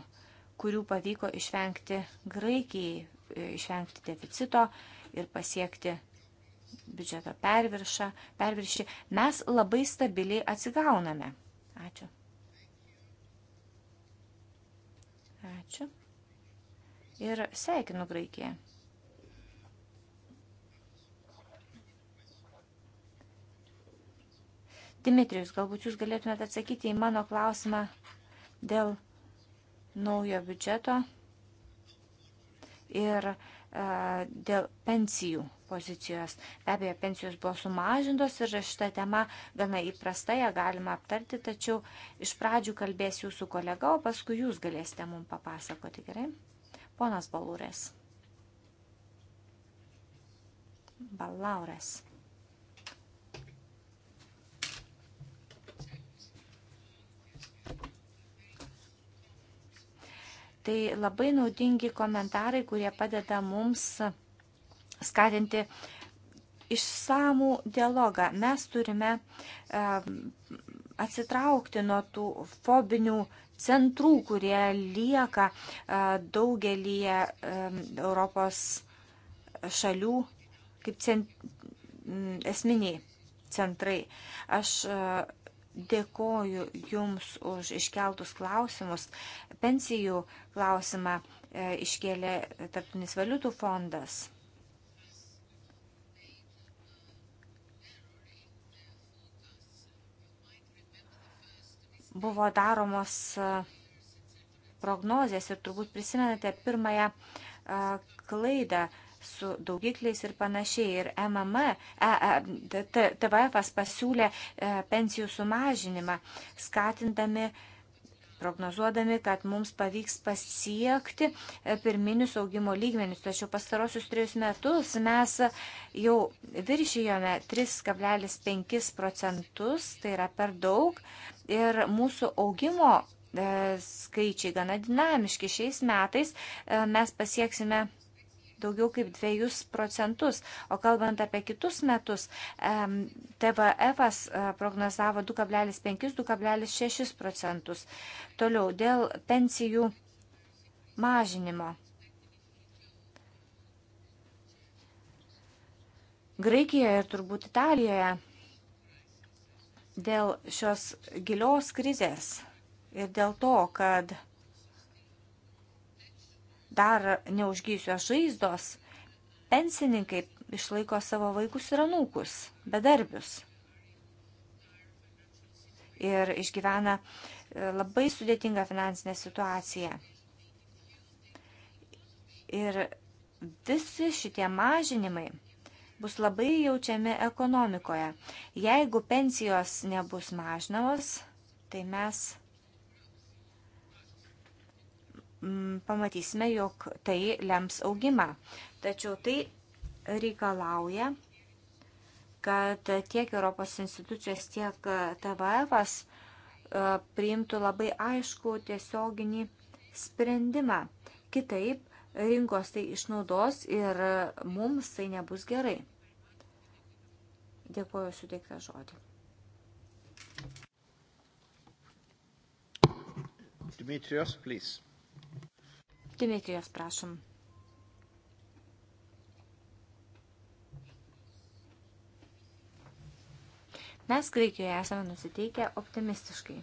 kurių pavyko išvengti Graikijai, e, išvengti deficito ir pasiekti biudžeto perviršą, perviršį, mes labai stabiliai atsigauname. Ačiū. Ačiū. Ir sveikinu Graikiją. Dimitrijus, galbūt jūs galėtumėte atsakyti į mano klausimą dėl naujo biudžeto ir e, dėl pensijų pozicijos. Be abejo, pensijos buvo sumažintos ir šitą temą gana įprasta ją galima aptarti, tačiau iš pradžių kalbės jūsų kolega, o paskui jūs galėsite mums papasakoti gerai. Ponas Balūrės. Balaurės. Tai labai naudingi komentarai, kurie padeda mums skatinti išsamų dialogą. Mes turime atsitraukti nuo tų fobinių centrų, kurie lieka e, daugelį Europos šalių kaip cent, esminiai centrai. Aš e, Dėkoju Jums už iškeltus klausimus. Pensijų klausimą e, iškėlė Tarptinis valiutų fondas. Buvo daromos e, prognozijas ir turbūt prisimenate pirmąją e, klaidą su daugikliais ir panašiai. Ir MM, e, e, e, TVF pasiūlė pensijų sumažinimą, skatindami prognozuodami, kad mums pavyks pasiekti pirminius augimo lygmenius. Tačiau pastarosius trejus metus mes jau viršijome 3,5 procentus, tai yra per daug. Ir mūsų augimo skaičiai gana dinamiški. Šiais metais mes pasieksime daugiau kaip 2 procentus. O kalbant apie kitus metus, TVF'as e, prognozavo 2,5-2,6 procentus. Toliau dėl pensijų mažinimo. Graikijoje ir turbūt Italijoje dėl šios gilios krizės ir dėl to, kad dar neužgyjusios žaizdos, pensininkai išlaiko savo vaikus ir anūkus, bedarbius. Ir išgyvena e, labai sudėtingą finansinę situaciją. Ir visi šitie mažinimai bus labai jaučiami ekonomikoje. Jeigu pensijos nebus mažinamos, tai mes pamatysime, jog tai lems augimą. Tačiau tai reikalauja, kad tiek Europos institucijos, tiek TVFas e, priimtų labai aišku tiesioginį sprendimą. Kitaip rinkos tai išnaudos ir mums tai nebus gerai. Dėkuoju suteiktą žodį. Dimitrios, please. Dimitrijos, prašom. Mes Graikijoje esame nusiteikę optimistiškai.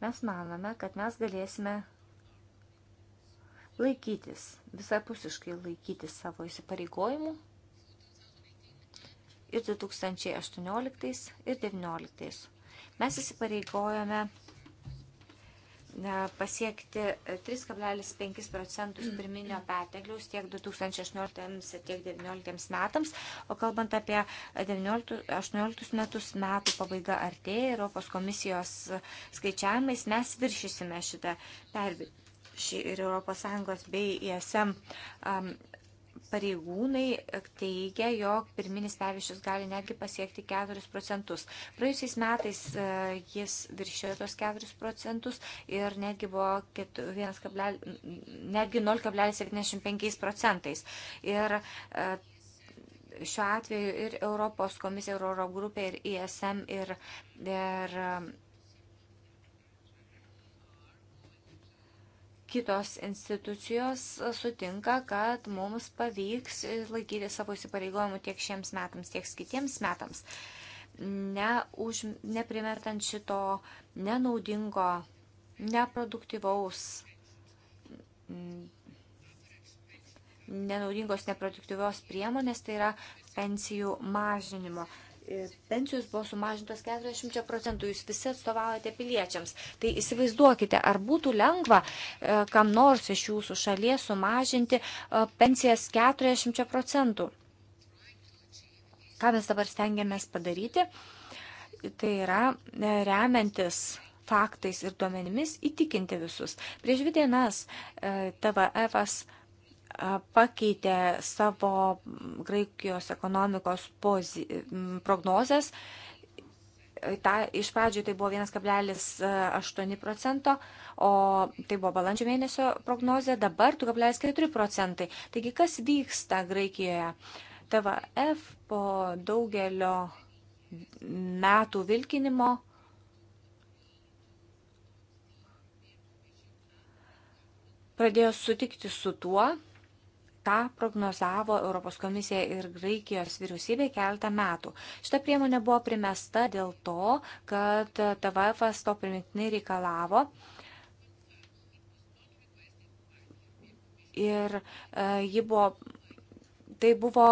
Mes manome, kad mes galėsime eh, laikytis, visapusiškai laikytis savo įsipareigojimų ir 2018 ir 2019. Mes įsipareigojame pasiekti 3,5 e, procentus pirminio pertekliaus tiek 2018, tiek 2019 metams, o kalbant apie 2018 metus, metų pabaiga artėja, Europos komisijos skaičiavimais mes viršysime šitą perviršį ir ES bei ISM um, pareigūnai teigia, jog pirminis pervišius gali netgi pasiekti 4 procentus. Praėjusiais metais e, jis viršėjo tos 4 procentus ir netgi buvo 0,75 procentais. Ir e, šiuo atveju ir Europos komisija, ir Euro grupė, ir ISM, ir, ir kitos institucijos sutinka, kad mums pavyks laikyti savo įsipareigojimų tiek šiems metams, tiek kitiems metams, ne už, neprimertant šito nenaudingo, neproduktyvaus nenaudingos neproduktyvios priemonės, tai yra pensijų mažinimo. E, pensijos buvo sumažintos 40 procentų, jūs visi atstovaujate piliečiams. Tai įsivaizduokite, ar būtų lengva e, kam nors iš jūsų šalies sumažinti e, pensijas 40 procentų. Ką mes dabar stengiamės padaryti, tai yra remiantis faktais ir duomenimis įtikinti visus. Prieš dvi dienas TVF pakeitė savo Graikijos ekonomikos pozi, prognozes. Ta, iš pradžių tai buvo 1,8 procento, o tai buvo balandžio mėnesio prognozė, dabar 2,4 procentai. Taigi kas vyksta Graikijoje? TVF po daugelio metų vilkinimo pradėjo sutikti su tuo, Ta prognozavo Europos komisija ir Graikijos vyriausybė keltą metų. Šita priemonė buvo primesta dėl to, kad TVF to primiktinai reikalavo. Ir e, ji buvo, tai buvo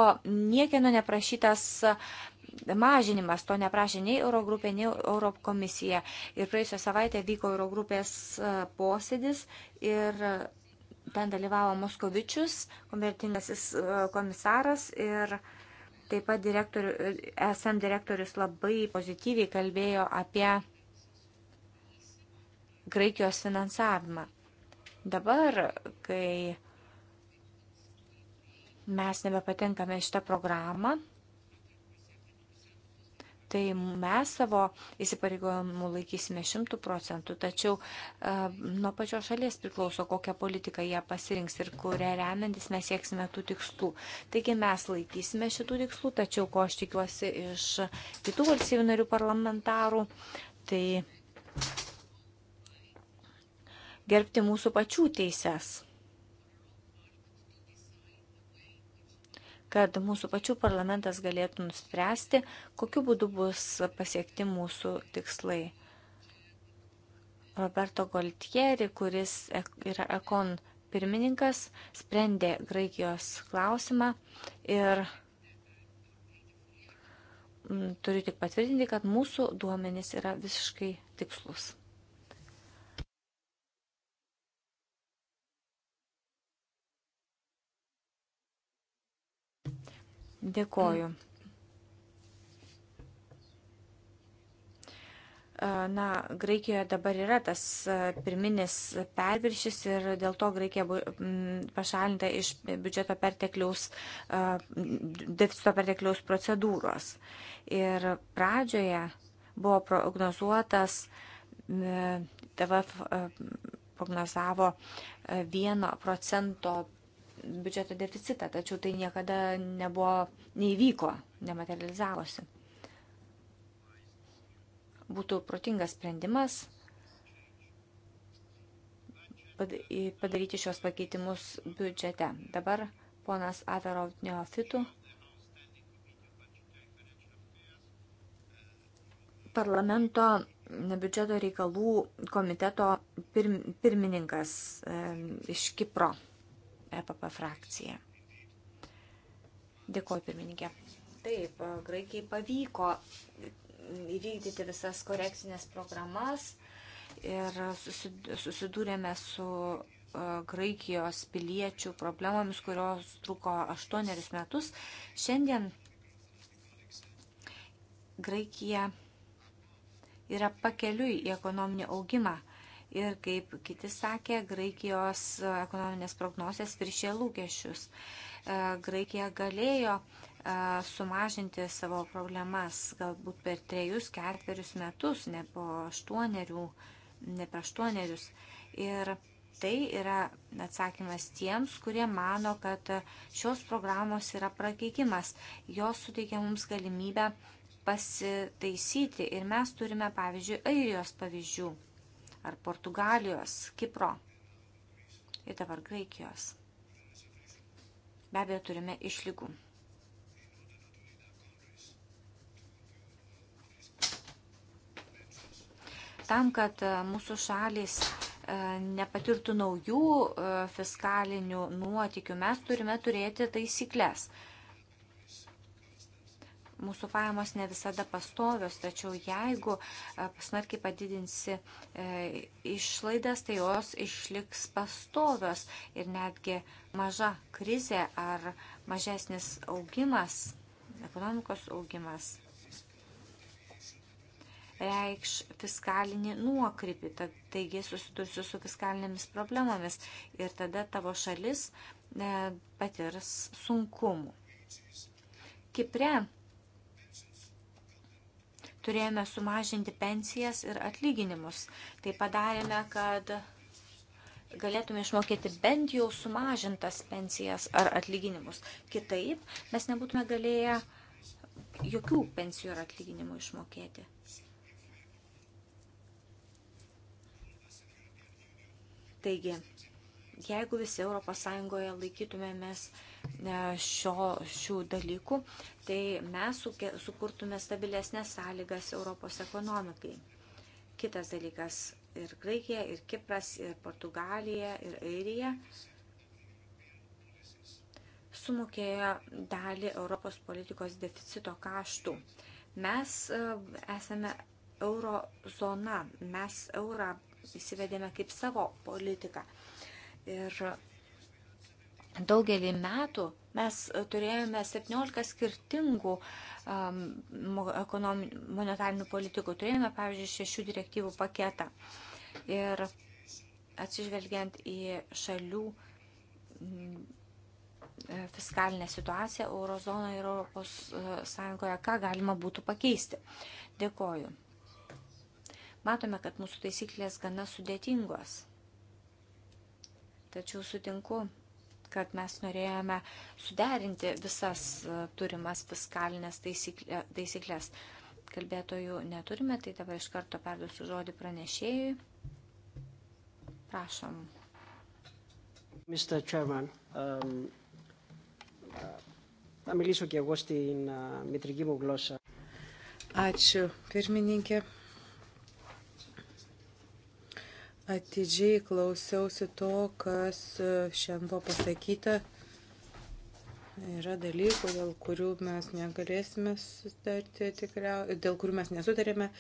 niekieno neprašytas mažinimas, to neprašė nei Eurogrupė, nei Eurokomisija. Ir praėjusią savaitę vyko Eurogrupės e, posėdis ir Ten dalyvavo Moskovičius, konvertingasis e, komisaras ir taip pat direktorių, e, SM direktorius labai pozityviai kalbėjo apie Graikijos finansavimą. Dabar, kai mes nebepatenkame šitą programą, tai mes savo įsipareigojimų laikysime šimtų procentų, tačiau e, nuo pačios šalies priklauso, kokią politiką jie pasirinks ir kurią remiantis mes sieksime tų tikslų. Taigi mes laikysime šitų tikslų, tačiau ko aš tikiuosi iš kitų valstybių narių parlamentarų, tai gerbti mūsų pačių teises. kad mūsų pačių parlamentas galėtų nuspręsti, kokiu būdu bus pasiekti mūsų tikslai. Roberto Goltieri, kuris e- yra ekon pirmininkas, sprendė Graikijos klausimą ir mm, turiu tik patvirtinti, kad mūsų duomenys yra visiškai tikslus. Dėkoju. Na, Graikijoje dabar yra tas pirminis perviršis ir dėl to Graikija pašalinta iš biudžeto pertekliaus, deficito pertekliaus procedūros. Ir pradžioje buvo prognozuotas TVF prognozavo 1 procento biudžeto deficitą, tačiau tai niekada nebuvo, neįvyko, nematerializavosi. Būtų protingas sprendimas padaryti šios pakeitimus biudžete. Dabar ponas Averov neofitų parlamento biudžeto reikalų komiteto pirmininkas iš Kipro. EPP frakcija. Dėkuoju, pirmininkė. Taip, Graikijai pavyko įvykdyti visas korekcinės programas ir susidūrėme su Graikijos piliečių problemomis, kurios truko aštuonerius metus. Šiandien Graikija yra pakeliui į ekonominį augimą ir, kaip kiti sakė, Graikijos ekonominės prognozijas viršė lūkesčius. E, Graikija galėjo e, sumažinti savo problemas galbūt per trejus, ketverius metus, ne po aštuonerių, ne per aštuonerius. Ir tai yra atsakymas tiems, kurie mano, kad šios programos yra prakeikimas. Jos suteikia mums galimybę pasitaisyti ir mes turime, pavyzdžiui, airijos pavyzdžių ar Portugalijos, Kipro ir dabar Graikijos. Be abejo, turime išlygų. Tam, kad e, mūsų šalis e, nepatirtų naujų e, fiskalinių nuotikių, mes turime turėti taisyklės mūsų pajamos ne visada pastovios, tačiau jeigu e, smarkiai padidinsi e, išlaidas, tai jos išliks pastovios ir netgi maža krizė ar mažesnis augimas, ekonomikos augimas reikš fiskalinį nuokrypį, tad, taigi susidursiu su fiskalinėmis problemomis ir tada tavo šalis e, patirs sunkumų. Kipre turėjome sumažinti pensijas ir atlyginimus. Tai padarėme, kad galėtume išmokėti bent jau sumažintas pensijas ar atlyginimus. Kitaip mes nebūtume galėję jokių pensijų ar atlyginimų išmokėti. Taigi, jeigu visi ES laikytumėmės mes E, šio, šių dalykų, tai mes sukurtume stabilesnės sąlygas Europos ekonomikai. Kitas dalykas ir Graikija, ir Kipras, ir Portugalija, ir Airija sumokėjo dalį Europos politikos deficito kaštų. Mes e, esame eurozona, mes eurą įsivedėme kaip savo politiką. Ir daugelį metų mes e, turėjome 17 skirtingų um, monetarinių politikų. Turėjome, pavyzdžiui, šešių direktyvų paketą. Ir atsižvelgiant į šalių um, fiskalinę situaciją Eurozonoje ir Europos e, Sąjungoje, ką galima būtų pakeisti. Dėkoju. Matome, kad mūsų taisyklės gana sudėtingos. Tačiau sutinku kad mes norėjome suderinti visas e, turimas fiskalinės taisyklės. Kalbėtojų neturime, tai dabar iš karto perduosiu žodį pranešėjui. Prašom. Mr. Chairman, um, θα μιλήσω και εγώ στην uh, μητρική μου γλώσσα. Ačiū, pirmininkė. atidžiai klausiausi to, kas e, šiandien buvo pasakyta. Yra dalykų, dėl kurių mes negalėsime sutarti tikriausiai, dėl kurių mes nesutarėme.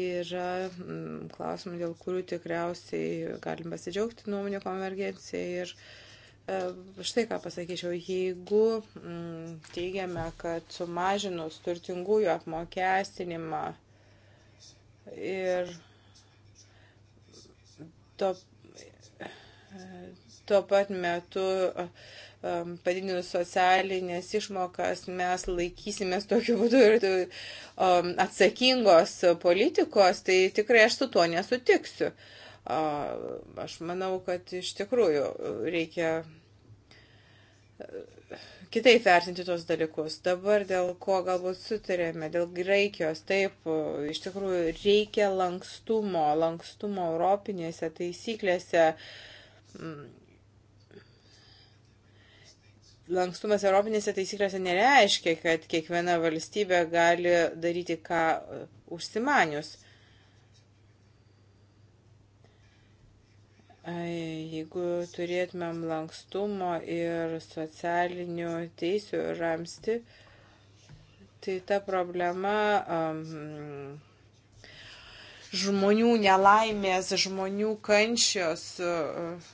Yra mm, klausimų, dėl kurių tikriausiai galim pasidžiaugti nuomonio konvergencija ir e, Štai ką pasakyčiau, jeigu mm, teigiame, kad sumažinus turtingųjų apmokestinimą ir Tuo, tuo pat metu um, padidinus socialinės išmokas mes laikysimės tokiu būdu ir um, atsakingos politikos, tai tikrai aš su tuo nesutiksiu. Aš manau, kad iš tikrųjų reikia kitaip vertinti tos dalykus. Dabar dėl ko galbūt sutarėme, dėl Graikijos, taip, iš tikrųjų reikia lankstumo, lankstumo europinėse taisyklėse. Lankstumas europinėse taisyklėse nereiškia, kad kiekviena valstybė gali daryti ką užsimanius. Jeigu turėtumėm lankstumo ir socialinių teisių ramsti, tai ta problema um, žmonių nelaimės, žmonių kančios uh,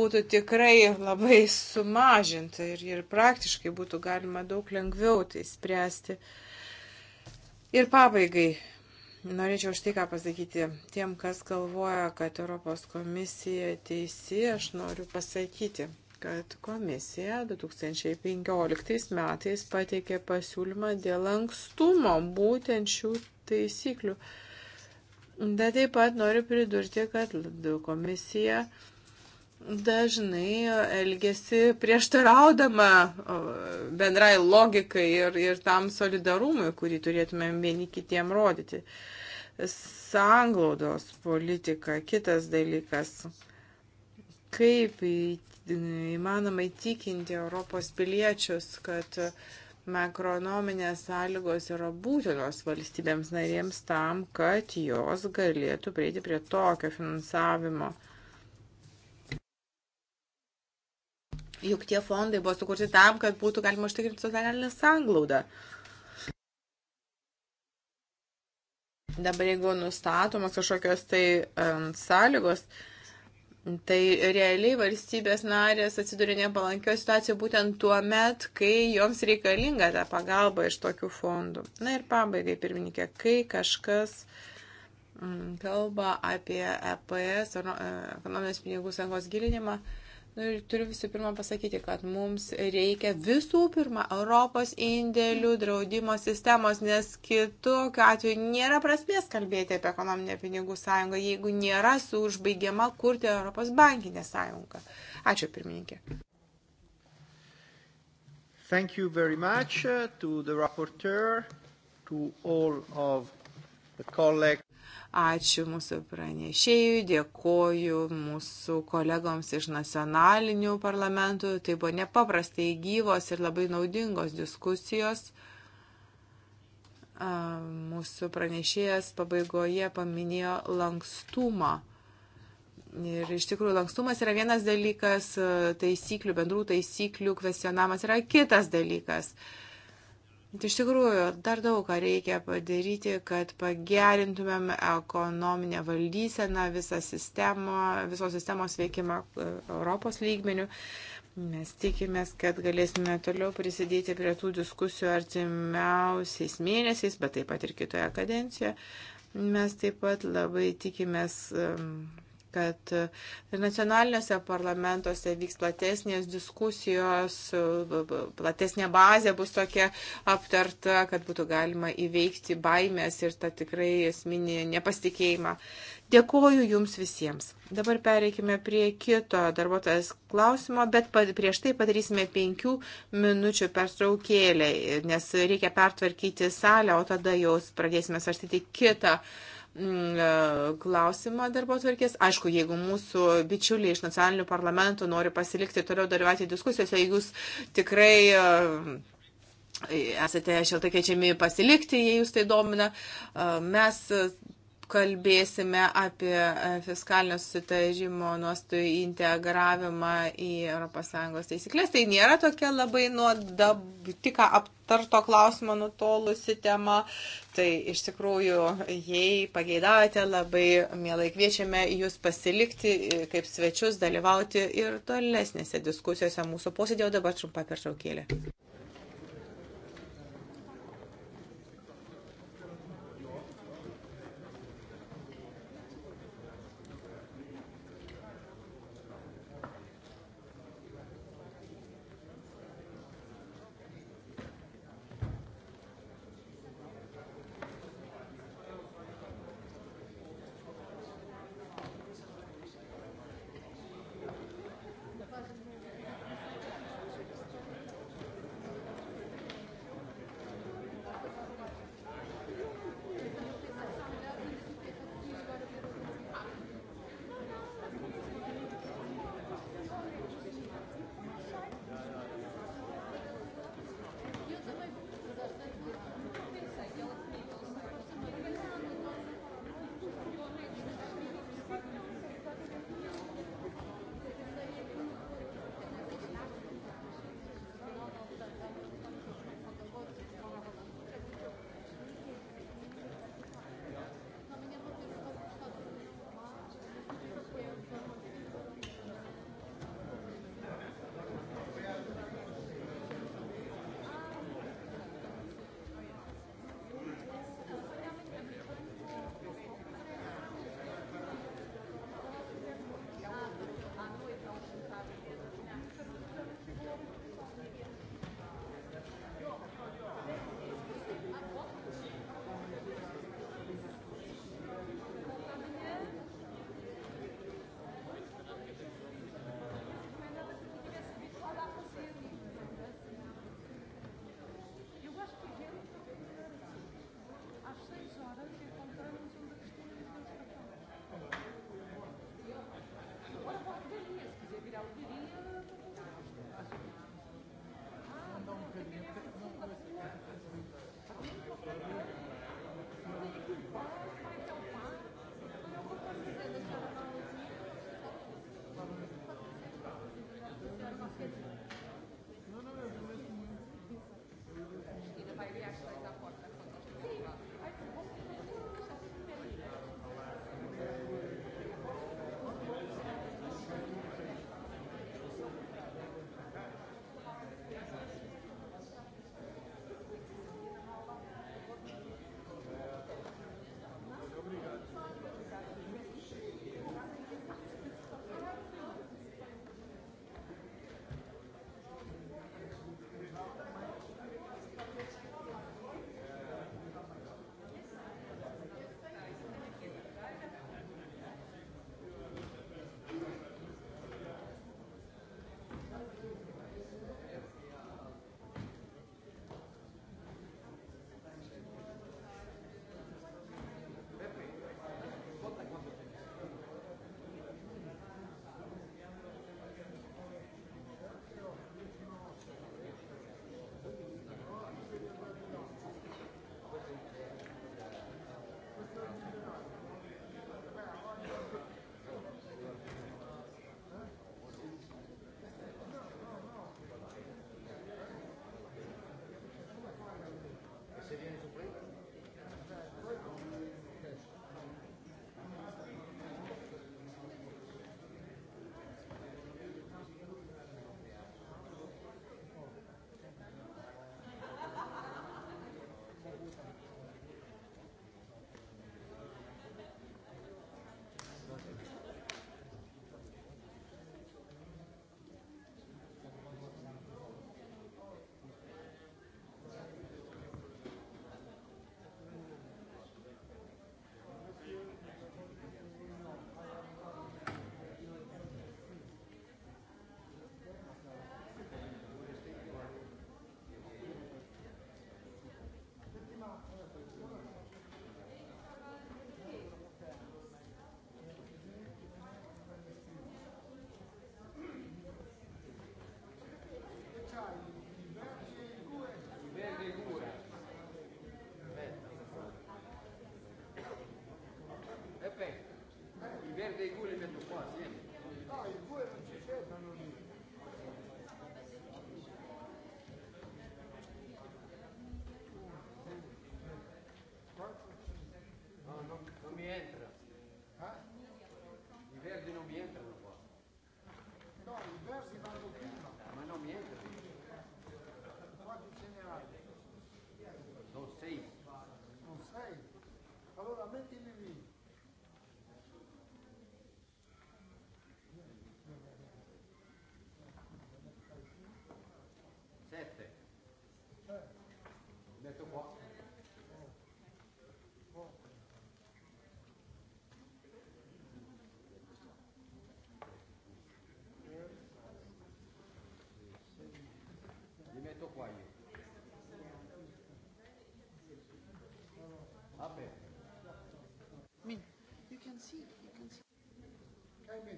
būtų tikrai labai sumažinta ir, ir praktiškai būtų galima daug lengviau tai spręsti. Ir pabaigai Norėčiau štai ką pasakyti tiem, kas galvoja, kad Europos komisija teisė, aš noriu pasakyti, kad komisija 2015 metais pateikė pasiūlymą dėl ankstumo būtent šių taisyklių. Bet taip pat noriu pridurti, kad komisija uh, dažnai e, elgesi prieštaraudama e, bendrai logikai ir, ir tam solidarumui, kurį turėtumėm vieni kitiem rodyti. Sanglaudos politika, kitas dalykas. Kaip įmanoma įtikinti Europos piliečius, kad makronominės sąlygos yra būtinos valstybėms narėms tam, kad jos galėtų prieiti prie tokio finansavimo. Juk tie fondai buvo sukurti tam, kad būtų galima užtikrinti socialinę sanglaudą. Dabar jeigu nustatomas kažkokios tai um, sąlygos, Tai realiai valstybės narės atsiduria nepalankio situacijoje būtent tuo met, kai joms reikalinga ta pagalba iš tokių fondų. Na ir pabaigai, pirmininkė, kai kažkas kalba apie EPS, e, ekonominės pinigų sąjungos gilinimą, Nu, ir, turiu visų pirma pasakyti, kad mums reikia visų pirma Europos indėlių draudimo sistemos, nes kitokiu atveju nėra prasmės kalbėti apie ekonominę pinigų sąjungą, jeigu nėra užbaigiama kurti Europos bankinę sąjungą. Ačiū pirmininkė. Thank you very much uh, to the rapporteur, to all of the colleagues. Ačiū mūsų pranešėjui, dėkoju mūsų kolegoms iš nacionalinių parlamentų. Tai buvo nepaprastai gyvos ir labai naudingos diskusijos mūsų pranešėjas pabaigoje paminėjo lankstumą. Ir iš tikrųjų lankstumas yra vienas dalykas, taisyklių, bendrų taisyklių kvestionamas yra kitas dalykas. Uh, Iš tikrųjų, dar daug ką reikia padaryti, kad pagerintumėm ekonominę valdyseną, visą sistemą, visos sistemos veikimą e, Europos lygmenių. Mes tikimės, kad galėsime toliau prisidėti prie tų diskusijų artimiausiais mėnesiais, bet taip pat ir kitoje kadencijoje. Mes taip pat labai tikimės. Um, kad ir e, nacionaliniuose parlamentuose vyks platesnės diskusijos, e, platesnė bazė bus tokia aptarta, kad būtų galima įveikti baimės ir tą tikrai esminį nepasitikėjimą. Dėkoju Jums visiems. Dabar pereikime prie kito darbuotojas klausimo, bet prieš tai padarysime penkių minučių pertraukėlę, nes reikia pertvarkyti salę, o tada jau pradėsime svarstyti kitą Mm, e, klausimą darbo tvarkės. Aišku, jeigu mūsų bičiuliai iš nacionalinių parlamentų nori pasilikti toliau dalyvauti diskusijose, jeigu jūs tikrai e, esate šiltai kviečiami pasilikti, jei jūs tai domina, e, mes kalbėsime apie e, fiskalinio susitarimo nuostų integravimą į ES teisiklės. Tai nėra tokia labai nuo dab, tik aptarto klausimo nutolusi tema. Tai iš tikrųjų, jei pageidavote, labai mielai kviečiame jūs pasilikti e, kaip svečius, dalyvauti ir tolesnėse diskusijose mūsų posėdėje. O dabar trumpa pertraukėlė.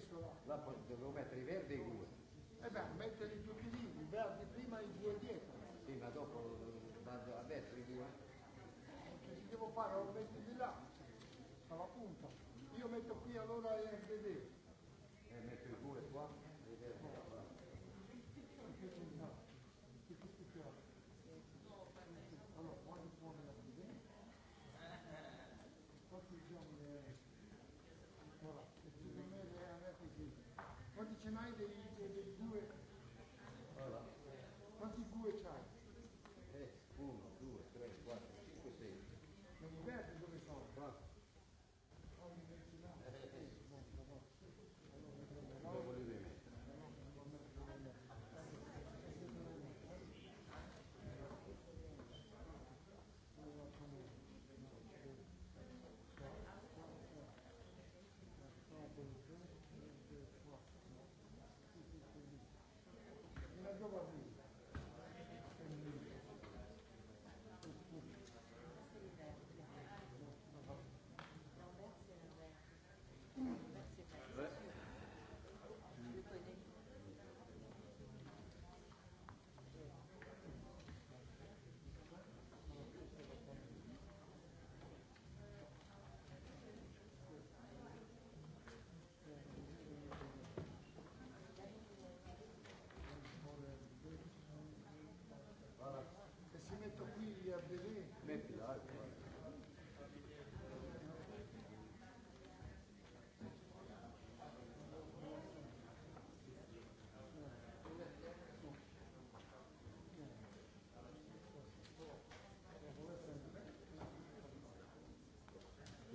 l'essola. Là poi dovevo mettere i verdi e i due. E beh, metterli tutti lì, i verdi prima e i due dietro. Sì, ma dopo eh, vado a destra i due. Che ci devo fare? Lo metti di là, alla punta. Io metto qui allora e vedete.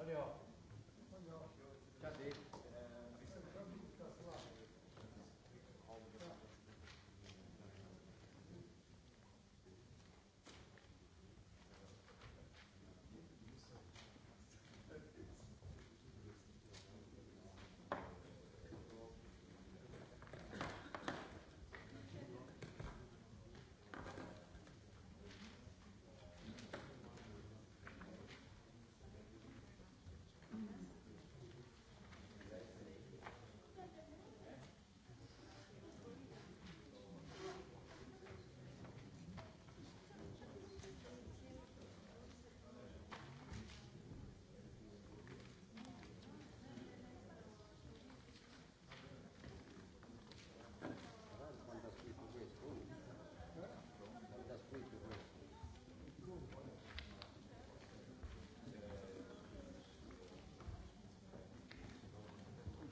Adiós.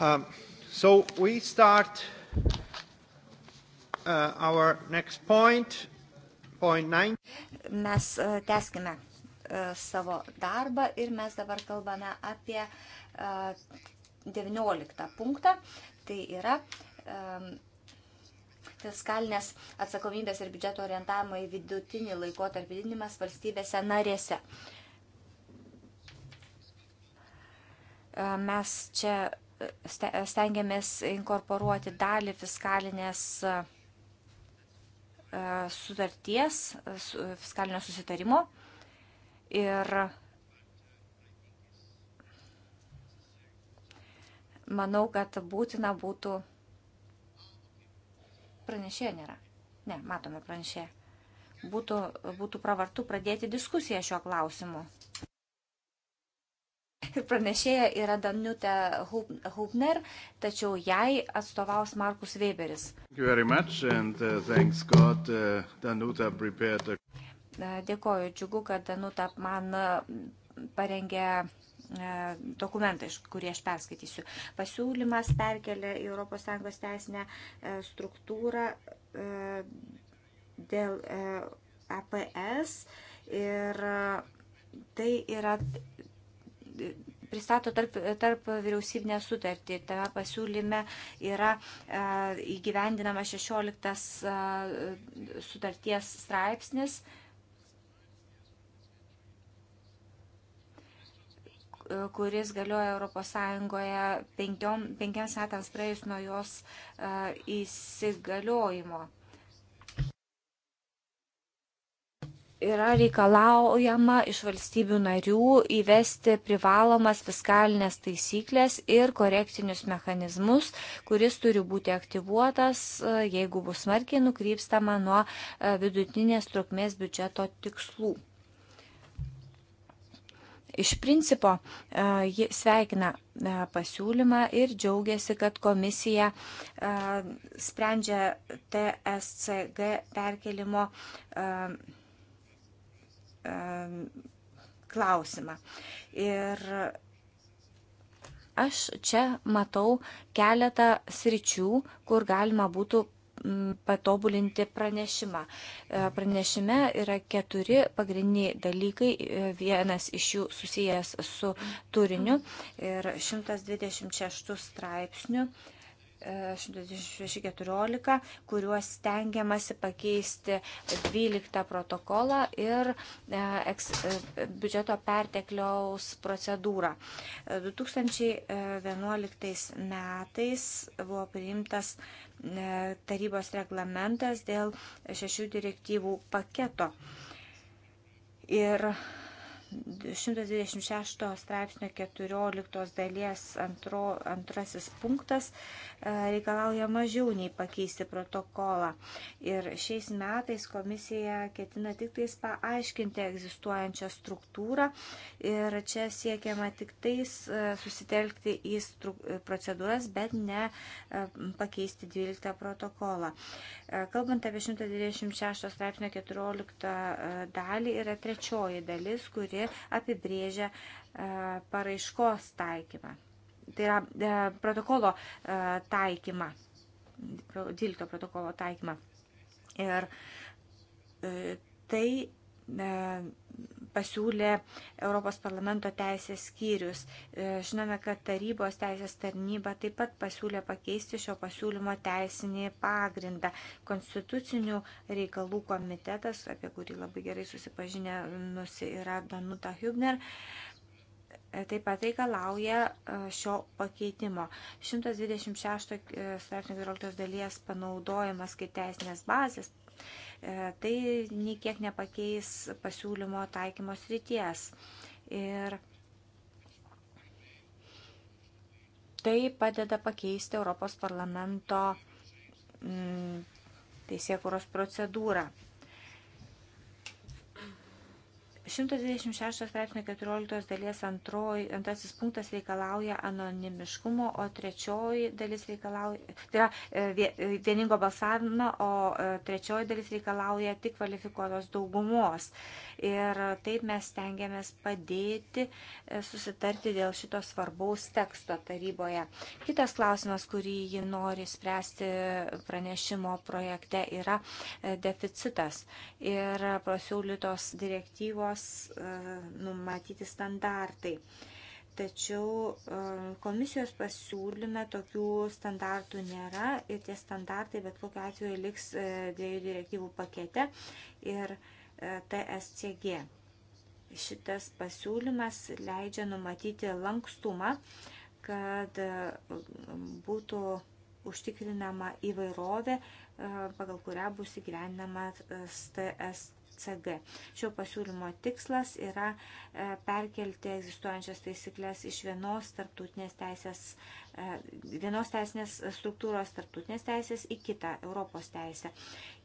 Um, so we start uh, our next point, point nine. Mes uh, teskime uh, savo darbą ir mes dabar kalbame apie uh, 19 punktą. Tai yra um, fiskalinės atsakomybės ir biudžeto orientavimo į vidutinį laikotarpį didinimas valstybėse narėse. Uh, mes čia stengiamės inkorporuoti dalį fiskalinės e, sutarties, fiskalinio susitarimo. Ir manau, kad būtina būtų. Pranešėjo nėra. Ne, matome pranešėją. Būtų, būtų pravartu pradėti diskusiją šiuo klausimu ir pranešėja yra Danutė Hubner, tačiau jai atstovaus Markus Weberis. And, uh, God, uh, prepared... Dėkoju, džiugu, kad Danuta man parengė e, dokumentą, kurį aš perskaitysiu. Pasiūlymas perkelia į ES teisinę e, struktūrą e, dėl APS ir tai yra pristato tarp, tarp vyriausybinę sutartį. Tame pasiūlyme yra e, įgyvendinama 16 e, sutarties straipsnis. kuris galioja ES penkiams metams praėjus nuo jos e, įsigaliojimo. Uh, yra reikalaujama iš valstybių narių įvesti privalomas fiskalinės taisyklės ir korektinius mechanizmus, kuris turi būti aktyvuotas, e, jeigu bus smarkiai nukrypstama nuo e, vidutinės trukmės biudžeto tikslų. Iš principo, e, ji sveikina pasiūlymą ir džiaugiasi, kad komisija sprendžia TSCG perkelimo Um, klausimą. Ir aš čia matau keletą sričių, kur galima būtų mm, patobulinti pranešimą. E, pranešime yra keturi pagrindiniai dalykai, e, vienas iš jų susijęs su turiniu ir 126 straipsniu 114, kuriuos stengiamasi pakeisti 12 protokolą ir e, eks, e, biudžeto pertekliaus procedūrą. 2011 metais buvo priimtas e, tarybos reglamentas dėl šešių direktyvų paketo. Ir 126 straipsnio 14 dalies antro, antrasis punktas e, reikalauja mažiau nei pakeisti protokolą. Ir šiais metais komisija ketina tik tais paaiškinti egzistuojančią struktūrą ir čia siekiama tik tais e, susitelkti į procedūras, bet ne e, pakeisti 12 protokolą. Kalbant apie 126 straipsnio 14 dalį yra trečioji dalis, kuri kuri apibrėžia e, paraiškos taikymą. Tai yra e, protokolo e, taikymą, 12 protokolo taikymą. Ir tai pasiūlė Europos parlamento teisės skyrius. E, žinome, kad tarybos teisės tarnyba taip pat pasiūlė pakeisti šio pasiūlymo teisinį pagrindą. Konstitucinių reikalų komitetas, apie kurį labai gerai susipažinę nusi yra Danuta Hübner, e, taip pat reikalauja e, šio pakeitimo. 126 straipsnio 14 dalies panaudojimas kaip teisinės bazės E, tai niekiek nepakeis pasiūlymo taikymos ryties. Ir tai padeda pakeisti Europos parlamento mm, teisėkuros procedūrą. 126 straipsnio 14 dalies antroj, antrasis punktas reikalauja anonimiškumo, o trečioji dalis reikalauja, tai yra e, e, vieningo balsavimo, o e, trečioji dalis reikalauja tik kvalifikuotos daugumos. Ir taip mes tengiamės padėti susitarti dėl šito svarbaus teksto taryboje. Kitas klausimas, kurį ji nori spręsti pranešimo projekte, yra deficitas ir pasiūlytos direktyvos Europos e, numatyti standartai. Tačiau e, komisijos pasiūlyme tokių standartų nėra ir tie standartai bet kokiu atveju liks e, dviejų direktyvų pakete ir TSCG. Šitas pasiūlymas leidžia numatyti lankstumą, kad būtų užtikrinama įvairovė, pagal kurią bus įgyvendinamas TSCG CG. Šio pasiūlymo tikslas yra e, perkelti egzistuojančias taisyklės iš vienos tarptautinės teisės, e, vienos teisinės struktūros tarptautinės teisės į kitą Europos teisę.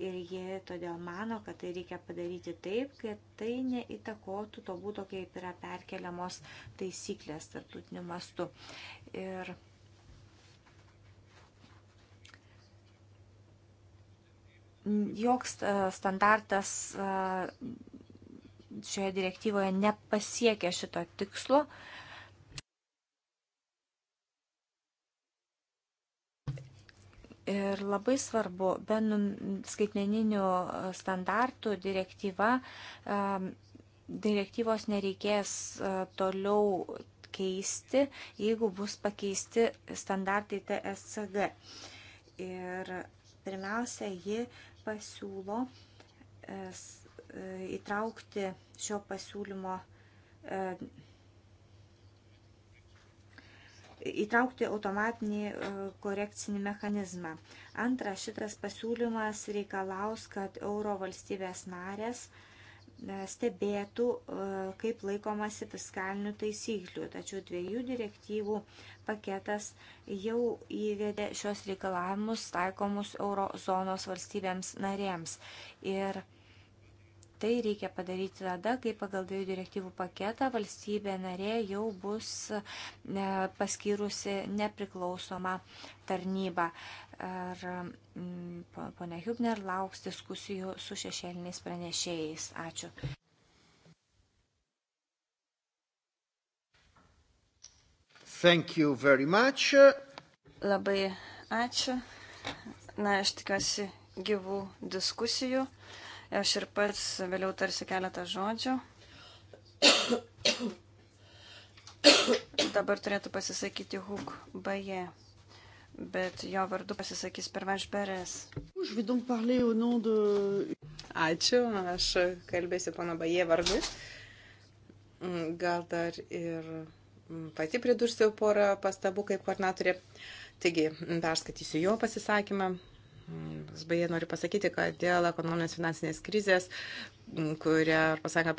Ir jie todėl mano, kad tai reikia padaryti taip, kad tai neįtakotų to būtų, kaip yra perkeliamos taisyklės tarptautiniu mastu. Ir joks e, standartas e, šioje direktyvoje nepasiekia šito tikslo. Ir labai svarbu, be skaitmeninių standartų direktyva, e, direktyvos nereikės toliau keisti, jeigu bus pakeisti standartai TSCG. Ir pirmiausia, ji pasiūlo e, e, įtraukti šio pasiūlymo e, įtraukti automatinį korekcinį mechanizmą. Antra, šitas pasiūlymas reikalaus, kad euro valstybės narės uh, stebėtų, e, kaip laikomasi fiskalinių taisyklių. Tačiau dviejų direktyvų paketas jau įvedė šios reikalavimus taikomus eurozonos valstybėms narėms. Ir tai reikia padaryti tada, kai pagal dviejų direktyvų paketą valstybė narė jau bus e, paskyrusi nepriklausomą tarnybą. Ar mm, ponia Hubner lauks diskusijų su šešėliniais pranešėjais? Ačiū. Thank you very much. Labai ačiū. Na, aš tikiuosi gyvų diskusijų. Aš ir pats vėliau tarsi keletą žodžių. Dabar turėtų pasisakyti Hug Baye, bet jo vardu pasisakys Pervanš Beres. Ačiū, aš kalbėsiu pana Baye vardu. Mm, gal dar ir mm, pati pridursiu porą pastabų kaip koordinatorė. Taigi, perskaitysiu jo pasisakymą. Beje, noriu pasakyti, kad dėl ekonominės finansinės krizės, kurią pasakė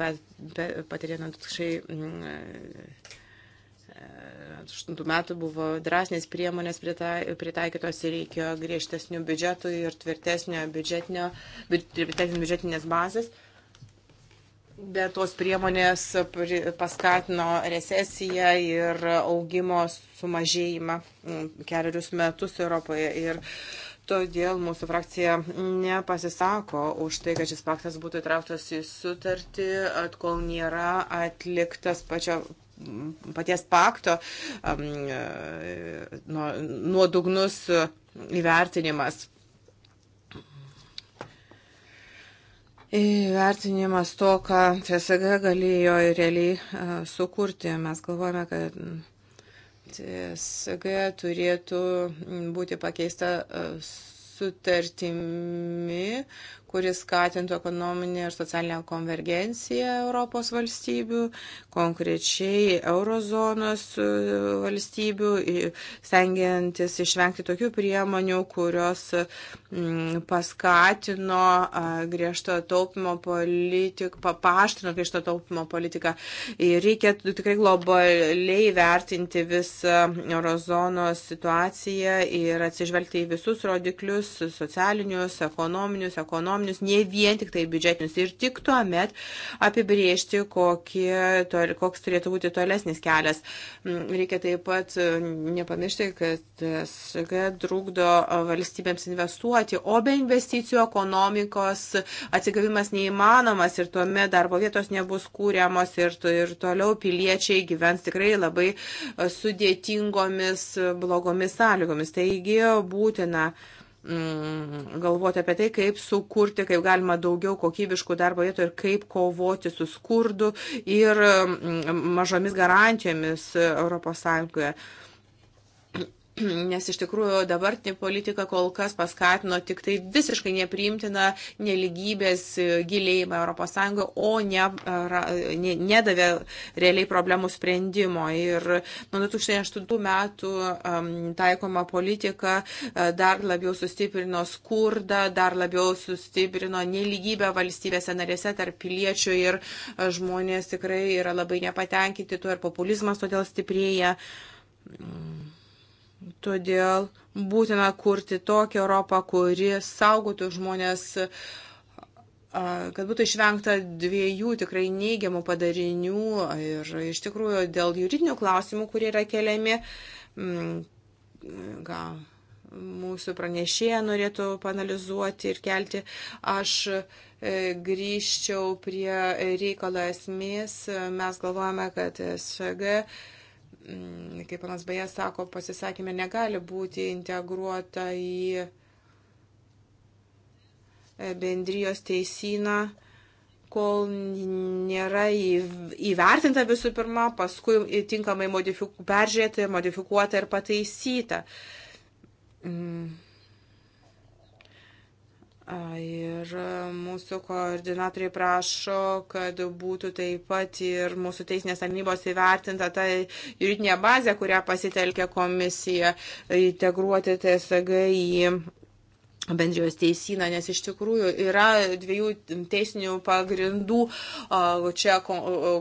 patirė nuo 2008 metų, buvo drąsnės priemonės pritaikytos ir reikėjo griežtesnių biudžetų ir tvirtesnio biudžetinio, biudžetinės bazės. Bet tos priemonės paskatino recesiją ir augimo sumažėjimą keliarius metus Europoje. Ir uh, Todėl mūsų frakcija nepasisako už tai, kad šis paktas būtų įtrauktas į sutartį, kol nėra atliktas pačio paties pakto um, nuodugnus įvertinimas. Įvertinimas to, ką CSG galėjo realiai e, sukurti. Mes galvojame, kad TSG turėtų būti pakeista e, sutartimi, kuris skatintų ekonominį ir socialinę konvergenciją Europos valstybių, konkrečiai eurozonos e, valstybių, stengiantis išvengti tokių priemonių, kurios paskatino griežto taupimo politiką, papaštino griežto taupimo politiką. Ir reikia tikrai globaliai vertinti visą eurozonos situaciją ir atsižvelgti į visus rodiklius - socialinius, ekonominius, ekonominius ekonominius, ne vien tik tai biudžetinius. Ir tik tuo met apibriežti, kokie, koks turėtų būti tolesnis kelias. Mm, reikia taip pat mm, nepamiršti, kad SG trukdo valstybėms investuoti, o be investicijų ekonomikos atsigavimas neįmanomas ir tuomet darbo vietos nebus kūriamos ir, ir toliau piliečiai gyvens tikrai labai e, sudėtingomis blogomis sąlygomis. Taigi būtina uh, Mm, galvoti apie tai, kaip sukurti, kaip galima daugiau kokybiškų darbo vietų ir kaip kovoti su skurdu ir mm, mažomis garantijomis ES. (clears throat) Nes iš tikrųjų dabartinė politika kol kas paskatino tik tai visiškai nepriimtiną neligybės e, gilėjimą ES, o ne, ne, nedavė realiai problemų sprendimo. Ir nuo 2008 metų um, taikoma politika e, dar labiau sustiprino skurdą, dar labiau sustiprino neligybę valstybėse narėse tarp piliečių ir e, žmonės tikrai yra labai nepatenkinti tuo ir populizmas todėl stiprėja. Mm. Todėl būtina kurti tokią Europą, kuri saugotų žmonės, kad būtų išvengta dviejų tikrai neigiamų padarinių ir iš tikrųjų dėl juridinių klausimų, kurie yra keliami, gal mūsų pranešėja norėtų panalizuoti ir kelti. Aš e, grįžčiau prie reikalo esmės. Mes galvojame, kad SG Mm, kaip panas Beje sako, pasisakymė negali būti integruota į e, bendrijos teisiną, kol nėra įvertinta visų pirma, paskui tinkamai modifiku, peržiūrėta, modifikuota ir pataisyta. Mm Ir e, mūsų koordinatoriai prašo, kad būtų taip pat ir mūsų teisinės tarnybos įvertinta ta juridinė bazė, kurią pasitelkė komisija, integruoti TSG į bendrijos teisiną, nes iš tikrųjų yra dviejų teisinių pagrindų čia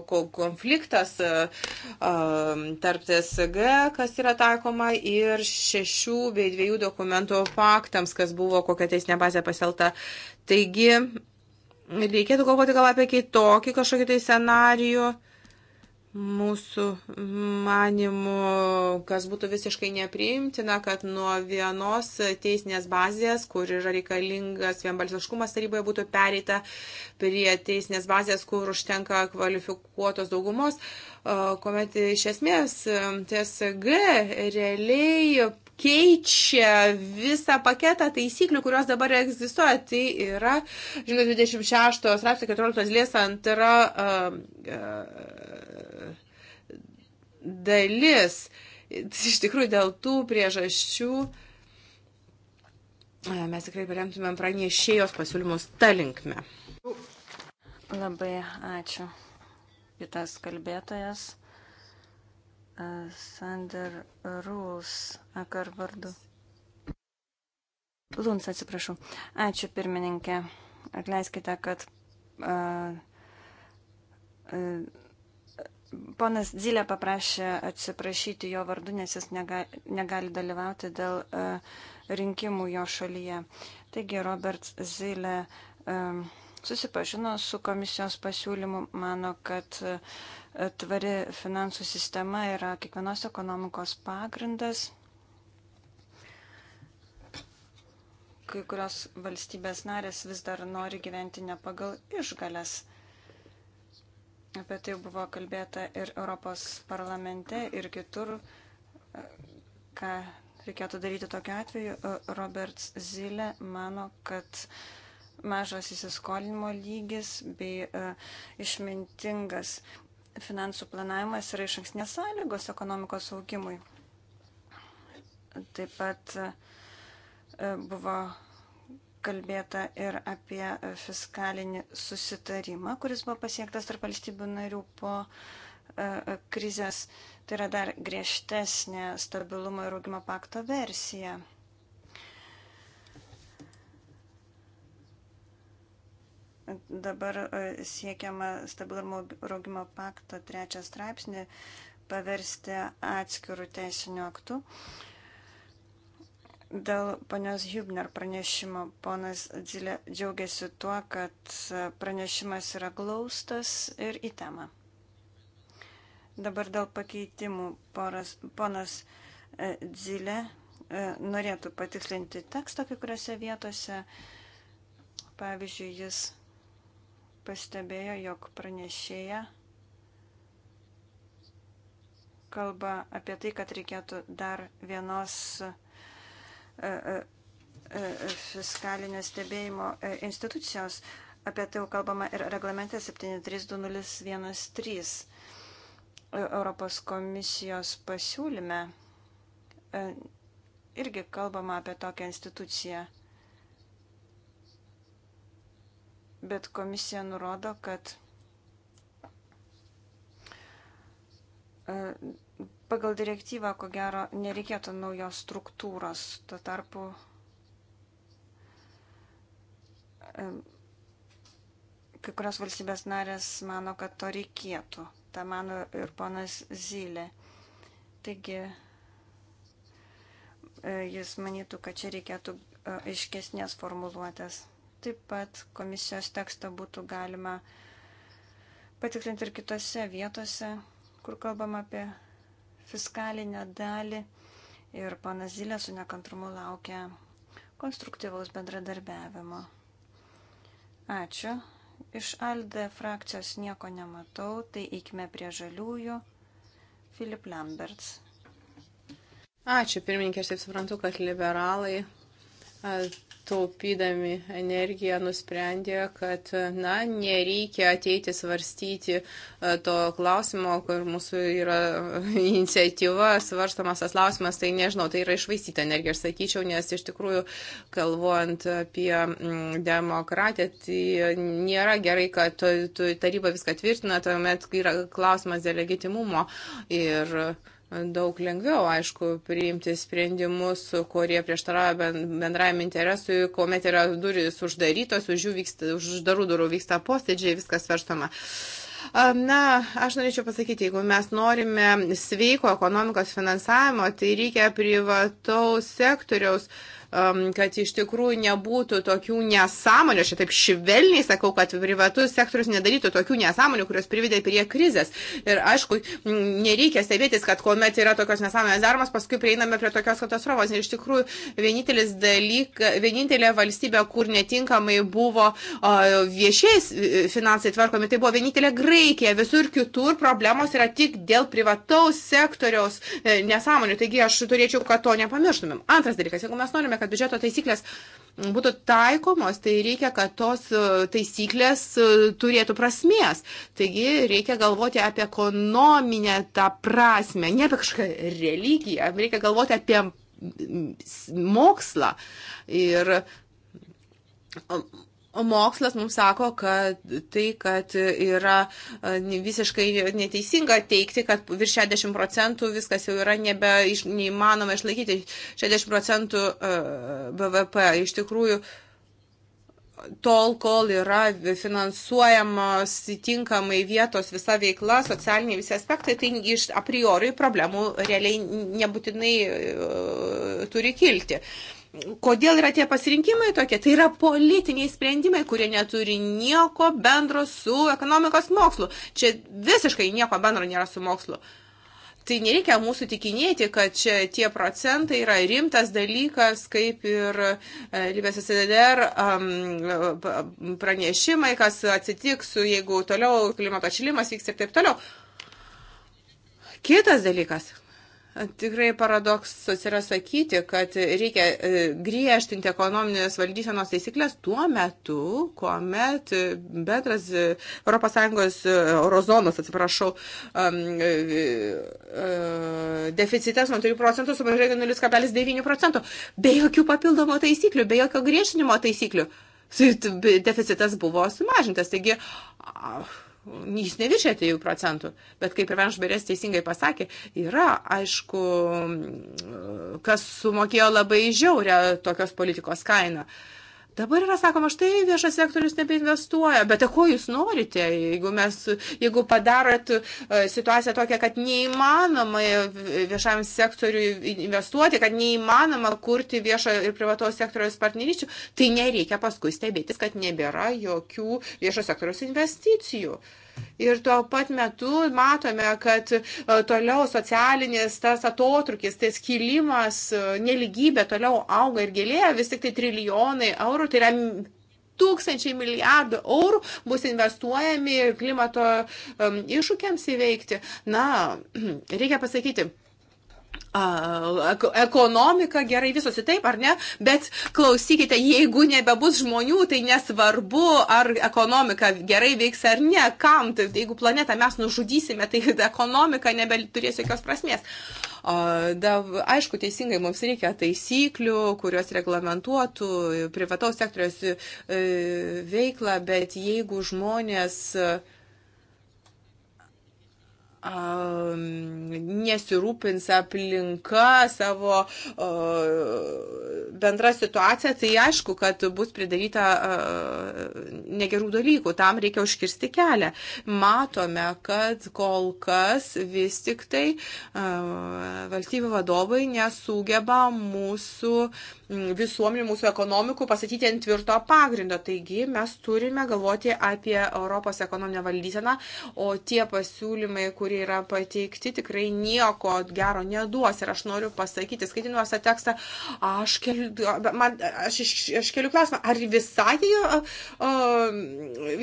konfliktas tarp TSG, kas yra taikoma, ir šešių bei dviejų dokumentų faktams, kas buvo kokia teisinė bazė pasielta. Taigi, reikėtų galvoti gal apie kitokį kažkokį tai scenarijų Mūsų manimų, kas būtų visiškai nepriimtina, kad nuo vienos teisinės bazės, kur yra reikalingas vienbalsiškumas taryboje, būtų pereita prie teisinės bazės, kur užtenka kvalifikuotos daugumos, kuomet iš esmės e, TSG realiai keičia visą paketą taisyklių, kurios dabar egzistuoja. Tai yra, žinot, 26 straipsnio 14 lės antra. Uh, uh, dalis. Iš tikrųjų, dėl tų priežasčių e, mes tikrai paremtumėm pranešėjos pasiūlymus tą linkmę. Labai ačiū. Kitas kalbėtojas. E, Sander Rūs, akar vardu. Lūns, atsiprašau. Ačiū pirmininkė. Atleiskite, kad. Uh, uh, Ponas Dzilė paprašė atsiprašyti jo vardu, nes jis negali, negali dalyvauti dėl e, rinkimų jo šalyje. Taigi Robert Zilė e, susipažino su komisijos pasiūlymu, mano, kad e, tvari finansų sistema yra kiekvienos ekonomikos pagrindas. Kai kurios valstybės narės vis dar nori gyventi ne pagal išgalės. Apie tai buvo kalbėta ir Europos parlamente, ir kitur, ką reikėtų daryti tokiu atveju. Roberts Zilė mano, kad mažas įsiskolinimo lygis bei e, išmintingas finansų planavimas yra iš anksnės sąlygos ekonomikos augimui. Taip pat e, buvo kalbėta ir apie fiskalinį susitarimą, kuris buvo pasiektas tarp valstybių narių po e, e, krizės. Tai yra dar griežtesnė stabilumo ir augimo pakto versija. Dabar e, siekiama stabilumo ir augimo pakto trečią straipsnį paversti atskirų teisinių aktų. Uh, Dėl ponios Hübner pranešimo ponas Dzilė džiaugiasi tuo, kad pranešimas yra glaustas ir į temą. Dabar dėl pakeitimų poras, ponas e, Dzilė e, norėtų patikslinti tekstą kai kuriuose vietose. Pavyzdžiui, jis pastebėjo, jog pranešėja kalba apie tai, kad reikėtų dar vienos E, e, e, fiskalinio stebėjimo institucijos. Apie tai jau kalbama ir reglamente 732013 Europos komisijos pasiūlyme. Irgi kalbama apie tokią instituciją. Bet komisija nurodo, kad Pagal direktyvą, ko gero, nereikėtų naujos struktūros. Tuo tarpu kai kurios valstybės narės mano, kad to reikėtų. Ta mano ir ponas Zylė. Taigi e, jis manytų, kad čia reikėtų e, aiškesnės formuluotės. Taip pat komisijos tekstą būtų galima patikrinti ir kitose vietose, kur kalbam apie fiskalinę dalį ir panas Zilė su nekantrumu laukia konstruktyvaus bendradarbiavimo. Ačiū. Iš Alde frakcijos nieko nematau, tai eikime prie žaliųjų. Filip Lamberts. Ačiū, pirmininkė, aš taip suprantu, kad liberalai taupydami energiją nusprendė, kad, na, nereikia ateiti svarstyti e, to klausimo, kur mūsų yra e, (laughs) iniciatyva, svarstamas tas klausimas, tai nežinau, tai yra išvaistyta energija, aš sakyčiau, nes iš tikrųjų, kalbuojant apie mm, demokratiją, tai nėra gerai, kad taryba viską tvirtina, tuomet yra klausimas dėl legitimumo. Ir, daug lengviau, aišku, priimti sprendimus, kurie prieštarauja bendrajam interesui, kuomet yra durys uždarytos, už jų vyksta, už uždarų durų vyksta posėdžiai, viskas svarstoma. Na, aš norėčiau pasakyti, jeigu mes norime sveiko ekonomikos finansavimo, tai reikia privataus sektoriaus uh, kad iš tikrųjų nebūtų tokių nesąmonių, aš taip švelniai sakau, kad privatus sektorius nedarytų tokių nesąmonių, kurios privedė prie krizės. Ir aišku, nereikia stebėtis, kad kuomet yra tokios nesąmonės daromas, paskui prieiname prie tokios katastrofos. Ir iš tikrųjų, vienintelis dalyk, vienintelė valstybė, kur netinkamai buvo viešiais e, finansai tvarkomi, tai buvo vienintelė Graikija. Visur kitur problemos yra tik dėl privataus sektoriaus e, nesąmonių. Taigi aš turėčiau, kad to nepamirštumėm. Antras dalykas, jeigu mes norime, kad biudžeto taisyklės būtų taikomos, tai reikia, kad tos e, taisyklės e, turėtų prasmės. Taigi reikia galvoti apie ekonominę tą prasme, ne apie kažkokią religiją, reikia galvoti apie mokslą. Ir Mokslas mums sako, kad tai, kad yra e, visiškai neteisinga teikti, kad virš 60 procentų viskas jau yra nebe iš, neįmanoma išlaikyti 60 procentų e, BVP. Iš tikrųjų, tol, kol yra finansuojamos tinkamai vietos visa veikla, socialiniai visi aspektai, tai iš a priori problemų realiai nebūtinai e, turi kilti. Uh, Kodėl yra tie pasirinkimai tokie? Tai yra politiniai sprendimai, kurie neturi nieko bendro su ekonomikos mokslu. Čia visiškai nieko bendro nėra su mokslu. Tai nereikia mūsų tikinėti, kad čia tie procentai yra rimtas dalykas, kaip ir e, Libės SDR um, pranešimai, kas atsitiks, jeigu toliau klimato atšilimas vyks ir taip toliau. Kitas dalykas – Tikrai paradoksas yra sakyti, kad reikia e, griežtinti ekonominės valdysenos teisiklės tuo metu, kuomet bendras ES e, eurozonos, atsiprašau, um, uh, deficitas nuo 3 procentų sumažėjo 0,9 procentų. Be jokių papildomų taisyklių, be jokio griežtinimo taisyklių. Deficitas buvo sumažintas. Taigi, uh, jis neviršė 3 procentų, bet kaip ir Venš Berės teisingai pasakė, yra, aišku, kas sumokėjo labai žiaurę tokios politikos kainą. Uh, Dabar yra sakoma, štai viešas sektorius nebeinvestuoja, bet ko jūs norite, jeigu, mes, jeigu padarot e, situaciją tokią, kad neįmanoma e, viešam sektoriui investuoti, kad neįmanoma kurti viešo ir privataus sektoriaus partneryčių, tai nereikia paskui stebėtis, kad nebėra jokių viešo sektoriaus investicijų. Uh, Ir tuo pat metu matome, kad e, toliau socialinis tas atotrukis, tas kilimas, e, neligybė toliau auga ir gilėja, vis tik tai trilijonai eurų, tai yra tūkstančiai milijardų eurų bus investuojami klimato um, iššūkiams įveikti. Na, (clears throat) reikia pasakyti, a, ekonomika, gerai, visosi taip ar ne, bet klausykite, jeigu nebebus žmonių, tai nesvarbu, ar ekonomika gerai veiks ar ne, kam, tai jeigu planetą mes nužudysime, tai (laughs) ekonomika nebeturės jokios prasmės. A, da, aišku, teisingai mums reikia taisyklių, kurios reglamentuotų privataus sektoriaus e, veiklą, bet jeigu žmonės a, nesirūpins aplinka savo bendra situacija, tai aišku, kad bus pridaryta negerų dalykų. Tam reikia užkirsti kelią. Matome, kad kol kas vis tik tai valstybių vadovai nesugeba mūsų Mm, visuomenių, mūsų ekonomikų pasakyti ant tvirto pagrindo. Taigi mes turime galvoti apie Europos ekonominę valdyseną, o tie pasiūlymai, kurie yra pateikti, tikrai nieko gero neduos. Ir aš noriu pasakyti, skaitinuos tą tekstą, aš keliu, man, aš, aš, aš keliu klausimą, ar visai uh, uh,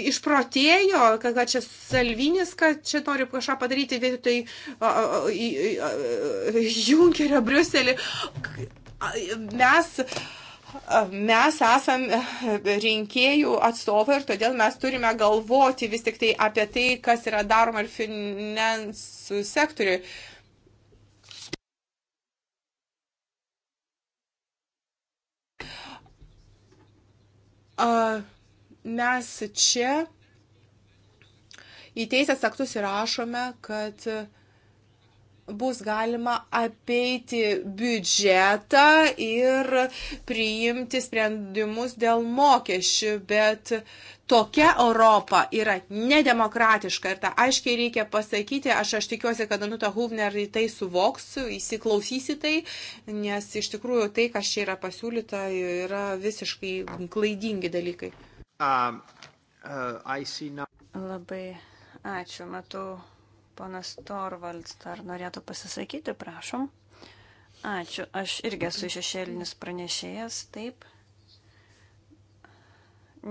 išprotėjo, kad, kad čia Salvinis, kad čia nori kažką padaryti vietoj uh, uh, uh, uh, Junkerio Briuselį mes mes esam rinkėjų atstovai ir todėl mes turime galvoti vis tik tai apie tai, kas yra daroma ir finansų sektoriui. Mes čia į teisės aktus įrašome, kad uh, bus galima apeiti biudžetą ir priimti sprendimus dėl mokesčių, bet tokia Europa yra nedemokratiška ir tą aiškiai reikia pasakyti. Aš, aš tikiuosi, kad Anuta Huvner į tai suvoks, įsiklausys į tai, nes iš tikrųjų tai, kas čia yra pasiūlyta, yra visiškai klaidingi dalykai. Um, uh, Labai ačiū, matau Panas Torvalds dar norėtų pasisakyti, prašom. Ačiū, aš irgi esu šešėlinis pranešėjas, taip.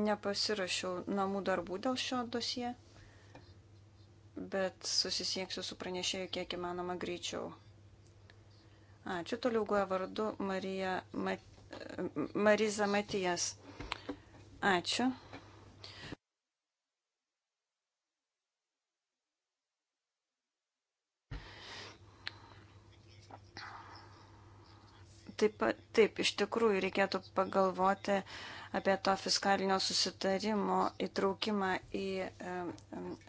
Nepasirašiau namų darbų dėl šio dosie, bet susisieksiu su pranešėju kiek įmanoma greičiau. Ačiū, toliau guoja vardu Marija, Mat, Mariza Matijas. Ačiū, Taip, taip, iš tikrųjų reikėtų pagalvoti apie to fiskalinio susitarimo įtraukimą į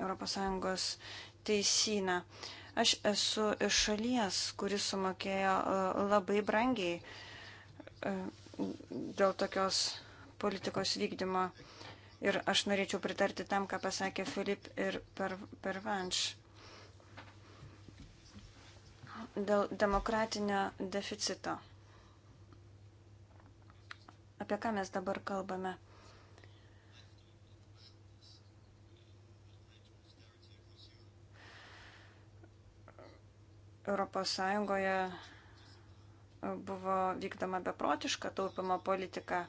ES teisyną. Aš esu iš šalies, kuris sumokėjo e, labai brangiai e, dėl tokios politikos vykdymo. Ir aš norėčiau pritarti tam, ką pasakė Filip ir per, per Vanš. Dėl demokratinio deficito. Apie ką mes dabar kalbame? Europos Sąjungoje buvo vykdoma beprotiška taupimo politika.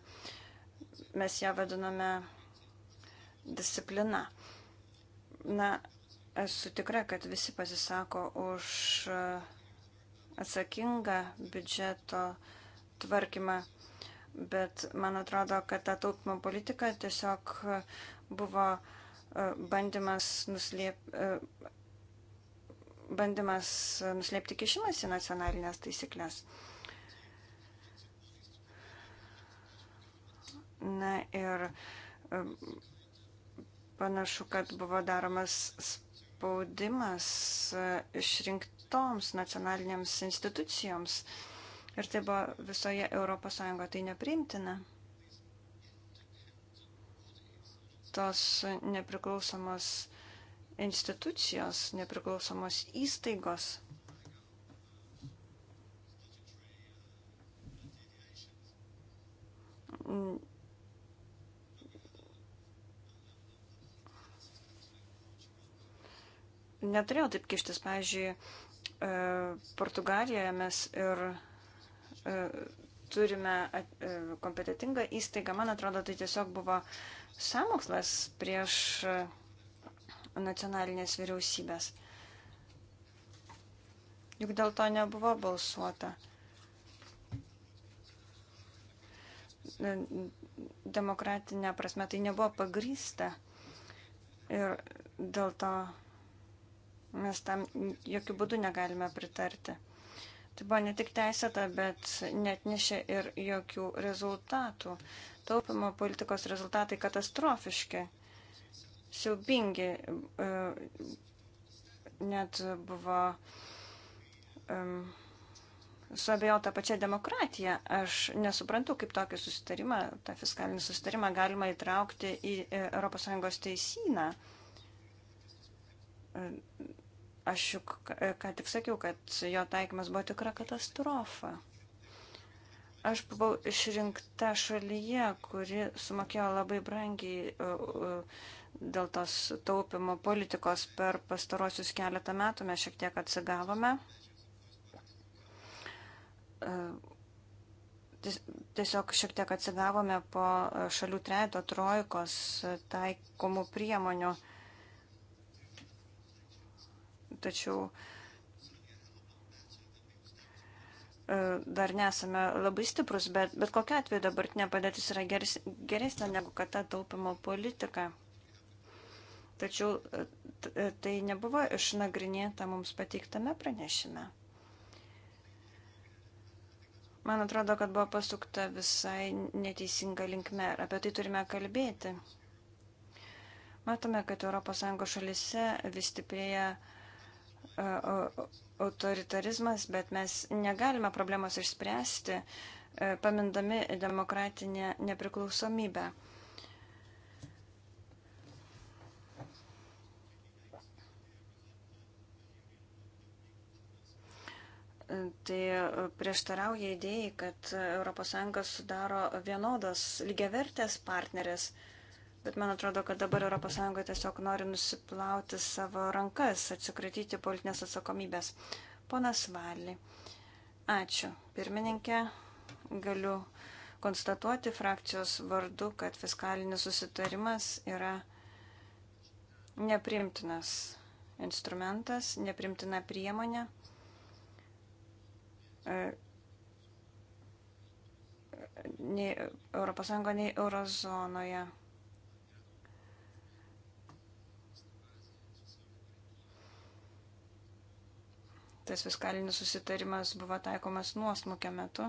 Mes ją vadiname disciplina. Na, esu tikra, kad visi pasisako už atsakingą biudžeto tvarkymą bet man atrodo, kad ta taupimo politika tiesiog e, buvo e, e, bandymas nuslėpti bandymas nuslėpti kišimas į nacionalinės taisyklės. Na ir panašu, kad buvo daromas spaudimas išrinktoms nacionalinėms institucijoms. Uh, Ir tai buvo visoje ES, tai nepriimtina. Tos nepriklausomos institucijos, nepriklausomos įstaigos neturėjau taip kištis. Pavyzdžiui, e, Portugalijoje mes ir E, turime e, e, kompetitingą įstaigą. Man atrodo, tai tiesiog buvo samokslas prieš nacionalinės vyriausybės. Juk dėl to nebuvo balsuota. Demokratinė prasme tai nebuvo pagrysta. Ir dėl to mes tam jokių būdų negalime pritarti. Tai buvo ne tik teisėta, bet net nešė ir jokių rezultatų. Taupimo politikos rezultatai katastrofiški, siaubingi. E, net buvo um, suabejota pačia demokratija. Aš nesuprantu, kaip tokį susitarimą, tą fiskalinį susitarimą galima įtraukti į ES teisyną e, Aš juk e, ką tik sakiau, kad jo taikymas buvo tikra katastrofa. Aš buvau išrinkta šalyje, kuri sumokėjo labai brangiai e, e, dėl tos taupimo politikos per pastarosius keletą metų. Mes šiek tiek atsigavome. Tiesiog šiek tiek atsigavome po šalių trejato trojkos taikomų priemonių tačiau e, dar nesame labai stiprus, bet, bet kokia atveju dabartinė padėtis yra geres, geresnė negu kad ta taupimo politika. Tačiau e, e, tai nebuvo išnagrinėta mums pateiktame pranešime. Man atrodo, kad buvo pasukta visai neteisinga linkme ir apie tai turime kalbėti. Matome, kad ES šalise vis stiprėja uh, autoritarizmas, bet mes negalime problemos išspręsti, pamindami demokratinę nepriklausomybę. tai prieštarauja idėjai, kad ES sudaro vienodas lygiavertės partnerės. Bet man atrodo, kad dabar ES tiesiog nori nusiplauti savo rankas, atsikratyti politinės atsakomybės. Ponas Valį. Ačiū. Pirmininkė, galiu konstatuoti frakcijos vardu, kad fiskalinis susitarimas yra neprimtinas instrumentas, neprimtina priemonė. Nei ES, nei eurozonoje. tas fiskalinis susitarimas buvo taikomas nuosmukio metu.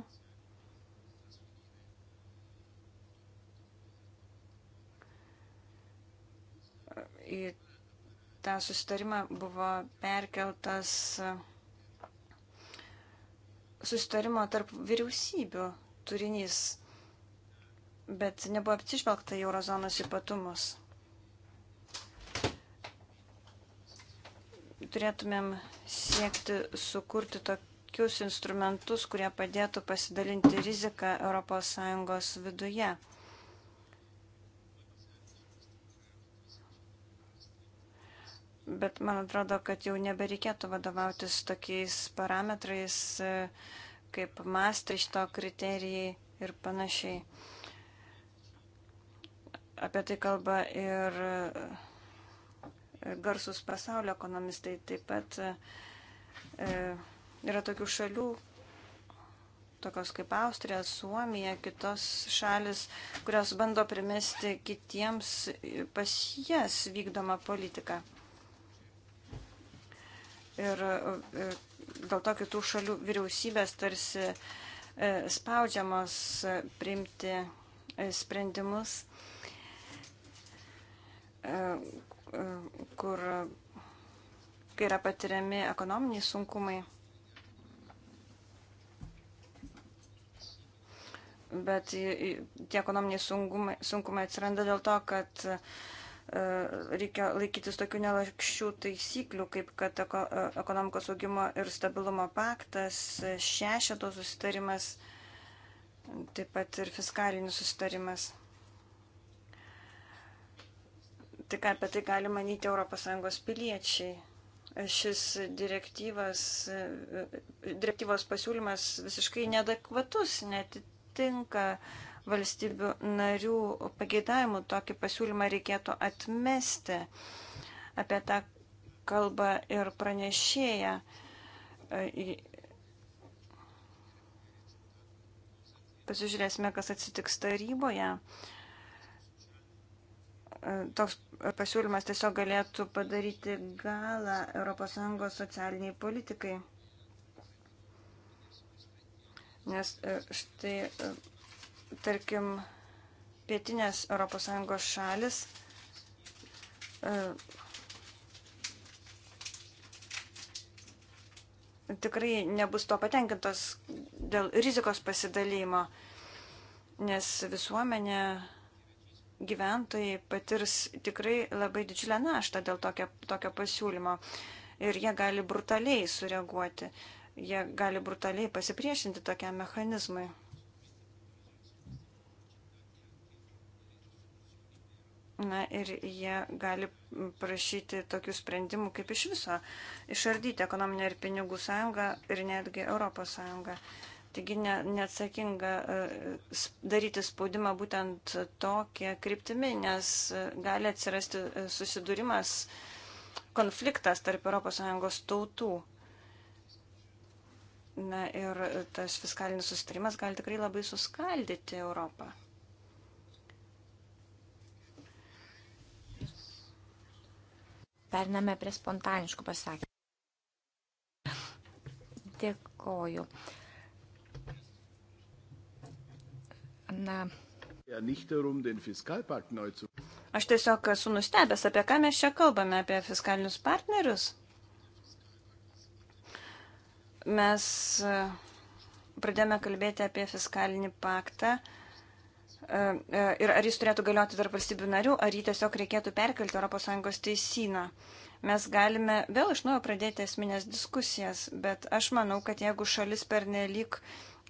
Į tą susitarimą buvo perkeltas e, susitarimo tarp vyriausybių turinys, bet nebuvo atsižvelgta į eurozonos ypatumus. turėtumėm siekti sukurti tokius instrumentus, kurie padėtų pasidalinti riziką ES viduje. Bet man atrodo, kad jau nebereikėtų vadovautis tokiais parametrais kaip Maastrichto kriterijai ir panašiai. Apie tai kalba ir garsus pasaulio ekonomistai. Taip pat e, yra tokių šalių, tokios kaip Austrija, Suomija, kitos šalis, kurios bando primesti kitiems pas jas vykdomą politiką. Ir e, dėl to kitų šalių vyriausybės tarsi e, spaudžiamos priimti sprendimus, E, kur e, kai yra patiriami ekonominiai sunkumai. Bet tie ekonominiai sunkumai, sunkumai atsiranda dėl to, kad e, reikia laikytis tokių nelakščių taisyklių, kaip kad ekonomikos augimo ir stabilumo paktas, šešeto susitarimas, taip pat ir fiskalinis susitarimas tai ką apie tai gali manyti ES piliečiai. Šis direktyvas, direktyvos pasiūlymas visiškai nedekvatus, netitinka valstybių narių pageidavimų. Tokį pasiūlymą reikėtų atmesti. Apie tą kalba ir pranešėja. Pasižiūrėsime, kas atsitiks taryboje toks pasiūlymas tiesiog galėtų padaryti galą ES socialiniai politikai. Nes e, štai, e, tarkim, pietinės ES šalis e, tikrai nebus to patenkintos dėl rizikos pasidalymo, nes visuomenė gyventojai patirs tikrai labai didžiulę naštą dėl tokio, tokio pasiūlymo ir jie gali brutaliai sureaguoti, jie gali brutaliai pasipriešinti tokiam mechanizmui. Na ir jie gali prašyti tokių sprendimų, kaip iš viso išardyti ekonominę ir pinigų sąjungą ir netgi Europos sąjungą. Uh, Taigi ne, neatsakinga e, daryti spaudimą būtent tokią kryptimį, nes e, gali atsirasti e, susidūrimas, konfliktas tarp ES tautų. Na ir tas fiskalinis susitarimas gali tikrai labai suskaldyti Europą. Pername prie spontaniškų pasakymų. Dėkoju. Uh, na. Aš tiesiog esu nustebęs, apie ką mes čia kalbame, apie fiskalinius partnerius. Mes e, pradėjome kalbėti apie fiskalinį paktą e, e, ir ar jis turėtų galioti tarp valstybių narių, ar jį tiesiog reikėtų perkelti ES teisyną. Mes galime vėl iš naujo pradėti esminės diskusijas, bet aš manau, kad jeigu šalis pernelyg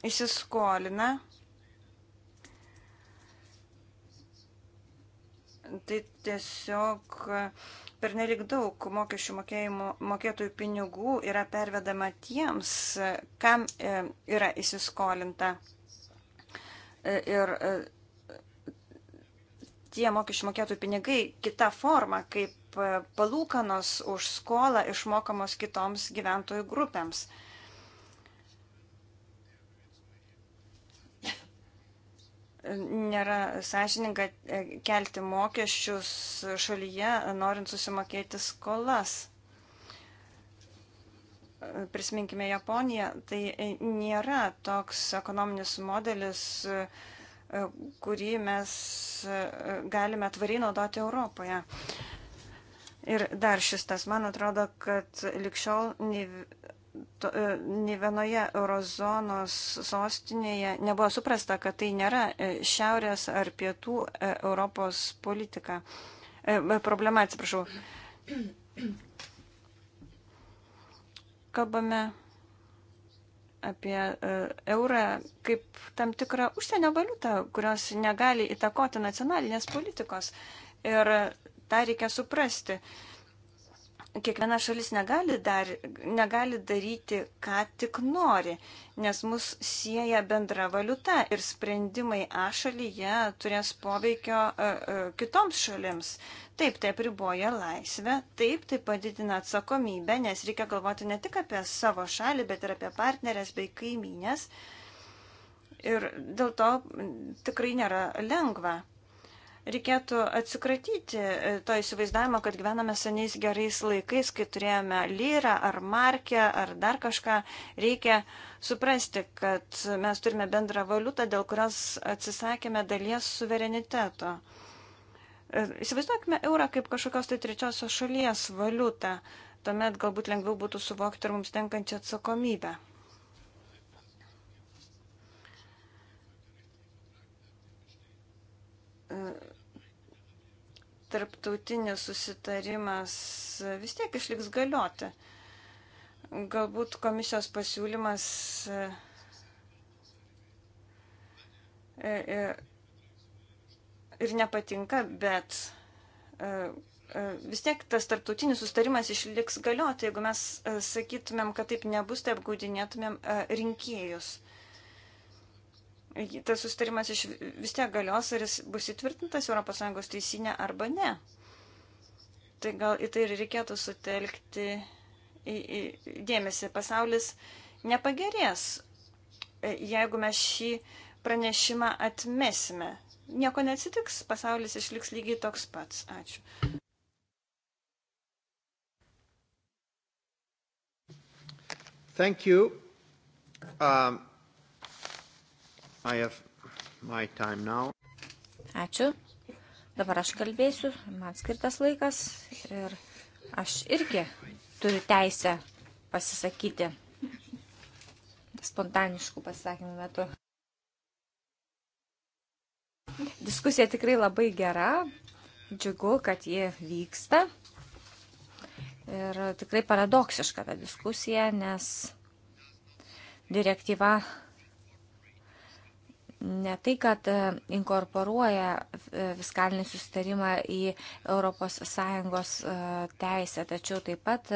įsiskolina, tai tiesiog e, per nelik daug mokesčių mokėjimų, mokėtojų pinigų yra pervedama tiems, e, kam e, yra įsiskolinta. Ir tie mokesčių mokėtojų pinigai kita forma, kaip palūkanos už skolą išmokamos kitoms gyventojų grupėms. nėra sąžininga e, kelti mokesčius šalyje, norint susimokėti skolas. Prisiminkime Japoniją, tai nėra toks ekonominis modelis, e, kurį mes e, galime tvariai naudoti Europoje. Ir dar šis tas, man atrodo, kad likščiol to, ne vienoje eurozonos sostinėje nebuvo suprasta, kad tai nėra e, šiaurės ar pietų e, Europos politika. E, problema, atsiprašau. Kalbame apie eurą kaip tam tikrą užsienio valiutą, kurios negali įtakoti nacionalinės politikos. Ir tą reikia suprasti. Uh, kiekviena šalis negali, dar, negali daryti, ką tik nori, nes mus sieja bendra valiuta ir sprendimai A šalyje turės poveikio a, e, a, e, kitoms šalims. Taip, tai priboja laisvę, taip, tai padidina atsakomybę, nes reikia galvoti ne tik apie savo šalį, bet ir apie partnerės bei kaimynės. Ir dėl to tikrai nėra lengva. Reikėtų atsikratyti e, to įsivaizdavimo, kad gyvename seniais gerais laikais, kai turėjome lyrą ar markę ar dar kažką. Reikia suprasti, kad mes turime bendrą valiutą, dėl kurios atsisakėme dalies suvereniteto. E, įsivaizduokime eurą kaip kažkokios tai trečiosios šalies valiutą. Tuomet galbūt lengviau būtų suvokti ir mums tenkančią atsakomybę. tarptautinis susitarimas vis tiek išliks galioti. Galbūt komisijos pasiūlymas e, e, ir nepatinka, bet e, vis tiek tas tarptautinis sustarimas išliks galioti. Jeigu mes sakytumėm, kad taip nebus, tai apgaudinėtumėm rinkėjus tas sustarimas iš, vis tiek galios, ar jis bus įtvirtintas ES teisinė arba ne. Tai gal į tai ir reikėtų sutelkti į, į, dėmesį. Pasaulis nepagerės, e, jeigu mes šį pranešimą atmesime. Nieko neatsitiks, pasaulis išliks lygiai toks pats. Ačiū. Thank you. Um, I have my time now. Ačiū. Dabar aš kalbėsiu, man skirtas laikas ir aš irgi turiu teisę pasisakyti spontaniškų pasisakymų metu. Diskusija tikrai labai gera, džiugu, kad ji vyksta. Ir tikrai paradoksiška ta diskusija, nes direktyva ne tai, kad e, inkorporuoja e, fiskalinį sustarimą į ES e, teisę, tačiau taip pat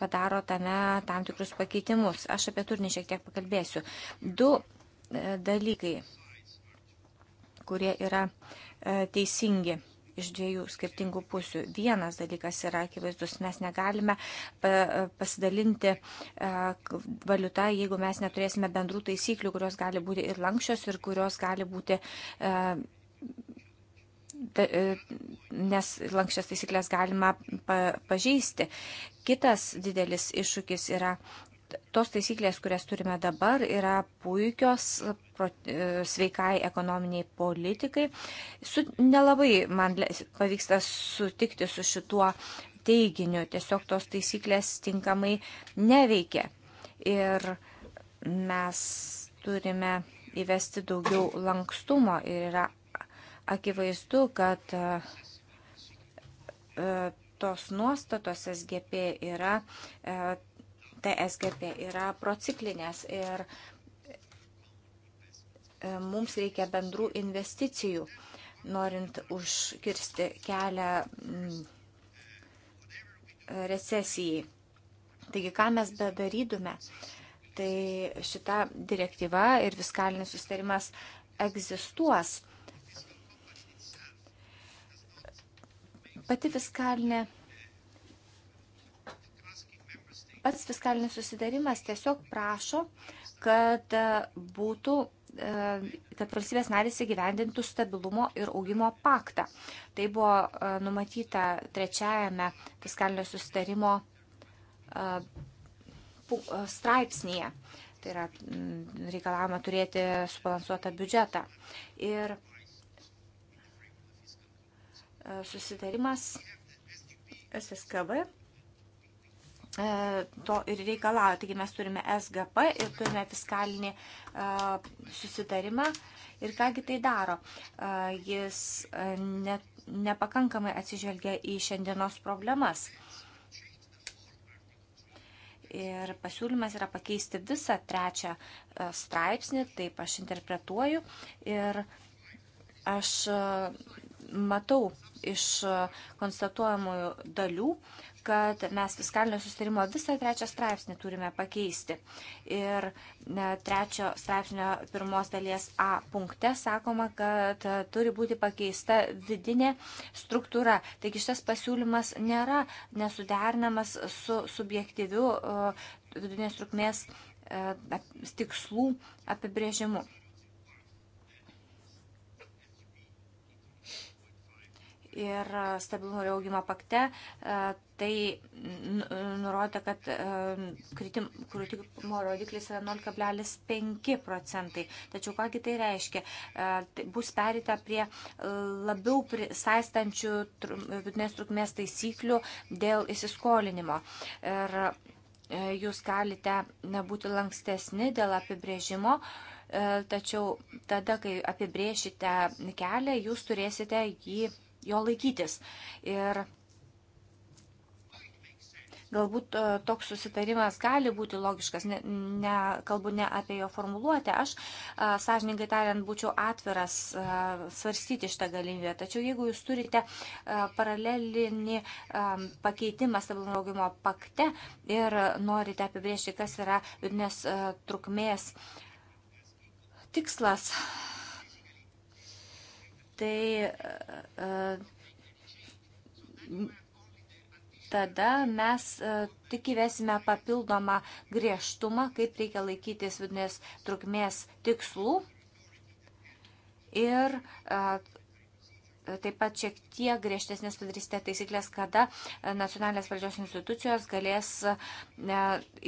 padaro tame tam tikrus pakeitimus. Aš apie turinį šiek tiek pakalbėsiu. Du dalykai, kurie yra teisingi iš dviejų skirtingų pusių. Vienas dalykas yra akivaizdus, mes negalime pasidalinti e, valiutą, jeigu mes neturėsime bendrų taisyklių, kurios gali būti ir lankščios, ir kurios gali būti. E, e, nes lankščias taisyklės galima pažeisti. Kitas didelis iššūkis yra tos taisyklės, kurias turime dabar, yra puikios e, e, sveikai ekonominiai politikai. Su, nelabai man pavyksta sutikti su šituo teiginiu, tiesiog tos taisyklės tinkamai neveikia. Ir mes turime įvesti daugiau lankstumo ir yra akivaizdu, kad e, tos nuostatos SGP yra TSGP yra prociklinės ir e, mums reikia bendrų investicijų, norint užkirsti kelią mm, recesijai. Taigi, ką mes bedarydume, tai šita direktyva ir fiskalinis sustarimas egzistuos. Pati fiskalinė Pats fiskalinis susidarimas tiesiog prašo, kad e, būtų e, kad valstybės narys įgyvendintų stabilumo ir augimo paktą. Tai buvo e, numatyta trečiajame fiskalinio susitarimo straipsnėje. Tai yra reikalavimą turėti subalansuotą biudžetą. Ir susitarimas SSKB E, to ir reikalauja. Taigi mes turime SGP ir turime fiskalinį e, susitarimą. Ir kągi tai daro? E, jis net, nepakankamai atsižvelgia į šiandienos problemas. Ir pasiūlymas yra pakeisti visą trečią straipsnį, taip aš interpretuoju. Ir aš matau iš konstatuojamųjų dalių, kad mes fiskalinio sustarimo visą trečią straipsnį turime pakeisti. Ir e, trečio straipsnio pirmos dalies A punkte sakoma, kad turi būti pakeista vidinė struktūra. Taigi šis pasiūlymas nėra nesuderinamas su subjektyviu e, vidinės trukmės e, tikslų apibrėžimu. ir stabilumo ir augimo pakte tai nurodo, kad kritimo rodiklis yra 0,5 procentai. Tačiau kągi tai reiškia? E, bus perita prie labiau saistančių vidutinės trukmės taisyklių dėl įsiskolinimo. Ir e, jūs galite nebūti lankstesni dėl apibrėžimo e, tačiau tada, kai apibrėšite kelią, jūs turėsite jį, jo laikytis. Ir Galbūt e, toks susitarimas gali būti logiškas, ne, ne, kalbu ne apie jo formuluotę. Aš, e, sąžininkai tariant, būčiau atviras e, svarstyti šitą galimybę. Tačiau jeigu jūs turite paralelinį pakeitimą stabilumo augimo pakte ir norite apibriežti, kas yra vidinės trukmės tikslas, tai tada mes e, tik įvesime papildomą griežtumą, kaip reikia laikytis vidinės trukmės tikslų. Ir e, taip pat šiek tiek griežtesnės padarysite taisyklės, kada e, nacionalinės valdžios institucijos galės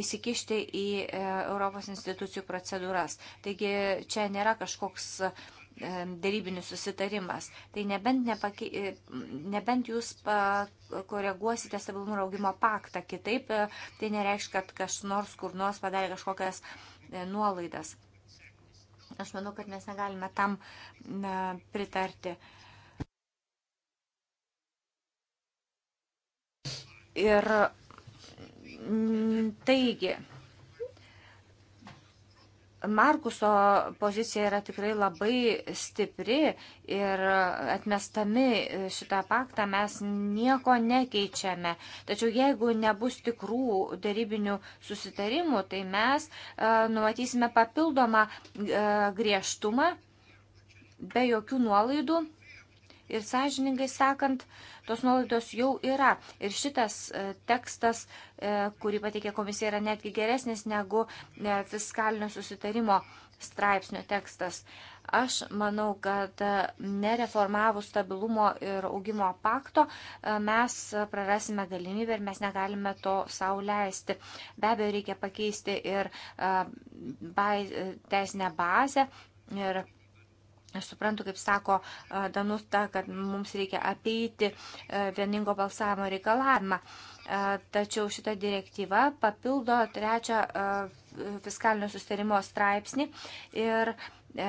įsikišti į Europos institucijų procedūras. Taigi čia nėra kažkoks dėrybinis susitarimas. Tai nebent, nepake, nebent jūs koreguosite stabilumo augimo paktą, kitaip e, tai nereiš, kad kas nors kur nors padarė kažkokias e, nuolaidas. Aš manau, kad mes negalime tam pritarti. Ir taigi, Markuso pozicija yra tikrai labai stipri ir atmestami šitą paktą mes nieko nekeičiame. Tačiau jeigu nebus tikrų darybinių susitarimų, tai mes e, numatysime papildomą e, griežtumą be jokių nuolaidų Ir sąžiningai sakant, tos nuolaidos jau yra. Ir šitas e, tekstas, e, kurį pateikė komisija, yra netgi geresnis negu e, fiskalinio susitarimo straipsnio tekstas. Aš manau, kad nereformavus stabilumo ir augimo pakto mes prarasime galimybę ir mes negalime to savo leisti. Be abejo, reikia pakeisti ir teisinę bazę ir Aš suprantu, kaip sako Danusta, kad mums reikia apeiti vieningo balsavimo reikalavimą. Tačiau šita direktyva papildo trečią fiskalinio sustarimo straipsnį ir e,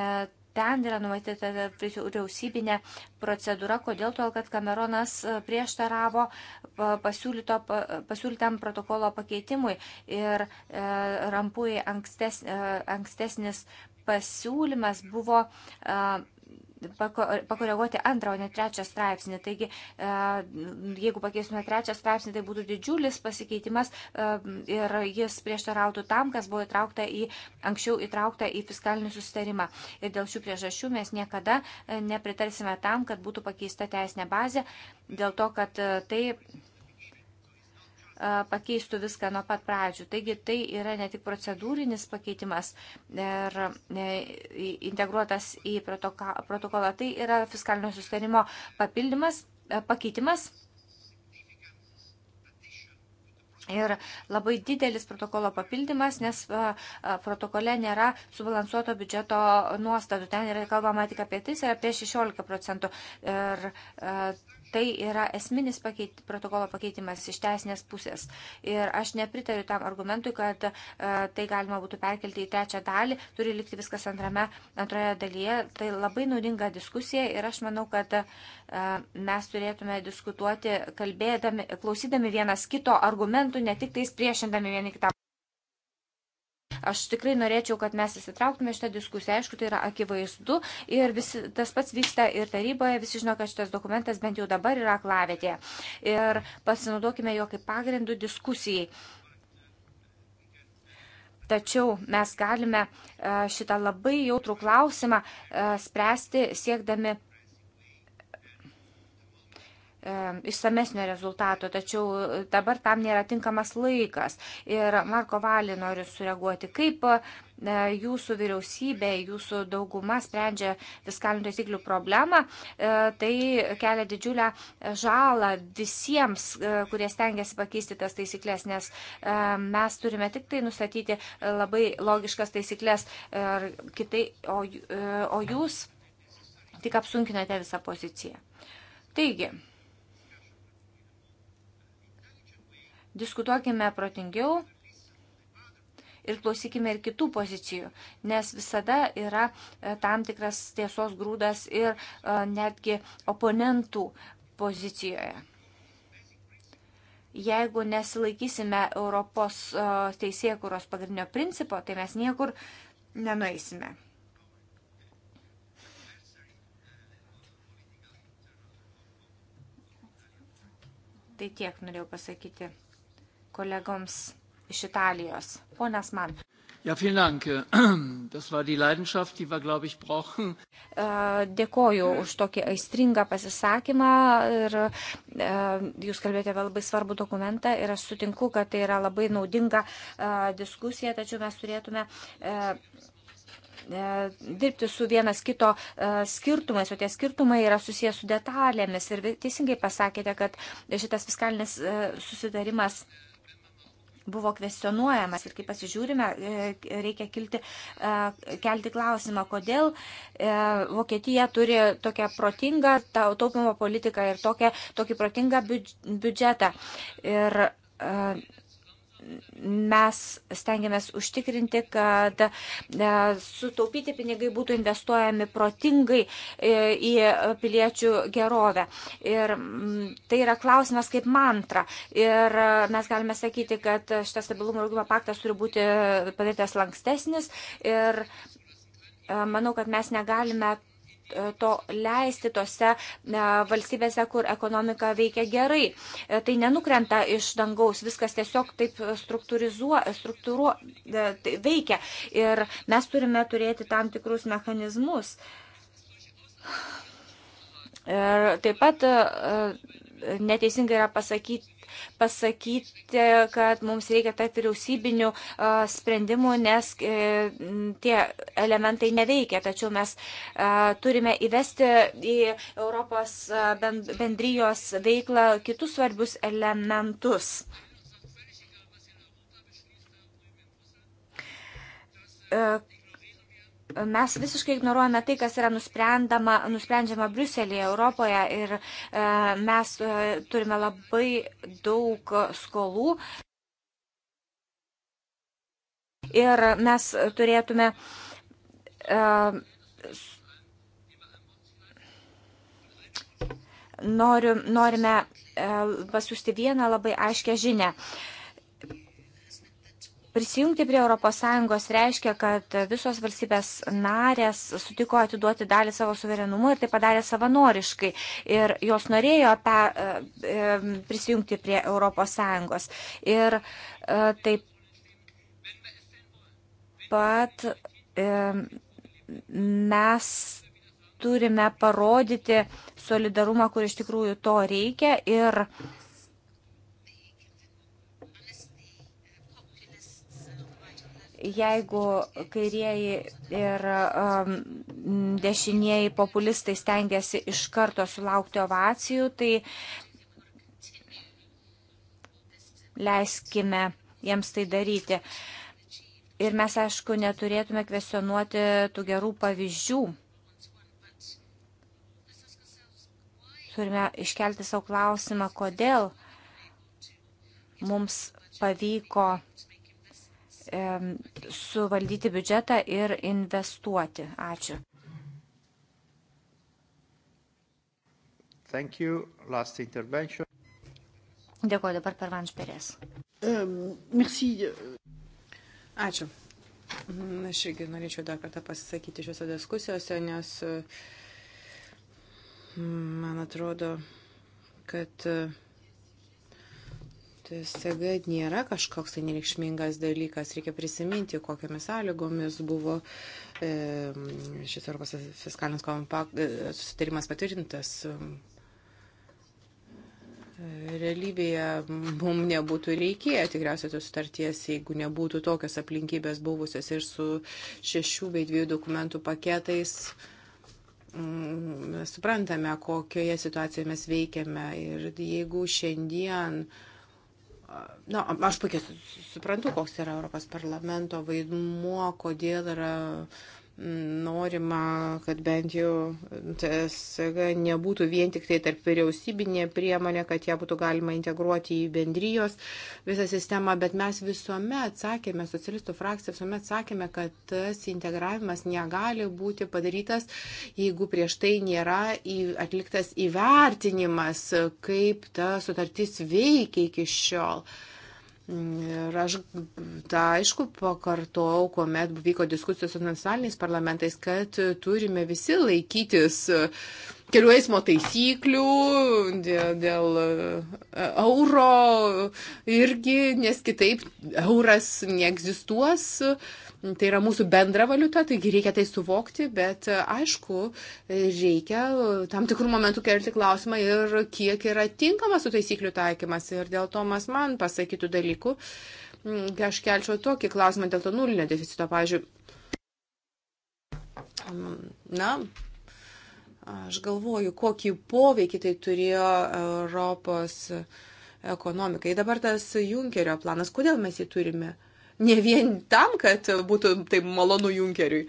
ten yra numatyta vyriausybinė procedūra, kodėl to, kad Kameronas prieštaravo pasiūlyto, pasiūlytam protokolo pakeitimui ir e, rampui e, ankstesnis, ankstesnis pasiūlymas buvo pakoreguoti antrą, o ne trečią straipsnį. Taigi, jeigu pakeistume trečią straipsnį, tai būtų didžiulis pasikeitimas ir jis prieštarautų tam, kas buvo įtraukta į, anksčiau įtraukta į fiskalinį susitarimą. Ir dėl šių priežasčių mes niekada nepritarsime tam, kad būtų pakeista teisinė bazė, dėl to, kad tai pakeistų viską nuo pat pradžių. Taigi tai yra ne tik procedūrinis pakeitimas ir e, integruotas į protokolą, tai yra fiskalinio sustarimo papildymas, e, pakeitimas. Ir labai didelis protokolo papildymas, nes e, protokole nėra subalansuoto biudžeto nuostatų. Ten yra kalbama tik apie 3 ir apie 16 procentų. Ir Tai yra esminis pakeit, protokolo pakeitimas iš teisinės pusės. Ir aš nepritariu tam argumentui, kad e, tai galima būtų perkelti į trečią dalį, turi likti viskas antrame, antroje dalyje. Tai labai naudinga diskusija ir aš manau, kad e, mes turėtume diskutuoti, kalbėdami, klausydami vienas kito argumentų, ne tik tais priešindami vieni kitam. Aš tikrai norėčiau, kad mes įsitrauktume šitą diskusiją. Aišku, tai yra akivaizdu ir visi, tas pats vyksta ir taryboje. Visi žino, kad šitas dokumentas bent jau dabar yra klavėtė. Ir pasinaudokime jo kaip pagrindų diskusijai. Tačiau mes galime e, šitą labai jautrų klausimą e, spręsti siekdami Um, išsamesnio rezultato, tačiau dabar tam nėra tinkamas laikas. Ir Marko Valį noriu sureaguoti. Kaip uh, jūsų vyriausybė, jūsų dauguma sprendžia fiskalinių taisyklių problemą, uh, tai kelia didžiulę žalą visiems, uh, kurie stengiasi pakeisti tas taisyklės, nes mes turime tik tai nustatyti labai logiškas taisyklės, kitai, o, o jūs tik apsunkinate visą poziciją. Taigi, Diskutuokime protingiau ir klausykime ir kitų pozicijų, nes visada yra e, tam tikras tiesos grūdas ir e, netgi oponentų pozicijoje. Jeigu nesilaikysime Europos e, teisėkuros pagrindinio principo, tai mes niekur nenueisime. Tai tiek norėjau pasakyti kolegoms iš Italijos. Ponas man. Ja, vielen Dank. (clears throat) Das war die Leidenschaft, die wir, glaube ich, brauchen. Äh, dėkoju už tokį aistringą pasisakymą ir e, jūs kalbėjote apie labai svarbų dokumentą ir aš sutinku, kad tai yra labai naudinga e, diskusija, tačiau mes turėtume e, dirbti su vienas kito skirtumais, o tie skirtumai yra susijęs su detalėmis. Ir teisingai pasakėte, kad šitas fiskalinis susidarimas buvo kvestionuojamas. Ir kai pasižiūrime, e, reikia kilti, e, kelti klausimą, kodėl e, Vokietija turi tokią protingą taupimo politiką ir tokią, tokį protingą biudžetą. Ir mes stengiamės užtikrinti, kad e, sutaupyti pinigai būtų investuojami protingai e, į piliečių gerovę. Ir mm, tai yra klausimas kaip mantra. Ir e, mes galime sakyti, kad šitas stabilumo ir augimo paktas turi būti padarytas lankstesnis. Ir manau, kad mes negalime to leisti tose valstybėse, kur ekonomika veikia gerai. E, tai nenukrenta iš dangaus, viskas tiesiog taip struktūruo, e, tai veikia. Ir mes turime turėti tam tikrus mechanizmus. Ir taip pat e, neteisingai yra pasakyti pasakyti, kad mums reikia tarp vyriausybinių sprendimų, nes e, tie elementai neveikia. Tačiau mes turime įvesti į Europos bendrijos veiklą kitus svarbius elementus. E, mes visiškai ignoruojame tai, kas yra nusprendžiama Bruselėje, Europoje ir e, mes e, turime labai daug skolų. Ir mes turėtume e, noriu, norime pasiūsti vieną labai aiškę žinę. Uh, Prisijungti prie ES reiškia, kad visos valstybės narės sutiko atiduoti dalį savo suverenumo ir tai padarė savanoriškai. Ir jos norėjo pe, e, e, prisijungti prie ES. Ir e, taip pat mes turime parodyti solidarumą, kur iš tikrųjų to reikia. Ir jeigu kairieji ir um, dešinieji populistai stengiasi iš karto sulaukti ovacijų, tai leiskime jiems tai daryti. Ir mes, aišku, neturėtume kvesionuoti tų gerų pavyzdžių. Turime iškelti savo klausimą, kodėl mums pavyko suvaldyti biudžetą ir investuoti. Ačiū. Thank you. Last intervention. Dėkuoju dabar per Vanšperės. Um, merci. Ačiū. Aš irgi norėčiau dar kartą pasisakyti šiuose diskusijose, nes man atrodo, kad uh, TSG nėra kažkoks tai nereikšmingas dalykas. Reikia prisiminti, kokiamis sąlygomis buvo e, šis Europos fiskalinis e, susitarimas patvirtintas. Realybėje mums nebūtų reikėję tikriausiai tos sutarties, jeigu nebūtų tokios aplinkybės buvusios ir su šešių bei dviejų dokumentų paketais mm, mes suprantame, kokioje situacijoje mes veikiame. Ir jeigu šiandien uh, na, aš puikiai suprantu, koks yra Europos parlamento vaidmuo, kodėl yra norima, kad bent jau TSG nebūtų vien tik tai tarp vyriausybinė priemonė, kad ją būtų galima integruoti į bendrijos visą sistemą, bet mes visuomet sakėme, socialistų frakcija visuomet sakėme, kad tas integravimas negali būti padarytas, jeigu prieš tai nėra atliktas įvertinimas, kaip ta sutartis veikia iki šiol. Uh, Ir aš tą aišku pakartojau, kuomet vyko diskusijos su nacionaliniais parlamentais, kad turime visi laikytis e, kelių eismo taisyklių dėl, dėl e, euro irgi, nes kitaip euras neegzistuos. Uh, Tai yra mūsų bendra valiuta, taigi reikia tai suvokti, bet e, aišku, reikia e, tam tikrų momentų kelti klausimą ir kiek yra tinkamas su taisyklių taikymas. Ir dėl to mas man pasakytų dalykų, kai aš kelčiau tokį klausimą dėl to nulinio deficito, pavyzdžiui. Na, aš galvoju, kokį poveikį tai turėjo Europos ekonomikai. Dabar tas Junkerio planas, kodėl mes jį turime? ne vien tam, kad būtų taip malonu Junkeriui,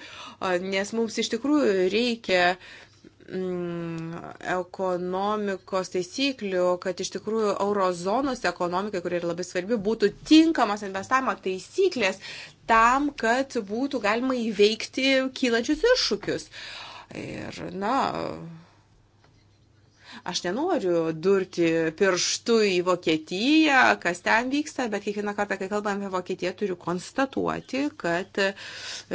nes mums iš tikrųjų reikia ekonomikos taisyklių, kad iš tikrųjų eurozonos ekonomikai, kuri yra labai svarbi, būtų tinkamos investavimo taisyklės tam, kad būtų galima įveikti kylančius iššūkius. Ir, na, Aš nenoriu durti pirštu į Vokietiją, kas ten vyksta, bet kiekvieną kartą, kai kalbame apie Vokietiją, turiu konstatuoti, kad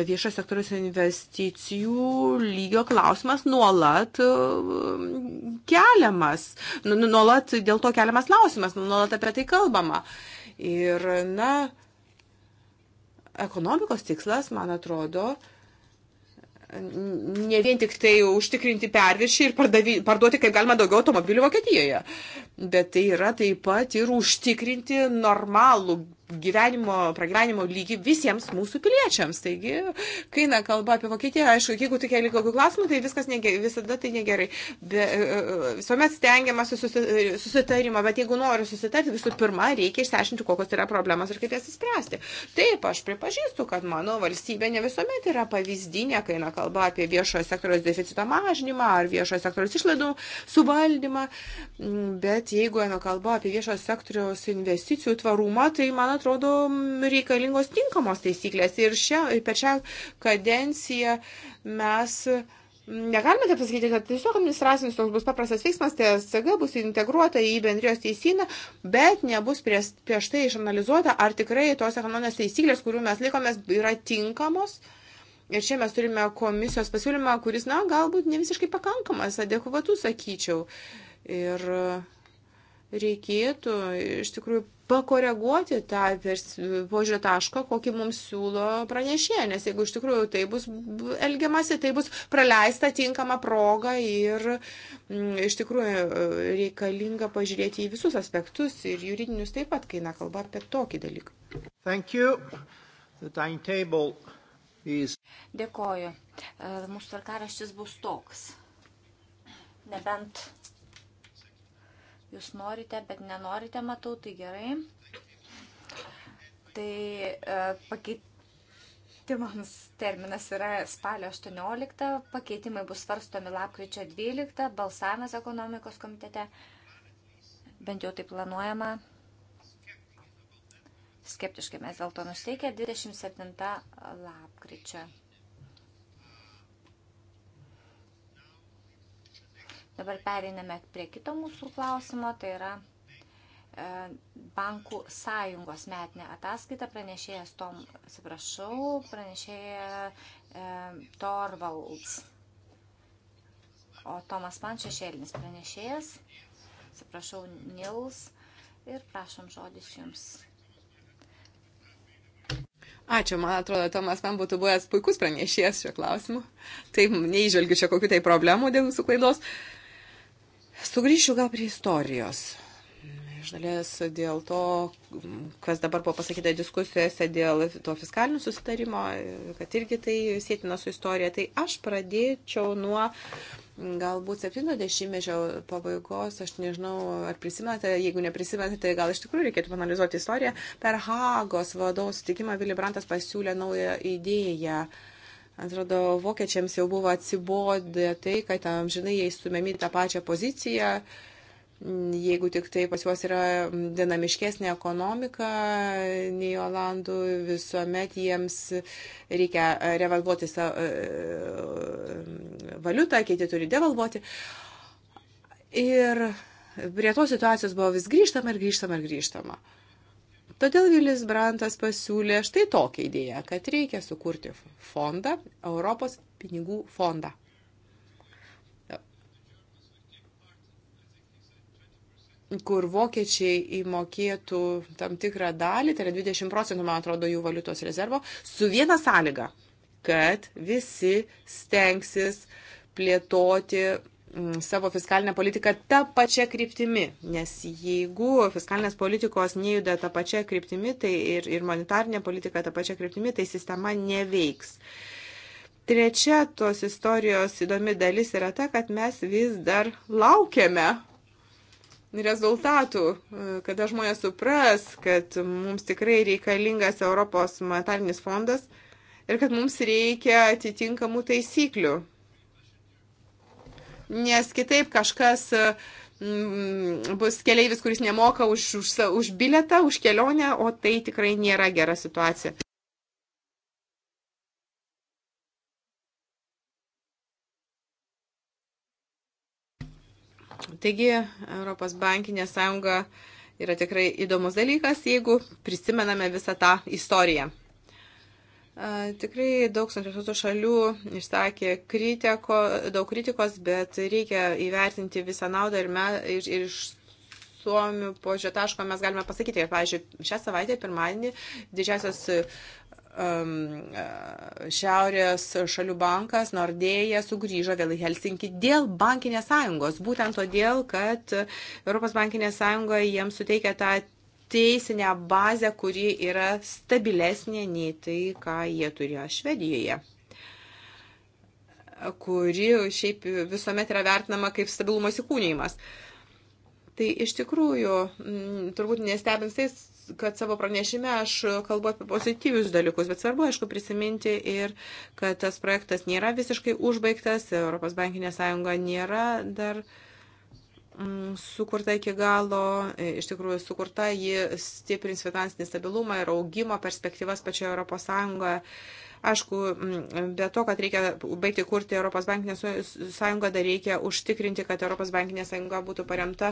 viešas sektorius investicijų lygio klausimas nuolat um, keliamas, nu, nu, nuolat dėl to keliamas klausimas, nu, nuolat apie tai kalbama. Ir, na, ekonomikos tikslas, man atrodo, ne vien tik tai užtikrinti perviršį ir pardavi, parduoti kaip galima daugiau automobilių Vokietijoje, bet tai yra taip pat ir užtikrinti normalų gyvenimo, pragyvenimo lygį visiems mūsų piliečiams. Taigi, kai na, kalba apie Vokietiją, aišku, jeigu tik keli kokių klausimų, tai viskas negerai, visada tai negerai. Be, e, e, e, visuomet stengiamasi susitarimo, bet jeigu nori susitarti, visų pirma, reikia išsiaiškinti, kokios yra problemas ir kaip jas įspręsti. Taip, aš pripažįstu, kad mano valstybė ne visuomet yra pavyzdinė, kai na, kalba apie viešojo sektoriaus deficito mažinimą ar viešojo sektoriaus išlaidų suvaldymą, mm, bet jeigu na, kalba apie viešojo sektoriaus investicijų tvarumą, tai man atrodo, reikalingos tinkamos taisyklės. Ir šia, per šią kadenciją mes negalime taip pasakyti, kad tiesiog administracinis toks bus paprastas veiksmas, TSG bus integruota į bendrijos teisyną, bet nebus prieš, prieš tai išanalizuota, ar tikrai tos ekonominės taisyklės, kurių mes laikomės, yra tinkamos. Ir čia mes turime komisijos pasiūlymą, kuris, na, galbūt ne visiškai pakankamas, adekvatus, sakyčiau. Ir uh, reikėtų iš tikrųjų pakoreguoti tą požiūrį tašką, kokį mums siūlo pranešėja, nes jeigu iš tikrųjų tai bus elgiamasi, tai bus praleista tinkama proga ir mm, iš tikrųjų reikalinga pažiūrėti į visus aspektus ir juridinius taip pat, kai na kalba apie tokį dalyką. Thank you. The timetable is. Dėkoju. E, mūsų tvarkaraštis bus toks. Nebent Jūs norite, bet nenorite, matau, tai gerai. Tai e, pakeitimams terminas yra spalio 18, pakeitimai bus svarstomi lapkričio 12, balsavimas ekonomikos komitete, bent jau tai planuojama. Skeptiškai mes dėl to nusteikia 27 lapkričio. Dabar pereiname prie kito mūsų klausimo, tai yra e, bankų sąjungos metinė ataskaita, pranešėjas Tom, atsiprašau, pranešėja e, Torvalds. O Tomas man šešėlinis pranešėjas, atsiprašau, Nils ir prašom žodis jums. Ačiū, man atrodo, Tomas man būtų buvęs puikus pranešėjas šio klausimu. Taip, neižvelgiu čia kokių tai problemų dėl jūsų klaidos. Uh, Sugryšiu gal prie istorijos. Iš dalies dėl to, kas dabar buvo pasakyta diskusijose dėl to fiskalinio susitarimo, kad irgi tai sėtina su istorija, tai aš pradėčiau nuo galbūt 70-mečio pabaigos, aš nežinau, ar prisimenate, jeigu neprisimenate, tai gal iš tikrųjų reikėtų analizuoti istoriją. Per Hagos vadovų sutikimą Vili Brantas pasiūlė naują idėją. Uh, Atrodo, vokiečiams jau buvo atsibodę tai, kad amžinai jie įstumiami tą pačią poziciją. Jeigu tik tai pas juos yra dinamiškesnė ekonomika nei Olandų, visuomet jiems reikia revalvuoti savo uh, valiutą, kiti turi devalvuoti. Ir prie tos situacijos buvo vis grįžtama ir grįžtama ir grįžtama. Ir grįžtama. Todėl Vilis Brantas pasiūlė štai tokią idėją, kad reikia sukurti fondą, Europos pinigų fondą. kur vokiečiai įmokėtų tam tikrą dalį, tai yra 20 procentų, man atrodo, jų valiutos rezervo, su viena sąlyga, kad visi stengsis plėtoti Mm, savo fiskalinę politiką tą pačią kryptimį. Nes jeigu fiskalinės politikos nejuda tą pačią kryptimį tai ir, ir monetarinė politika tą pačią kryptimį, tai sistema neveiks. Trečia tos istorijos įdomi dalis yra ta, kad mes vis dar laukiame rezultatų, kada žmonės supras, kad mums tikrai reikalingas Europos monetarinis fondas ir kad mums reikia atitinkamų taisyklių nes kitaip kažkas e, mm, bus keleivis, kuris nemoka už, už, už biletą, už kelionę, o tai tikrai nėra gera situacija. Taigi, Europos bankinė sąjunga yra tikrai įdomus dalykas, jeigu prisimename visą tą istoriją. Tikrai daug suinteresuotų šalių išsakė kritiko, daug kritikos, bet reikia įvertinti visą naudą ir, me, ir, ir iš suomių požiūrio taško mes galime pasakyti, kad, pavyzdžiui, šią savaitę, pirmadienį, didžiasios um, Šiaurės šalių bankas Nordėja sugrįžo vėl į Helsinkį dėl bankinės sąjungos, būtent todėl, kad Europos bankinė sąjunga jiems suteikia tą teisinę bazę, kuri yra stabilesnė nei tai, ką jie turėjo Švedijoje kuri šiaip visuomet yra vertinama kaip stabilumo įkūnymas. Tai iš tikrųjų, mm, turbūt nestebins tai, kad savo pranešime aš kalbu apie pozityvius dalykus, bet svarbu, aišku, prisiminti ir, kad tas projektas nėra visiškai užbaigtas, Europos bankinė sąjunga nėra dar uh, Mm, sukurta iki galo, e, iš tikrųjų sukurta, ji stiprins finansinį stabilumą ir augimo perspektyvas pačioje Europos Sąjungoje. Aišku, mm, be to, kad reikia baigti kurti Europos bankinę sąjungą, dar reikia užtikrinti, kad Europos bankinė sąjunga būtų paremta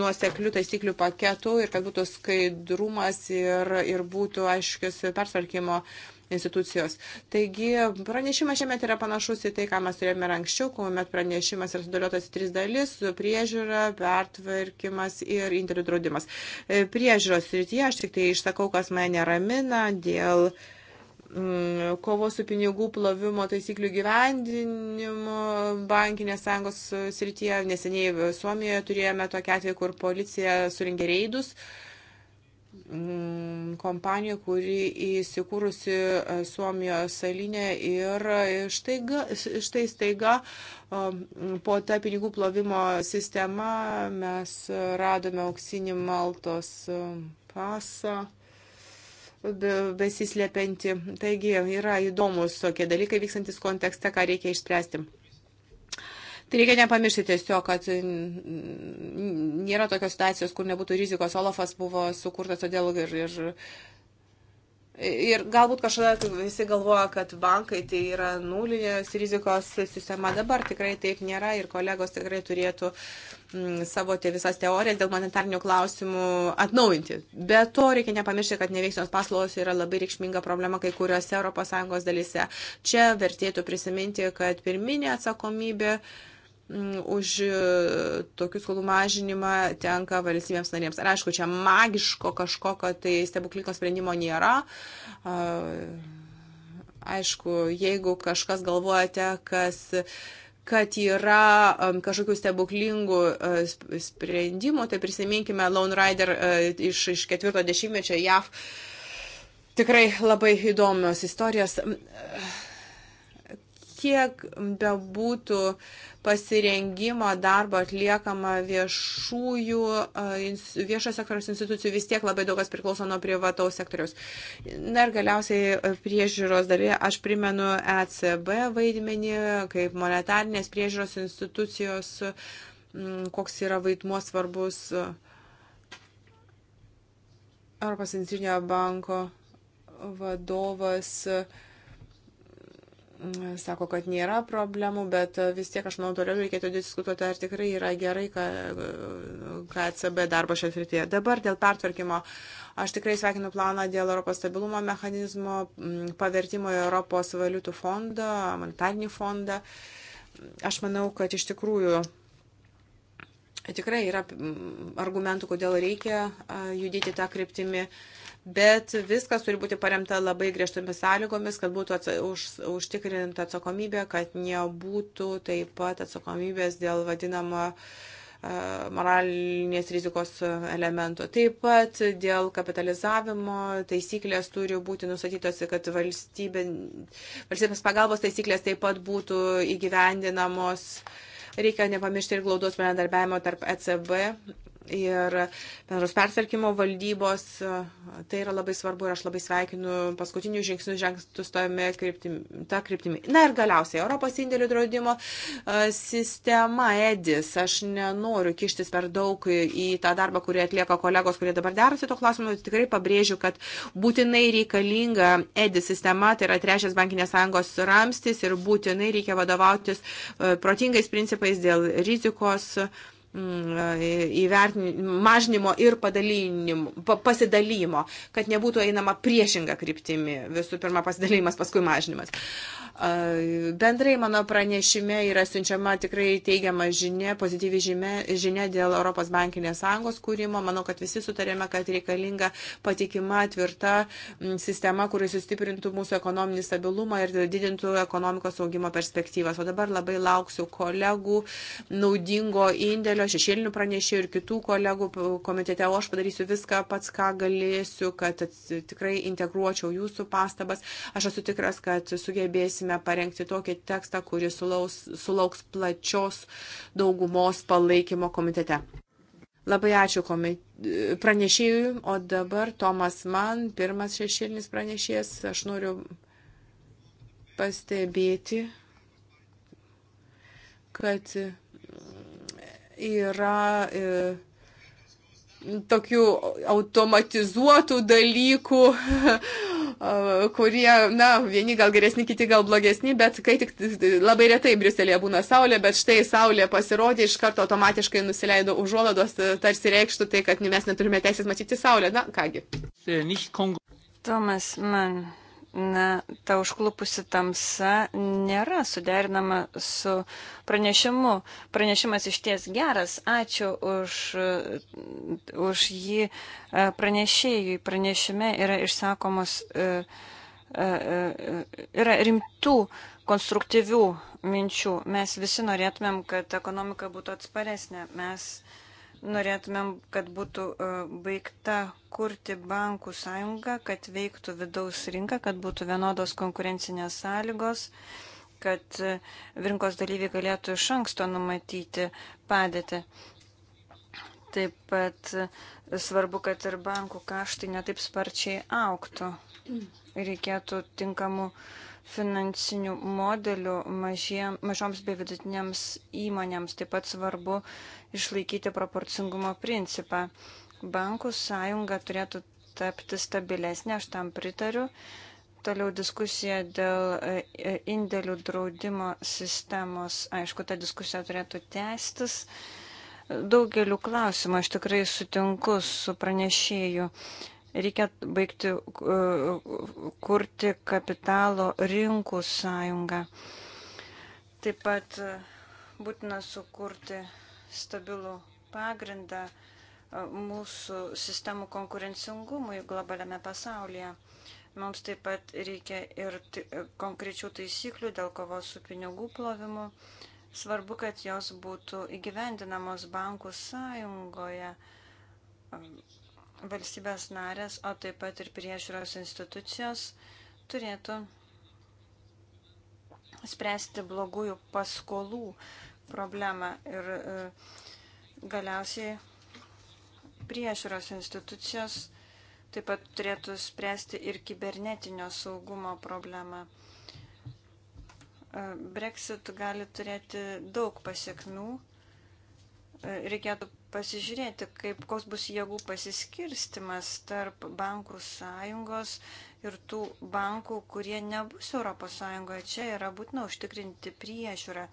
nuoseklių taisyklių paketų ir kad būtų skaidrumas ir, ir būtų aiškios persvarkymo uh, institucijos. Taigi pranešimas šiame yra panašus į tai, ką mes turėjome ir anksčiau, kuomet pranešimas yra sudėliotas į tris dalis - priežiūra, pertvarkymas ir interviu draudimas. E, priežiūros rytyje aš tik tai išsakau, kas mane neramina dėl mm, kovos su pinigų plovimo taisyklių gyvendinimu bankinės sąjungos e, srityje. Neseniai Suomijoje turėjome tokią atvejį, kur policija surinkė reidus uh, Mm, kompanija, kuri įsikūrusi e, Suomijos salinė ir e, štaiga, štai staiga e, po tą pinigų plovimo sistemą mes radome auksinį Maltos pasą besislepianti. Taigi yra įdomus tokie dalykai vykstantis kontekste, ką reikia išspręsti. Tai reikia nepamiršti tiesiog, kad nėra tokios situacijos, kur nebūtų rizikos. Olafas buvo sukurtas todėl ir, ir Ir galbūt kažkada visi galvoja, kad bankai tai yra nulinės rizikos sistema. Dabar tikrai taip nėra ir kolegos tikrai turėtų savo tie visas teorijas dėl monetarnių klausimų atnaujinti. Be to reikia nepamiršti, kad neveiksnios paslaugos yra labai reikšminga problema kai kuriuose ES dalyse. Čia vertėtų prisiminti, kad pirminė atsakomybė. Uh, Mm, už e, tokių skolų mažinimą tenka valstybėms narėms. Ir aišku, čia magiško kažkokio tai stebuklingo sprendimo nėra. Aišku, jeigu kažkas galvojate, kas kad yra um, kažkokių stebuklingų uh, sprendimų, tai prisiminkime Lone Rider uh, iš, iš ketvirto dešimtmečio JAV. Tikrai labai įdomios istorijos. Uh, kiek bebūtų pasirengimo darbo atliekama viešųjų, e, viešo sektoriaus institucijų, vis tiek labai daug kas priklauso nuo privataus sektoriaus. Na ir galiausiai e, priežiūros dalyje aš primenu ECB vaidmenį kaip monetarnės priežiūros institucijos, koks yra vaidmuo svarbus e, Europos centrinio banko vadovas. Uh, sako, kad nėra problemų, bet e, vis tiek, aš manau, toliau reikėtų diskutuoti, ar tikrai yra gerai, ką ECB darbo šią srityje. Dabar dėl pertvarkymo. Aš tikrai sveikinu planą dėl Europos stabilumo mechanizmo, pavertimo į Europos valiutų fondą, monetarnį fondą. Aš manau, kad iš tikrųjų tikrai yra argumentų, kodėl reikia judėti tą kryptimį. Uh, bet viskas turi būti paremta labai griežtomis sąlygomis, kad būtų atsa, už, užtikrinta atsakomybė, kad nebūtų taip pat atsakomybės dėl vadinamo e, moralinės rizikos elementų. Taip pat dėl kapitalizavimo taisyklės turi būti nusatytos, kad valstybė, valstybės pagalbos taisyklės taip pat būtų įgyvendinamos. Reikia nepamiršti ir glaudos bendradarbiavimo tarp ECB ir bendros persirkimo valdybos. Tai yra labai svarbu ir aš labai sveikinu paskutinius žingsnius žengtus tojame kryptim, tą kryptimį. Na ir galiausiai Europos indėlių draudimo e, sistema EDIS. Aš nenoriu kištis per daug į tą darbą, kurį atlieka kolegos, kurie dabar derasi to klausimu. Tikrai pabrėžiu, kad būtinai reikalinga EDIS sistema, tai yra trečias bankinės sąjungos ramstis ir būtinai reikia vadovautis e, protingais principais dėl rizikos. Uh, mažinimo ir pasidalymo, kad nebūtų einama priešinga kryptimi. Visų pirma, pasidalymas, paskui mažinimas. Bendrai mano pranešime yra siunčiama tikrai teigiama žinia, pozityvi žinia, žinia dėl Europos bankinės sąjungos kūrimo. Manau, kad visi sutarėme, kad reikalinga patikima, tvirta sistema, kuri sustiprintų mūsų ekonominį stabilumą ir didintų ekonomikos augimo perspektyvas. O dabar labai lauksiu kolegų naudingo indėlio Maijerio, šešėlinių pranešėjų ir kitų kolegų komitete, o aš padarysiu viską pats, ką galėsiu, kad tikrai integruočiau jūsų pastabas. Aš esu tikras, kad sugebėsime parengti tokį tekstą, kuris sulaus, sulauks plačios daugumos palaikymo komitete. Labai ačiū komi... pranešėjui, o dabar Tomas man, pirmas šešėlinis pranešėjas, aš noriu pastebėti, kad yra e, tokių automatizuotų dalykų, (laughs) kurie, na, vieni gal geresni, kiti gal blogesni, bet kai tik labai retai Briuselėje būna saulė, bet štai saulė pasirodė, iš karto automatiškai nusileido užuolados, e, tarsi reikštų tai, kad mes neturime teisės matyti saulę. Na, kągi. Tomas, man na, ta užklupusi tamsa nėra suderinama su pranešimu. Pranešimas iš ties geras, ačiū už, už jį e, pranešėjui. Pranešime yra išsakomos, e, e, yra rimtų konstruktyvių minčių. Mes visi norėtumėm, kad ekonomika būtų atsparesnė. Mes Norėtumėm, kad būtų e, baigta kurti bankų sąjungą, kad veiktų vidaus rinka, kad būtų vienodos konkurencinės sąlygos, kad e, rinkos dalyviai galėtų iš anksto numatyti padėtį. Taip pat e, svarbu, kad ir bankų kaštai netaip sparčiai auktų. Reikėtų tinkamų uh, finansinių modelių mažiem, mažoms bei vidutinėms įmonėms. Taip pat svarbu išlaikyti proporcingumo principą. Bankų sąjunga turėtų tapti stabilesnė, aš tam pritariu. Toliau diskusija dėl e, indėlių draudimo sistemos. Aišku, ta diskusija turėtų tęstis. Daugeliu klausimų aš tikrai sutinku su pranešėju. Reikia baigti e, kurti kapitalo rinkų sąjungą. Taip pat e, būtina sukurti stabilų pagrindą e, mūsų sistemų konkurencingumui globaliame pasaulyje. Mums taip pat reikia ir konkrečių taisyklių dėl kovos su pinigų plovimu. Svarbu, kad jos būtų įgyvendinamos bankų sąjungoje valstybės narės, o taip pat ir priežiūros institucijos turėtų spręsti blogųjų paskolų problemą ir e, galiausiai priežiūros institucijos taip pat turėtų spręsti ir kibernetinio saugumo problemą. E, Brexit gali turėti daug pasiekmių reikėtų pasižiūrėti, kaip, koks bus jėgų pasiskirstimas tarp bankų sąjungos ir tų bankų, kurie nebus Europos sąjungoje. Čia yra būtina užtikrinti priežiūrą.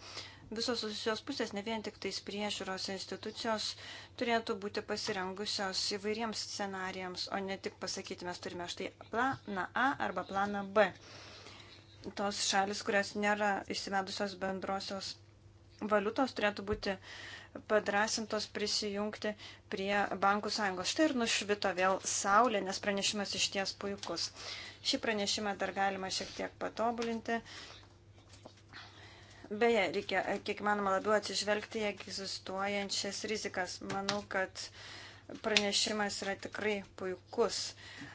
Visos susijusios pusės, ne vien tik tais priežiūros institucijos, turėtų būti pasirengusios įvairiems scenarijams, o ne tik pasakyti, mes turime štai planą A arba planą B. Tos šalis, kurios nėra išsivedusios bendrosios valiutos, turėtų būti uh, padrasintos prisijungti prie bankų sąjungos. Štai ir nušvito vėl saulė, nes pranešimas iš ties puikus. Šį pranešimą dar galima šiek tiek patobulinti. Beje, reikia kiek manoma labiau atsižvelgti į egzistuojančias rizikas. Manau, kad uh, pranešimas yra tikrai puikus.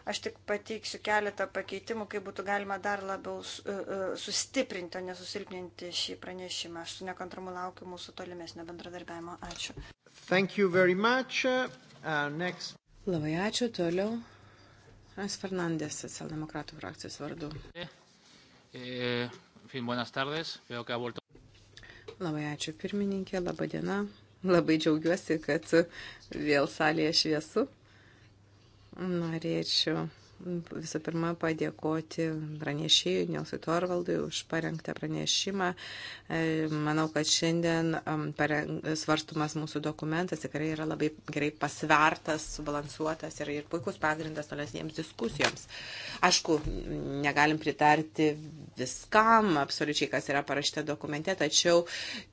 Aš tik pateiksiu keletą pakeitimų, kaip būtų galima dar labiau e, e, sustiprinti, o nesusilpninti šį pranešimą. Aš su nekantrumu laukiu mūsų tolimesnio bendradarbiavimo. Ačiū. Uh, next... Labai ačiū. Toliau. Es Fernandės, socialdemokratų frakcijos vardu. Eh, Labai ačiū pirmininkė, laba diena. Labai džiaugiuosi, kad vėl salėje šviesu. Norėčiau visų pirma padėkoti pranešėjui Nilsui Torvaldui už parengtą pranešimą. E, manau, kad šiandien svarstumas mūsų dokumentas tikrai yra labai gerai pasvertas, subalansuotas ir, ir puikus pagrindas tolesniems diskusijoms. Aišku, negalim pritarti viskam, absoliučiai, kas yra parašyta dokumente, tačiau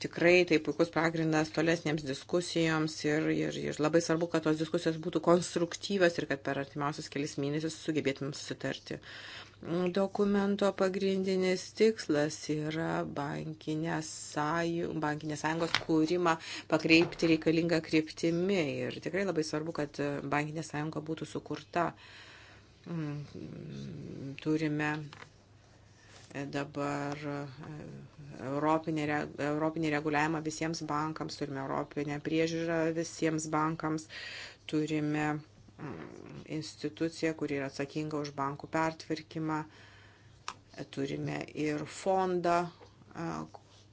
tikrai tai puikus pagrindas tolesniems diskusijoms ir, ir, ir labai svarbu, kad tos diskusijos būtų konstruktyvios ir kad per artimiausius kelis mėnesius su sugebėtumėm susitarti. Dokumento pagrindinis tikslas yra bankinės, sąjų, bankinės sąjungos kūrimą pakreipti reikalingą kryptimį. Ir tikrai labai svarbu, kad bankinė sąjunga būtų sukurta. Mm, turime e, dabar e, europinį, europinį reguliavimą visiems bankams, turime europinę priežiūrą visiems bankams, turime institucija, kuri yra atsakinga už bankų pertvarkymą. Turime ir fondą,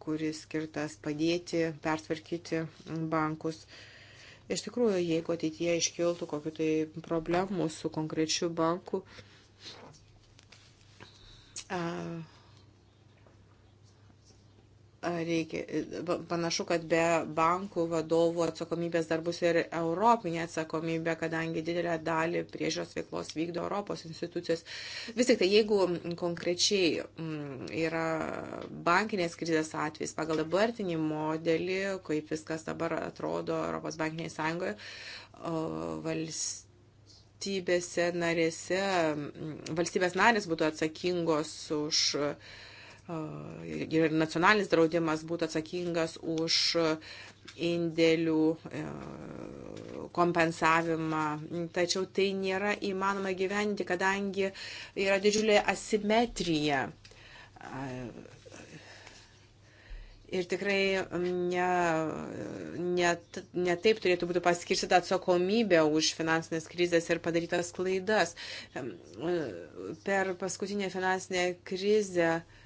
kuris skirtas padėti pertvarkyti bankus. Iš tikrųjų, jeigu ateityje iškiltų kokiu tai problemu su konkrečiu banku, uh, reikia, e, panašu, kad be bankų vadovų atsakomybės dar bus ir europinė atsakomybė, kadangi didelę dalį priežios veiklos vykdo Europos institucijos. Vis tik tai, jeigu konkrečiai mm, yra bankinės krizės atvejs, pagal dabartinį modelį, kaip viskas dabar atrodo Europos bankinėje sąjungoje, valstybė valstybėse narėse, valstybės narės būtų atsakingos už uh, ir nacionalinis draudimas būtų atsakingas už indėlių kompensavimą. Tačiau tai nėra įmanoma gyventi, kadangi yra didžiulė asimetrija. Ir tikrai ne, ne, ne taip turėtų būti paskirstyta atsakomybė už finansinės krizės ir padarytas klaidas. Per paskutinę finansinę krizę uh,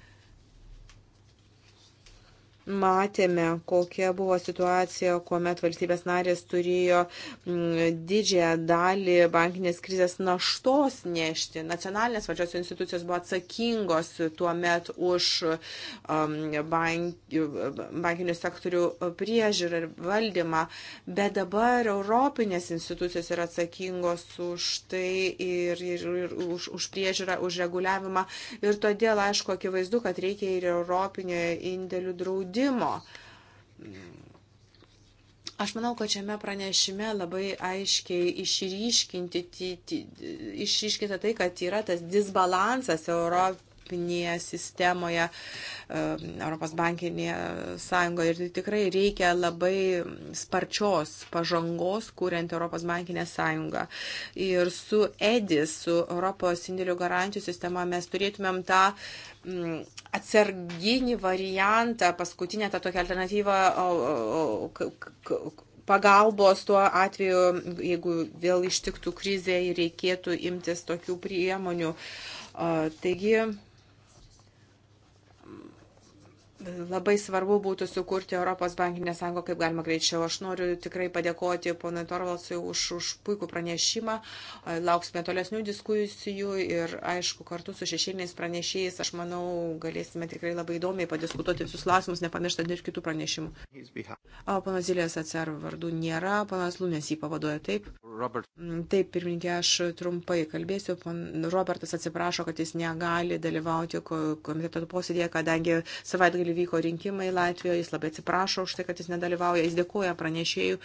matėme, kokia buvo situacija, kuomet valstybės narės turėjo mm, didžiąją dalį bankinės krizės naštos nešti. Nacionalinės valdžios institucijos buvo atsakingos tuo met už um, bank, bankinių sektorių priežiūrą ir valdymą, bet dabar Europinės institucijos yra atsakingos už tai ir, ir, ir už, už priežiūrą, už reguliavimą. Ir todėl, aišku, akivaizdu, kad reikia ir Europinio indėlių draudimo spaudimo. Aš manau, kad šiame pranešime labai aiškiai išryškinti, išryškinta tai, kad yra tas disbalansas Europoje bankinėje sistemoje, Europos bankinėje sąjungoje. Ir tikrai reikia labai sparčios pažangos, kuriant Europos bankinę sąjungą. Ir su EDIS, su Europos indėlių garantijų sistema, mes turėtumėm tą atsarginį variantą, paskutinę tą tokią alternatyvą pagalbos tuo atveju, jeigu vėl ištiktų krizė ir reikėtų imtis tokių priemonių. Taigi Labai svarbu būtų sukurti Europos bankinę sąjungą kaip galima greičiau. Aš noriu tikrai padėkoti ponui Torvalsui už, už puikų pranešimą. Lauksime tolesnių diskusijų ir, aišku, kartu su šešėliniais pranešėjais, aš manau, galėsime tikrai labai įdomiai padiskutuoti visus klausimus, nepamirštant ir kitų pranešimų. O pana Zilės atsarvų vardų nėra, panas Lūnės jį pavaduoja taip. Robert. Mm, taip, pirmininkė, aš trumpai kalbėsiu. Pan Robertas atsiprašo, kad jis negali dalyvauti komiteto posėdėje, kadangi savaitgalį vyko rinkimai Latvijoje, jis labai atsiprašo už tai, kad jis nedalyvauja, jis dėkoja pranešėjų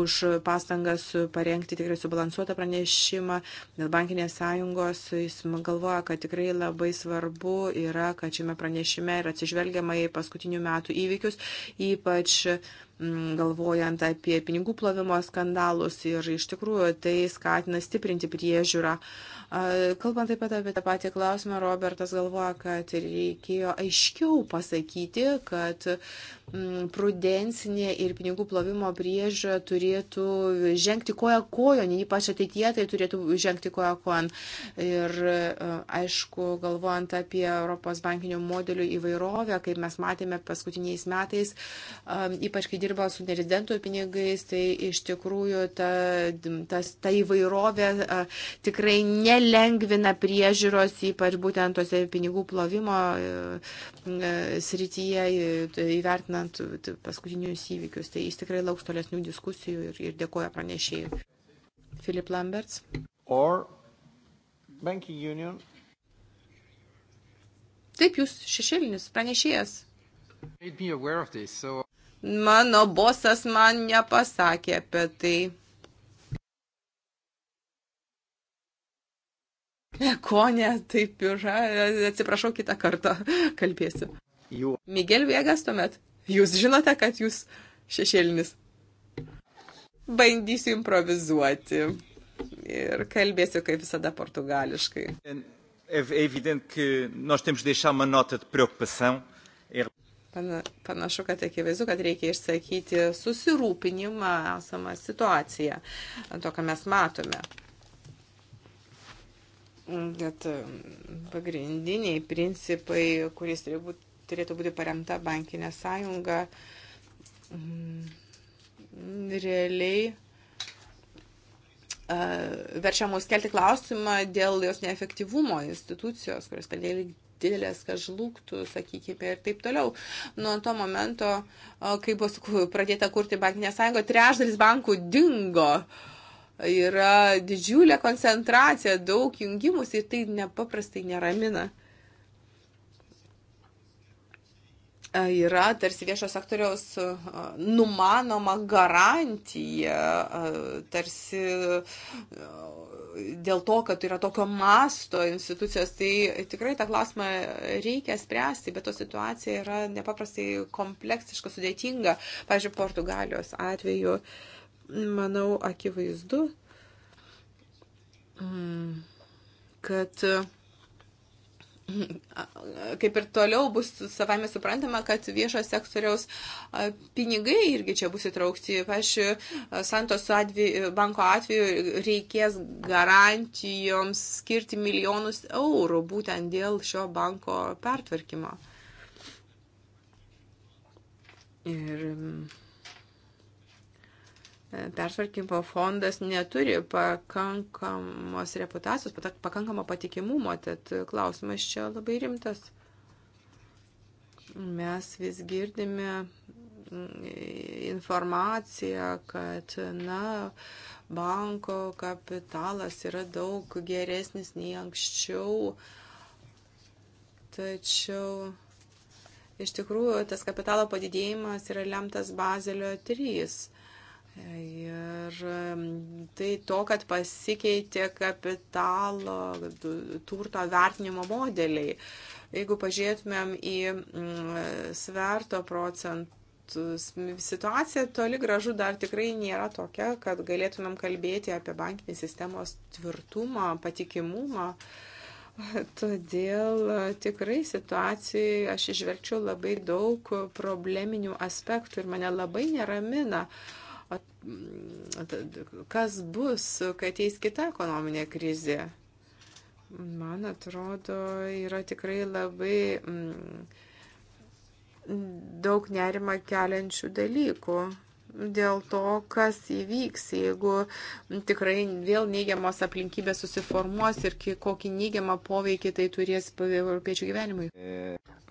už pastangas parengti tikrai subalansuotą pranešimą dėl bankinės sąjungos. Jis galvoja, kad tikrai labai svarbu yra, kad šiame pranešime yra atsižvelgiama į paskutinių metų įvykius, ypač uh, galvojant apie pinigų plovimo skandalus ir iš tikrųjų tai skatina stiprinti priežiūrą. Kalbant taip pat apie tą patį klausimą, Robertas galvoja, kad reikėjo aiškiau pasakyti, kad prudensinė ir pinigų plovimo priežiūra turėtų žengti koja kojon, ypač ateityje tai turėtų žengti koja kojon. Ir aišku, galvojant apie Europos bankinių modelių įvairovę, kaip mes matėme paskutiniais metais, ypač kai dirbame dirba su nerezidentų pinigais, tai iš tikrųjų ta, tas, ta įvairovė a, tikrai nelengvina priežiūros, ypač būtent tose pinigų plovimo e, e, srityje e, įvertinant paskutinius įvykius. Tai jis tikrai lauks tolesnių diskusijų ir, ir dėkoja pranešėjai. Filip Lamberts. Or banking union. Taip, jūs šešėlinis pranešėjas. This, so... Mano bosas man nepasakė apie tai. Ko ne, taip yra. Atsiprašau, kitą kartą (laughs) kalbėsiu. Jų. Miguel Viegas tuomet. Jūs žinote, kad jūs šešėlinis. Bandysiu improvizuoti. Ir kalbėsiu, kaip visada, portugališkai. É evidente que nós temos de deixar uma nota de preocupação. Panašu, kad akivaizdu, kad reikia išsakyti susirūpinimą esamą situaciją, to, ką mes matome. Bet um, pagrindiniai principai, kuris turėtų būti paremta bankinė sąjunga, mm, realiai verčia mus kelti klausimą dėl jos neefektyvumo institucijos, kurios pernelyg didelės, kad žlugtų, sakykime, ir taip toliau. Nuo to momento, kai buvo pradėta kurti bankinė sąjunga, trešdalis bankų dingo. Yra didžiulė koncentracija, daug jungimus ir tai nepaprastai neramina. yra tarsi viešo sektoriaus numanoma garantija, tarsi dėl to, kad yra tokio masto institucijos, tai tikrai tą klausimą reikia spręsti, bet to situacija yra nepaprastai kompleksiška, sudėtinga. Pavyzdžiui, Portugalijos atveju, manau, akivaizdu, mm, kad (clears throat) kaip ir toliau bus savame suprantama, kad viešo sektoriaus pinigai irgi čia bus įtraukti. Pavyzdžiui, Santos atveju, banko atveju reikės garantijoms skirti milijonus eurų būtent dėl šio banko pertvarkymo. Ir persvarkymo fondas neturi pakankamos reputacijos, pakankamo patikimumo, tad klausimas čia labai rimtas. Mes vis girdime mm, informaciją, kad, na, banko kapitalas yra daug geresnis nei anksčiau, tačiau iš tikrųjų tas kapitalo padidėjimas yra lemtas Bazelio 3 Ir tai to, kad pasikeitė kapitalo, turto vertinimo modeliai. Jeigu pažiūrėtumėm į mm, sverto procentų, situacija toli gražu dar tikrai nėra tokia, kad galėtumėm kalbėti apie bankinės sistemos tvirtumą, patikimumą. Todėl tikrai situacijai aš išvelgčiau labai daug probleminių aspektų ir mane labai neramina. Uh, Mm, kas bus, kai ateis kita ekonominė krizė. Man atrodo, yra tikrai labai mm, daug nerima keliančių dalykų dėl to, kas įvyks, jeigu tikrai vėl neigiamos aplinkybės susiformuos ir kokį neigiamą poveikį tai turės europiečių gyvenimui.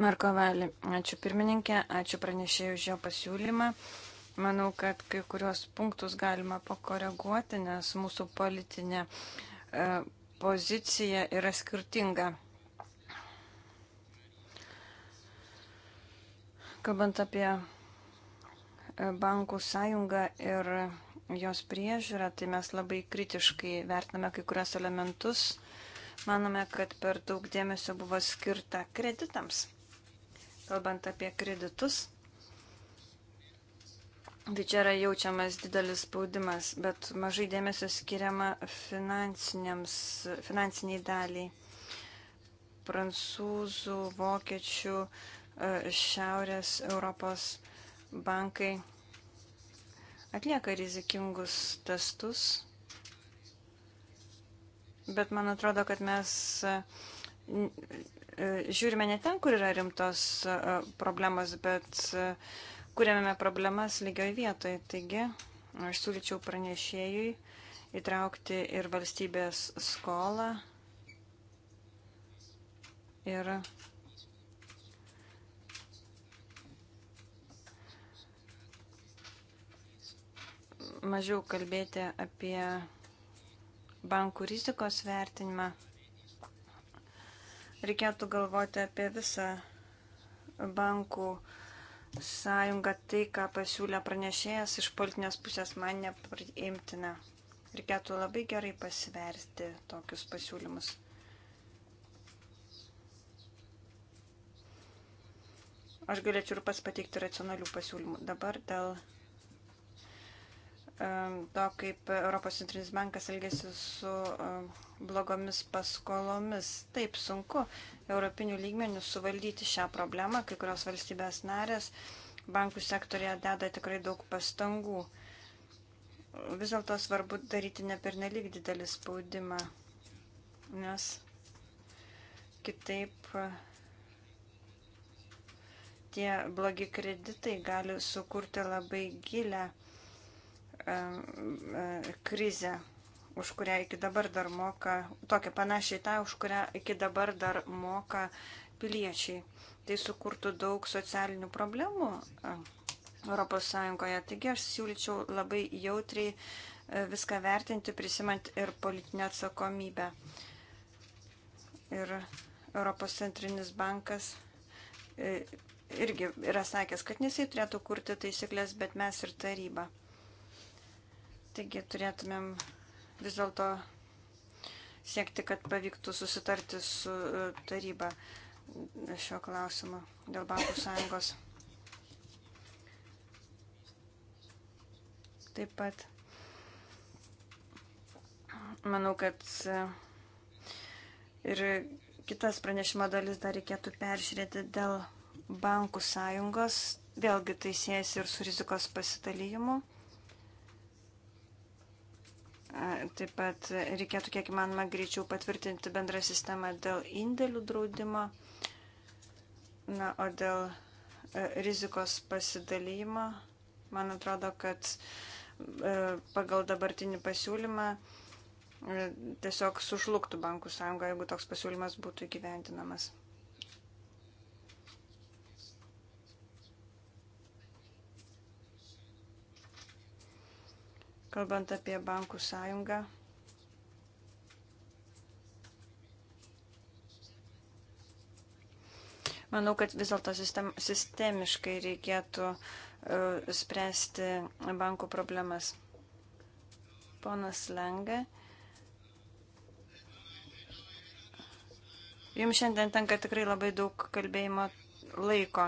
Marko Valį, ačiū pirmininkė, ačiū pranešėjai už jo pasiūlymą. Manau, kad kai kurios punktus galima pakoreguoti, nes mūsų politinė e, pozicija yra skirtinga. Kalbant apie e, bankų sąjungą ir jos priežiūrą, tai mes labai kritiškai vertiname kai kurias elementus. Manome, kad per daug dėmesio buvo skirta kreditams. Kalbant apie kreditus, Tai čia yra jaučiamas didelis spaudimas, bet mažai dėmesio skiriama finansiniai daliai. Prancūzų, vokiečių, e, Šiaurės Europos bankai atlieka rizikingus testus, bet man atrodo, kad mes e, e, žiūrime ne ten, kur yra rimtos problemos, bet kuriame problemas lygioj vietoje. Taigi, aš siūlyčiau pranešėjui įtraukti ir valstybės skolą ir mažiau kalbėti apie bankų rizikos vertinimą. Reikėtų galvoti apie visą bankų uh, sąjunga tai, ką pasiūlė pranešėjas iš politinės pusės, man nepriimtina. Reikėtų labai gerai pasiversti tokius pasiūlymus. Aš galėčiau ir pats pateikti racionalių pasiūlymų. Dabar dėl to, kaip Europos centrinis bankas elgėsi su blogomis paskolomis. Taip sunku europinių lygmenių suvaldyti šią problemą, kai kurios valstybės narės bankų sektorija deda tikrai daug pastangų. Vis dėlto svarbu daryti ne per nelik didelį spaudimą, nes kitaip tie blogi kreditai gali sukurti labai gilę E, e, krizę, už kurią iki dabar dar moka, tokia panašiai tą, už kurią iki dabar dar moka piliečiai. Tai sukurtų daug socialinių problemų ES. Taigi aš siūlyčiau labai jautriai e, viską vertinti, prisimant ir politinę atsakomybę. Ir Europos centrinis bankas irgi yra sakęs, kad nesai turėtų kurti taisyklės, bet mes ir taryba. Taigi turėtumėm vis dėlto siekti, kad pavyktų susitarti su e, taryba šio klausimo dėl bankų sąjungos. Taip pat manau, kad e, ir kitas pranešimo dalis dar reikėtų peržiūrėti dėl bankų sąjungos. Vėlgi tai siejasi ir su rizikos pasidalymu. Taip pat reikėtų kiek įmanoma greičiau patvirtinti bendrą sistemą dėl indėlių draudimo, na, o dėl e, rizikos pasidalymo, man atrodo, kad e, pagal dabartinį pasiūlymą e, tiesiog sužlugtų bankų sąjunga, jeigu toks pasiūlymas būtų įgyvendinamas. kalbant apie bankų sąjungą. Manau, kad vis dėlto sistem, sistemiškai reikėtų uh, spręsti bankų problemas. Ponas Lenga. Jums šiandien tenka tikrai labai daug kalbėjimo laiko.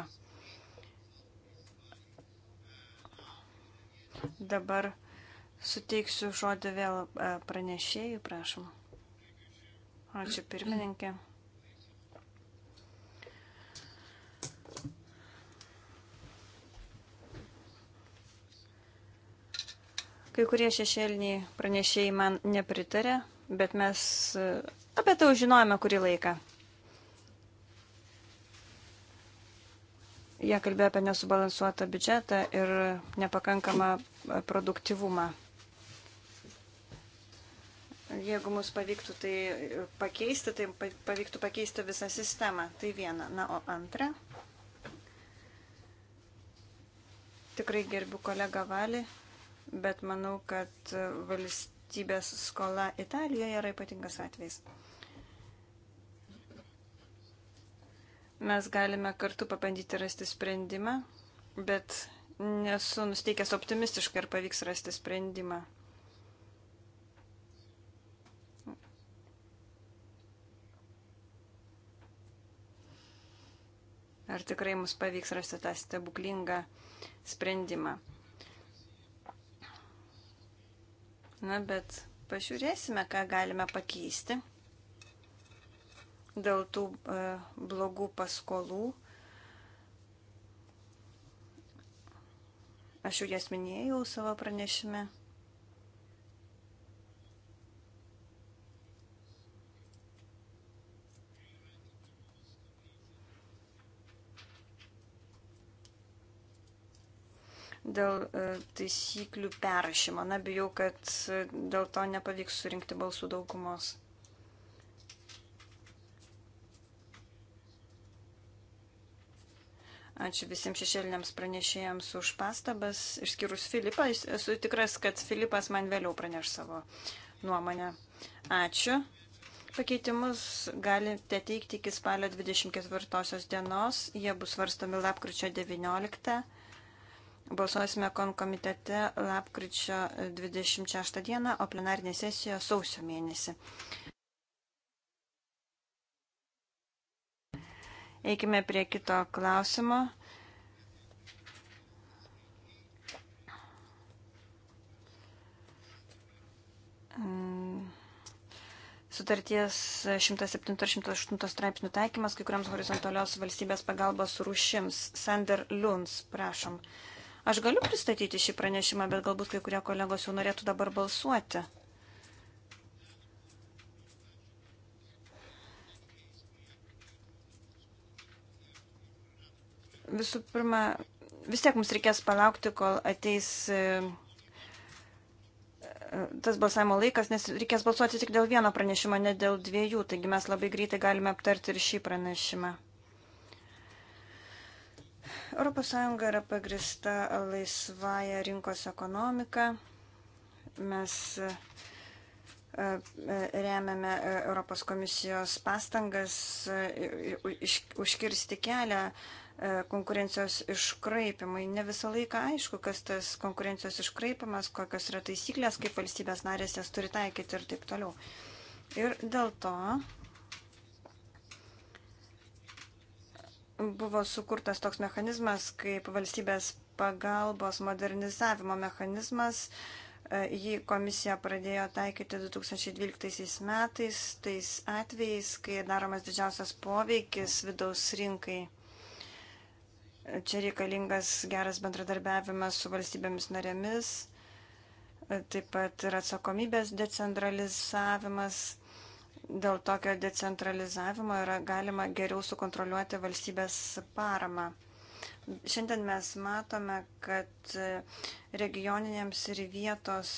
Dabar uh, Suteiksiu žodį vėl e, pranešėjų, prašom. Ačiū pirmininkė. Kai kurie šešėliniai pranešėjai man nepritarė, bet mes e, apie tai žinojame kurį laiką. Jie kalbėjo apie nesubalansuotą biudžetą ir nepakankamą produktivumą. Jeigu mums pavyktų tai pakeisti, tai pavyktų pakeisti visą sistemą. Tai viena. Na, o antra. Tikrai gerbiu kolegą Valį, bet manau, kad valstybės skola Italijoje yra ypatingas atvejs. mes galime kartu papandyti rasti sprendimą, bet nesu nusteikęs optimistiškai, ar pavyks rasti sprendimą. ar tikrai mums pavyks rasti tą stebuklingą sprendimą. Na, bet pažiūrėsime, ką galime pakeisti dėl tų e, blogų paskolų. Aš jau jas minėjau savo pranešime. dėl e, taisyklių perrašymo. Na, bijau, kad dėl to nepavyks surinkti balsų daugumos. Ačiū visiems šešėliniams pranešėjams už pastabas, išskyrus Filipą. Esu tikras, kad Filipas man vėliau praneš savo nuomonę. Ačiū. Pakeitimus galite teikti iki spalio 24 dienos. Jie bus svarstomi lapkričio 19. Balsuosime konkomitete lapkričio 26 dieną, o plenarinė sesija sausio mėnesį. Eikime prie kito klausimo. Sutarties 107-108 straipsnių taikymas kai kuriams horizontalios valstybės pagalbos rūšims. Sander Luns, prašom. Uh, Aš galiu pristatyti šį pranešimą, bet galbūt kai kurie kolegos jau norėtų dabar balsuoti. Visų pirma, vis tiek mums reikės palaukti, kol ateis e, tas balsavimo laikas, nes reikės balsuoti tik dėl vieno pranešimo, ne dėl dviejų, taigi mes labai greitai galime aptarti ir šį pranešimą. ES yra pagrista laisvąją rinkos ekonomiką. Mes e, e, remiame e, Europos komisijos pastangas užkirsti kelią konkurencijos iškraipimai. Ne visą laiką aišku, kas tas konkurencijos iškraipimas, kokios yra taisyklės, kaip valstybės narės jas turi taikyti ir taip toliau. Ir dėl to buvo sukurtas toks mechanizmas kaip valstybės pagalbos modernizavimo mechanizmas. E, jį komisija pradėjo taikyti 2012 metais, tais atvejais, kai daromas didžiausias poveikis vidaus rinkai. Čia reikalingas geras bendradarbiavimas su valstybėmis narėmis, e, taip pat ir atsakomybės decentralizavimas dėl tokio decentralizavimo yra galima geriau sukontroliuoti valstybės paramą. Šiandien mes matome, kad regioninėms ir vietos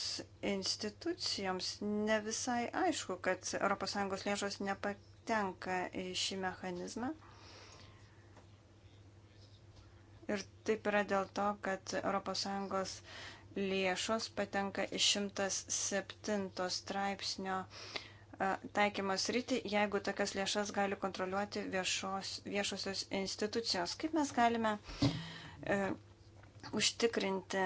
institucijoms ne visai aišku, kad ES lėšos nepatenka į šį mechanizmą. Ir taip yra dėl to, kad ES lėšos patenka iš 107 straipsnio uh, taikymos rytį, jeigu tokias lėšas gali kontroliuoti viešos, viešosios institucijos. Kaip mes galime e, užtikrinti,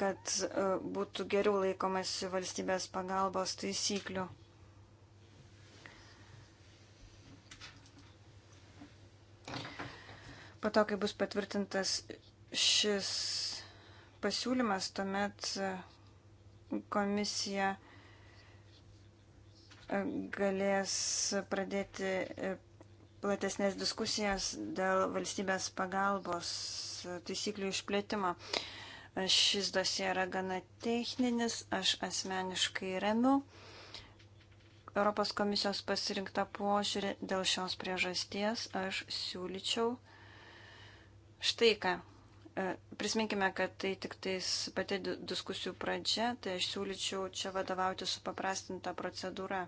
kad e, būtų geriau laikomasi valstybės pagalbos taisyklių? Po to, kai bus patvirtintas šis pasiūlymas, tuomet e, komisija e, galės pradėti e, platesnės diskusijas dėl valstybės pagalbos taisyklių išplėtimo. Šis dosija yra gana techninis, aš asmeniškai remiu Europos komisijos pasirinktą požiūrį dėl šios priežasties. Aš siūlyčiau štai ką. Prisiminkime, kad tai tik tais pati diskusijų pradžia, tai aš siūlyčiau čia vadovauti su paprastinta procedūra.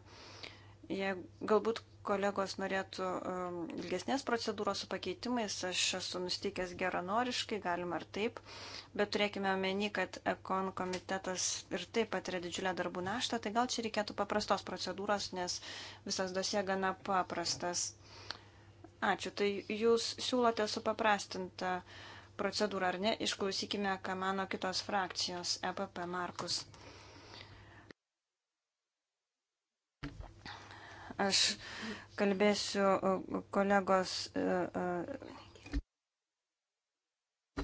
Jei galbūt kolegos norėtų um, ilgesnės procedūros su pakeitimais, aš esu nusteikęs geranoriškai, galima ir taip, bet turėkime omeny, kad ekon komitetas ir taip patiria didžiulę darbų naštą, tai gal čia reikėtų paprastos procedūros, nes visas dosie gana paprastas. Ačiū, tai jūs siūlote supaprastintą uh, procedūrą ar ne, išklausykime, ką mano kitos frakcijos EPP Markus. Aš kalbėsiu kolegos, e, e,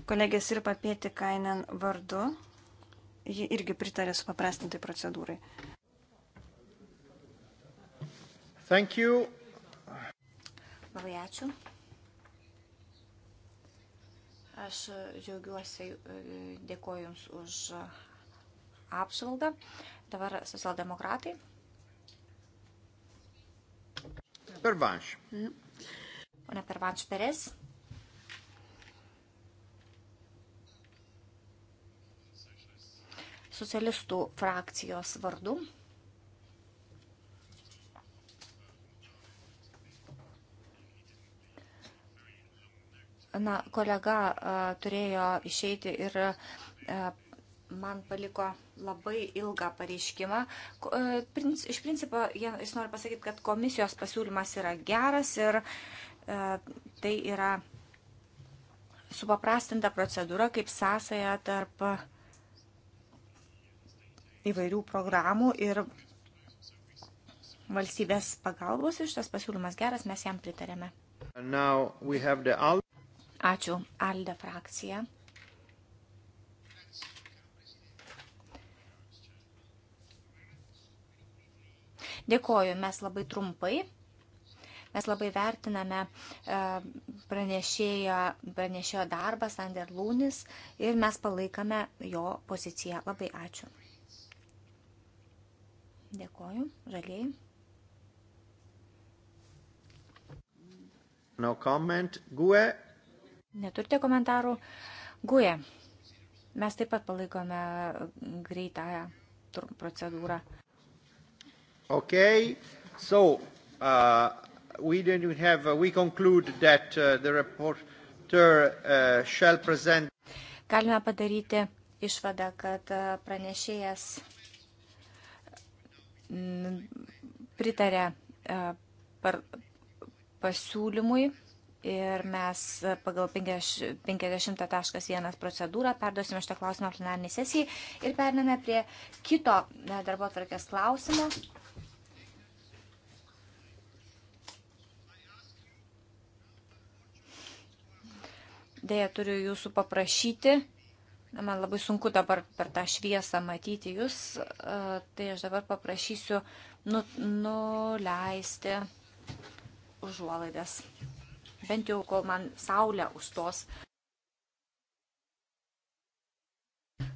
kolegės ir papėti Kainen vardu. Ji irgi pritarė supaprastintai procedūrai. Thank you. Labai ačiū. Aš e, džiaugiuosi, e, dėkoju Jums už e, apžvalgą. Dabar socialdemokratai. Pervanš. Pone Pervanš Perez. Socialistų frakcijos vardu. na, kolega a, turėjo išeiti ir a, man paliko labai ilgą pareiškimą. Iš principo jis nori pasakyti, kad komisijos pasiūlymas yra geras ir tai yra supaprastinta procedūra kaip sąsaja tarp įvairių programų ir valstybės pagalbos. Iš tas pasiūlymas geras, mes jam pritarėme. The... Ačiū, Alde frakcija. Dėkoju, mes labai trumpai. Mes labai vertiname e, pranešėjo, pranešėjo darbą Sander Lūnis ir mes palaikame jo poziciją. Labai ačiū. Dėkoju, žaliai. No comment. GUE Neturite komentarų? Guje. Mes taip pat palaikome greitąją procedūrą. Ok, so uh, we didn't have, uh, we conclude that uh, the reporter uh, shall present. Galime padaryti išvadą, kad uh, pranešėjas mm, pritarė uh, par, pasiūlymui ir mes e, pagal 50.1 procedūrą perduosime šitą klausimą plenarniai sesijai ir periname prie kito e, darbo atvarkės klausimo. Dėja, turiu jūsų paprašyti. Man labai sunku dabar per tą šviesą matyti jūs, e, tai aš dabar paprašysiu nu, nuleisti užuolaidas bent jau kol man saulė užstos.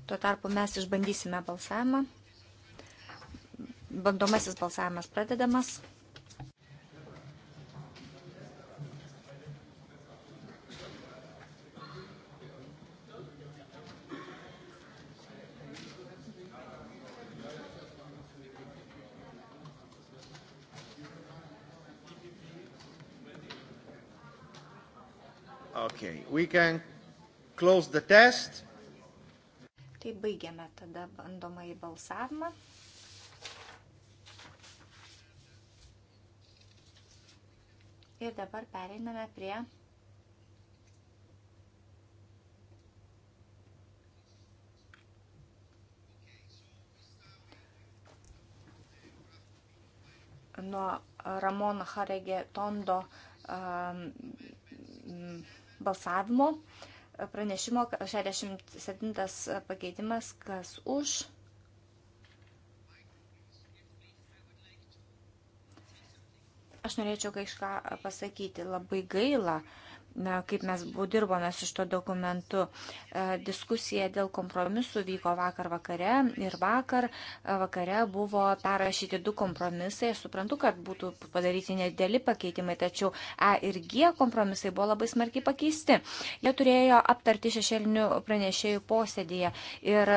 Tuo tarpu mes išbandysime balsavimą. Bandomasis balsavimas pradedamas. We can close the test. Tai baigiame tada bandomąjį balsavimą. Ir dabar pereiname prie nuo Ramon Harege Tondo um, balsavimo pranešimo 67 pakeitimas, kas už. Aš norėčiau kažką pasakyti. Labai gaila, kaip mes dirbome su šito dokumentu. E, diskusija dėl kompromisų vyko vakar vakare ir vakar e, vakare buvo perrašyti du kompromisai. Aš suprantu, kad būtų padaryti nedėli pakeitimai, tačiau E ir G kompromisai buvo labai smarkiai pakeisti. Jie turėjo aptarti šešėlinių pranešėjų posėdėje ir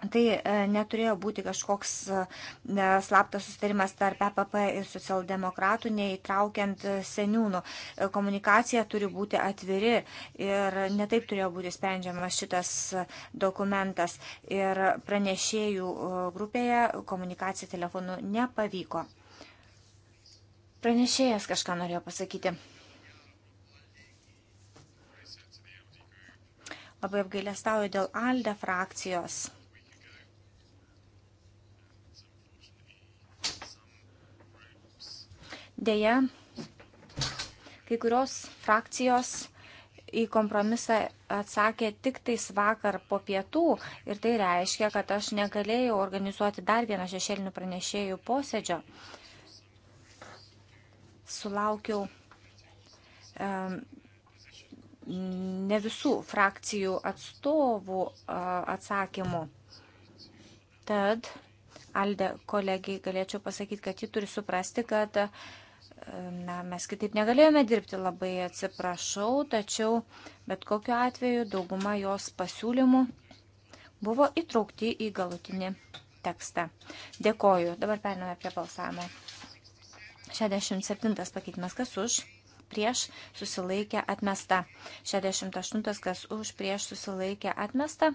Tai e, neturėjo būti kažkoks e, slaptas sustarimas tarp PPP e ir socialdemokratų, neįtraukiant seniūnų. Komunikacija turi būti atviri ir netaip turėjo būti sprendžiamas šitas dokumentas. Ir pranešėjų grupėje komunikacija telefonu nepavyko. Pranešėjas kažką norėjo pasakyti. Labai apgailestauju dėl ALDE frakcijos Deja, kai kurios frakcijos į kompromisą atsakė tik tais vakar po pietų ir tai reiškia, kad aš negalėjau organizuoti dar vieną šešėlinių pranešėjų posėdžio. Sulaukiau um, ne visų frakcijų atstovų uh, atsakymų. Tad Alde kolegijai galėčiau pasakyti, kad ji turi suprasti, kad uh, Na, mes kitaip negalėjome dirbti, labai atsiprašau, tačiau bet kokiu atveju dauguma jos pasiūlymų buvo įtraukti į galutinį tekstą. Dėkoju. Dabar periname prie balsavimo. 67 pakeitimas kas už, prieš susilaikė atmesta. 68 kas už, prieš susilaikė atmesta.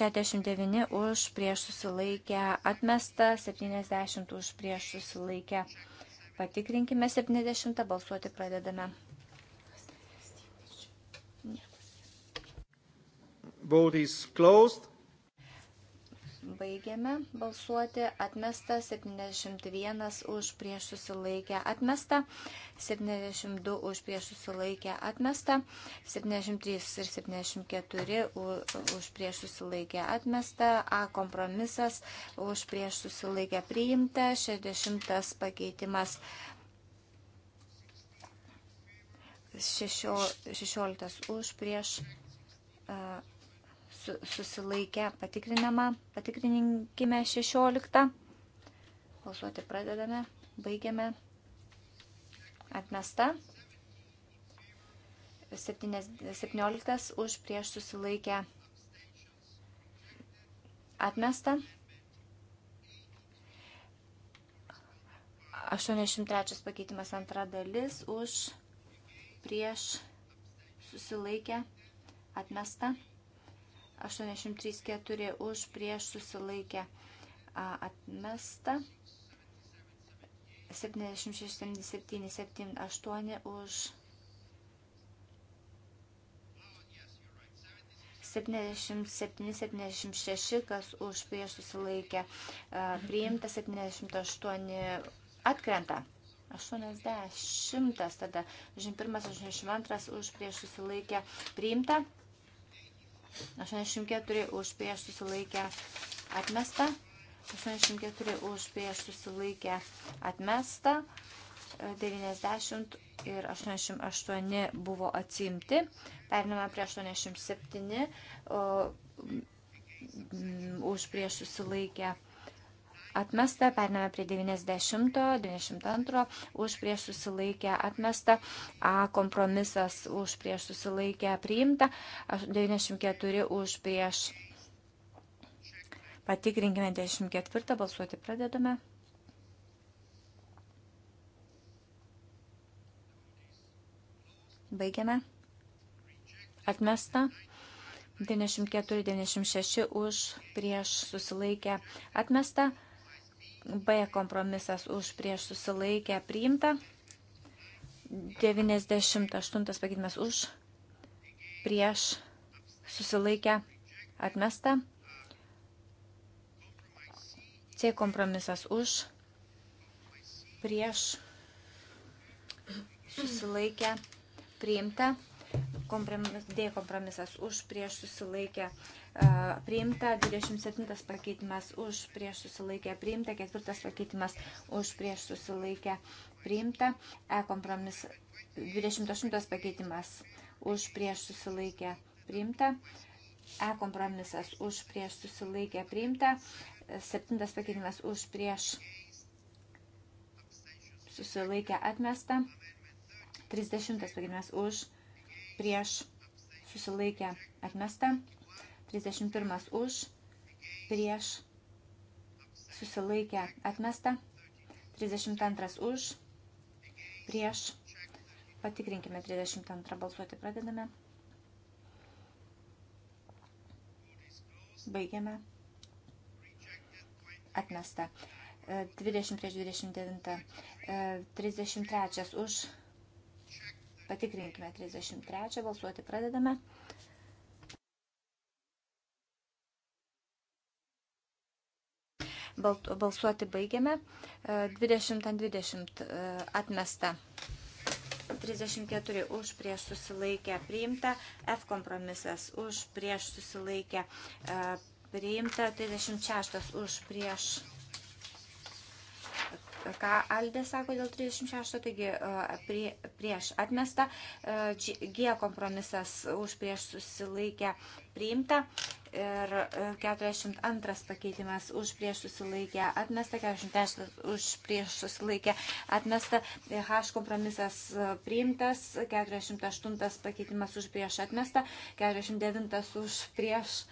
69 už, prieš susilaikė atmesta. 70 už, prieš susilaikė atmesta. Patikrinkime 70, balsuoti pradedame. Vote is closed. Baigiame balsuoti. Atmesta 71 už prieš susilaikę atmesta. 72 už prieš susilaikę atmesta. 73 ir 74 už prieš susilaikę atmesta. A kompromisas už prieš susilaikę priimta. 60 pakeitimas. 16 už prieš. Uh, su, susilaikę patikrinama, patikrininkime 16. Balsuoti pradedame, baigiame. Atmesta. 17 už prieš susilaikę atmesta. 83 pakeitimas antra dalis už prieš susilaikę atmesta. 834 už prieš susilaikę atmesta. 76, 77, 78 už 77, 76, kas už prieš susilaikė, priimta 78 atkrenta. 80 tada, 21, 82 už prieš susilaikė, priimta. 84 už prieš susilaikę atmesta. 84 už prieš susilaikę atmesta. 90 ir 88 buvo atsimti. Periname prie 87 už prieš susilaikę atmesta atmesta, pername prie 90, 92, už prieš susilaikę atmesta, A kompromisas už prieš susilaikę priimta, 94 už prieš. Patikrinkime 94, balsuoti pradedame. Baigiame. Atmesta. 94-96 už prieš susilaikę atmestą, B kompromisas už prieš susilaikę priimta. 98 pakeitimas už prieš susilaikę atmesta. C kompromisas už prieš susilaikę priimta. Kompromis, D kompromisas už prieš susilaikę priimta priimta, 27 pakeitimas už prieš susilaikę priimta, 4 pakeitimas už prieš susilaikę priimta, E kompromis 28 pakeitimas už prieš susilaikę priimta, E kompromisas už prieš susilaikę priimta, 7 pakeitimas už prieš susilaikę atmesta, 30 pakeitimas už prieš susilaikę atmesta. 31 už, prieš, susilaikę, atmesta. 32 už, prieš, patikrinkime 32 balsuoti, pradedame. Baigiame. Atmesta. 20 e, prieš 29. 33 e, už. Patikrinkime 33. Balsuoti pradedame. Balsuoti baigiame. 20 e, ant 20 e, atmesta. 34 už prieš susilaikę priimta. F kompromisas už prieš susilaikę e, priimta. 36 už prieš ką Aldė sako dėl 36, taigi prie, prieš atmesta, G kompromisas už prieš susilaikę priimta, ir 42 e, pakeitimas už prieš susilaikę atmesta, 43 už prieš susilaikę atmesta, e, H kompromisas e, priimtas, 48 pakeitimas už prieš atmesta, 49 už prieš.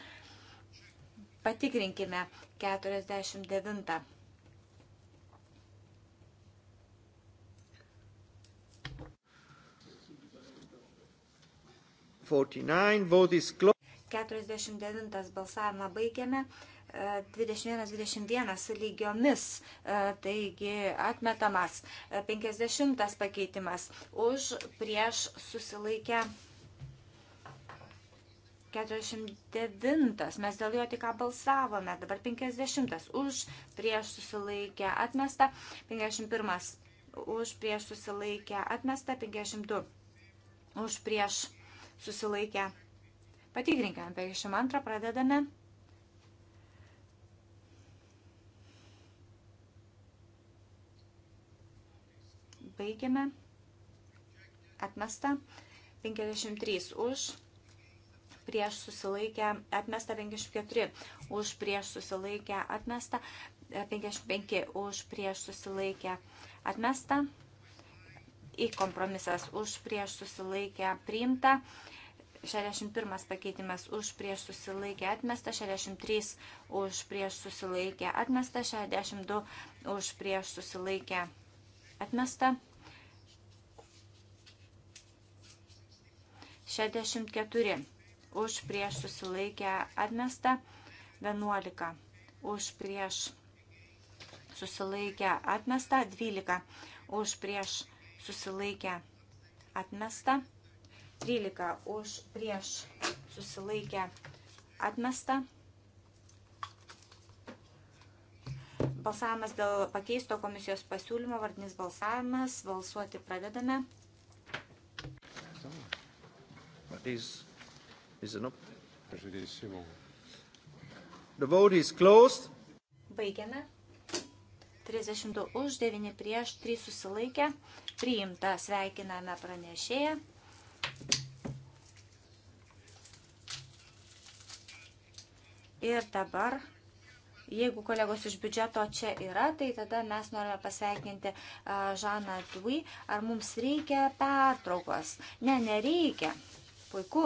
Patikrinkime 49. Forty nine vote is closed. 49 balsavimą baigėme. 21-21 e, lygiomis, e, taigi atmetamas 50 e, pakeitimas už prieš susilaikę 49, mes dėl jo tik balsavome, dabar 50 už prieš susilaikę atmestą, 51 už prieš susilaikę atmestą, 52 už prieš susilaikę atmestą Patikrinkime, 52 pradedame. Baigiame. Atmesta. 53 už prieš susilaikę atmesta 54, už prieš susilaikę atmesta 55, už prieš susilaikę atmesta į kompromisas už prieš susilaikę priimta 61 pakeitimas už prieš susilaikę atmesta, 63 už prieš susilaikę atmesta, 62 už prieš susilaikę atmesta, 64 už prieš susilaikę atmesta, 11 už prieš susilaikę atmesta, 12 už prieš susilaikę atmesta. 12, 13 už prieš susilaikę atmestą. Balsavimas dėl pakeisto komisijos pasiūlymo, vardinis balsavimas, balsuoti pradedame. Is, is The vote is closed. Baigiame. 32 už, 9 prieš, 3 susilaikę. Priimta, sveikiname pranešėją. Ir dabar, jeigu kolegos iš biudžeto čia yra, tai tada mes norime pasveikinti Žaną Dui. Ar mums reikia pertraukos? Ne, nereikia. Puiku.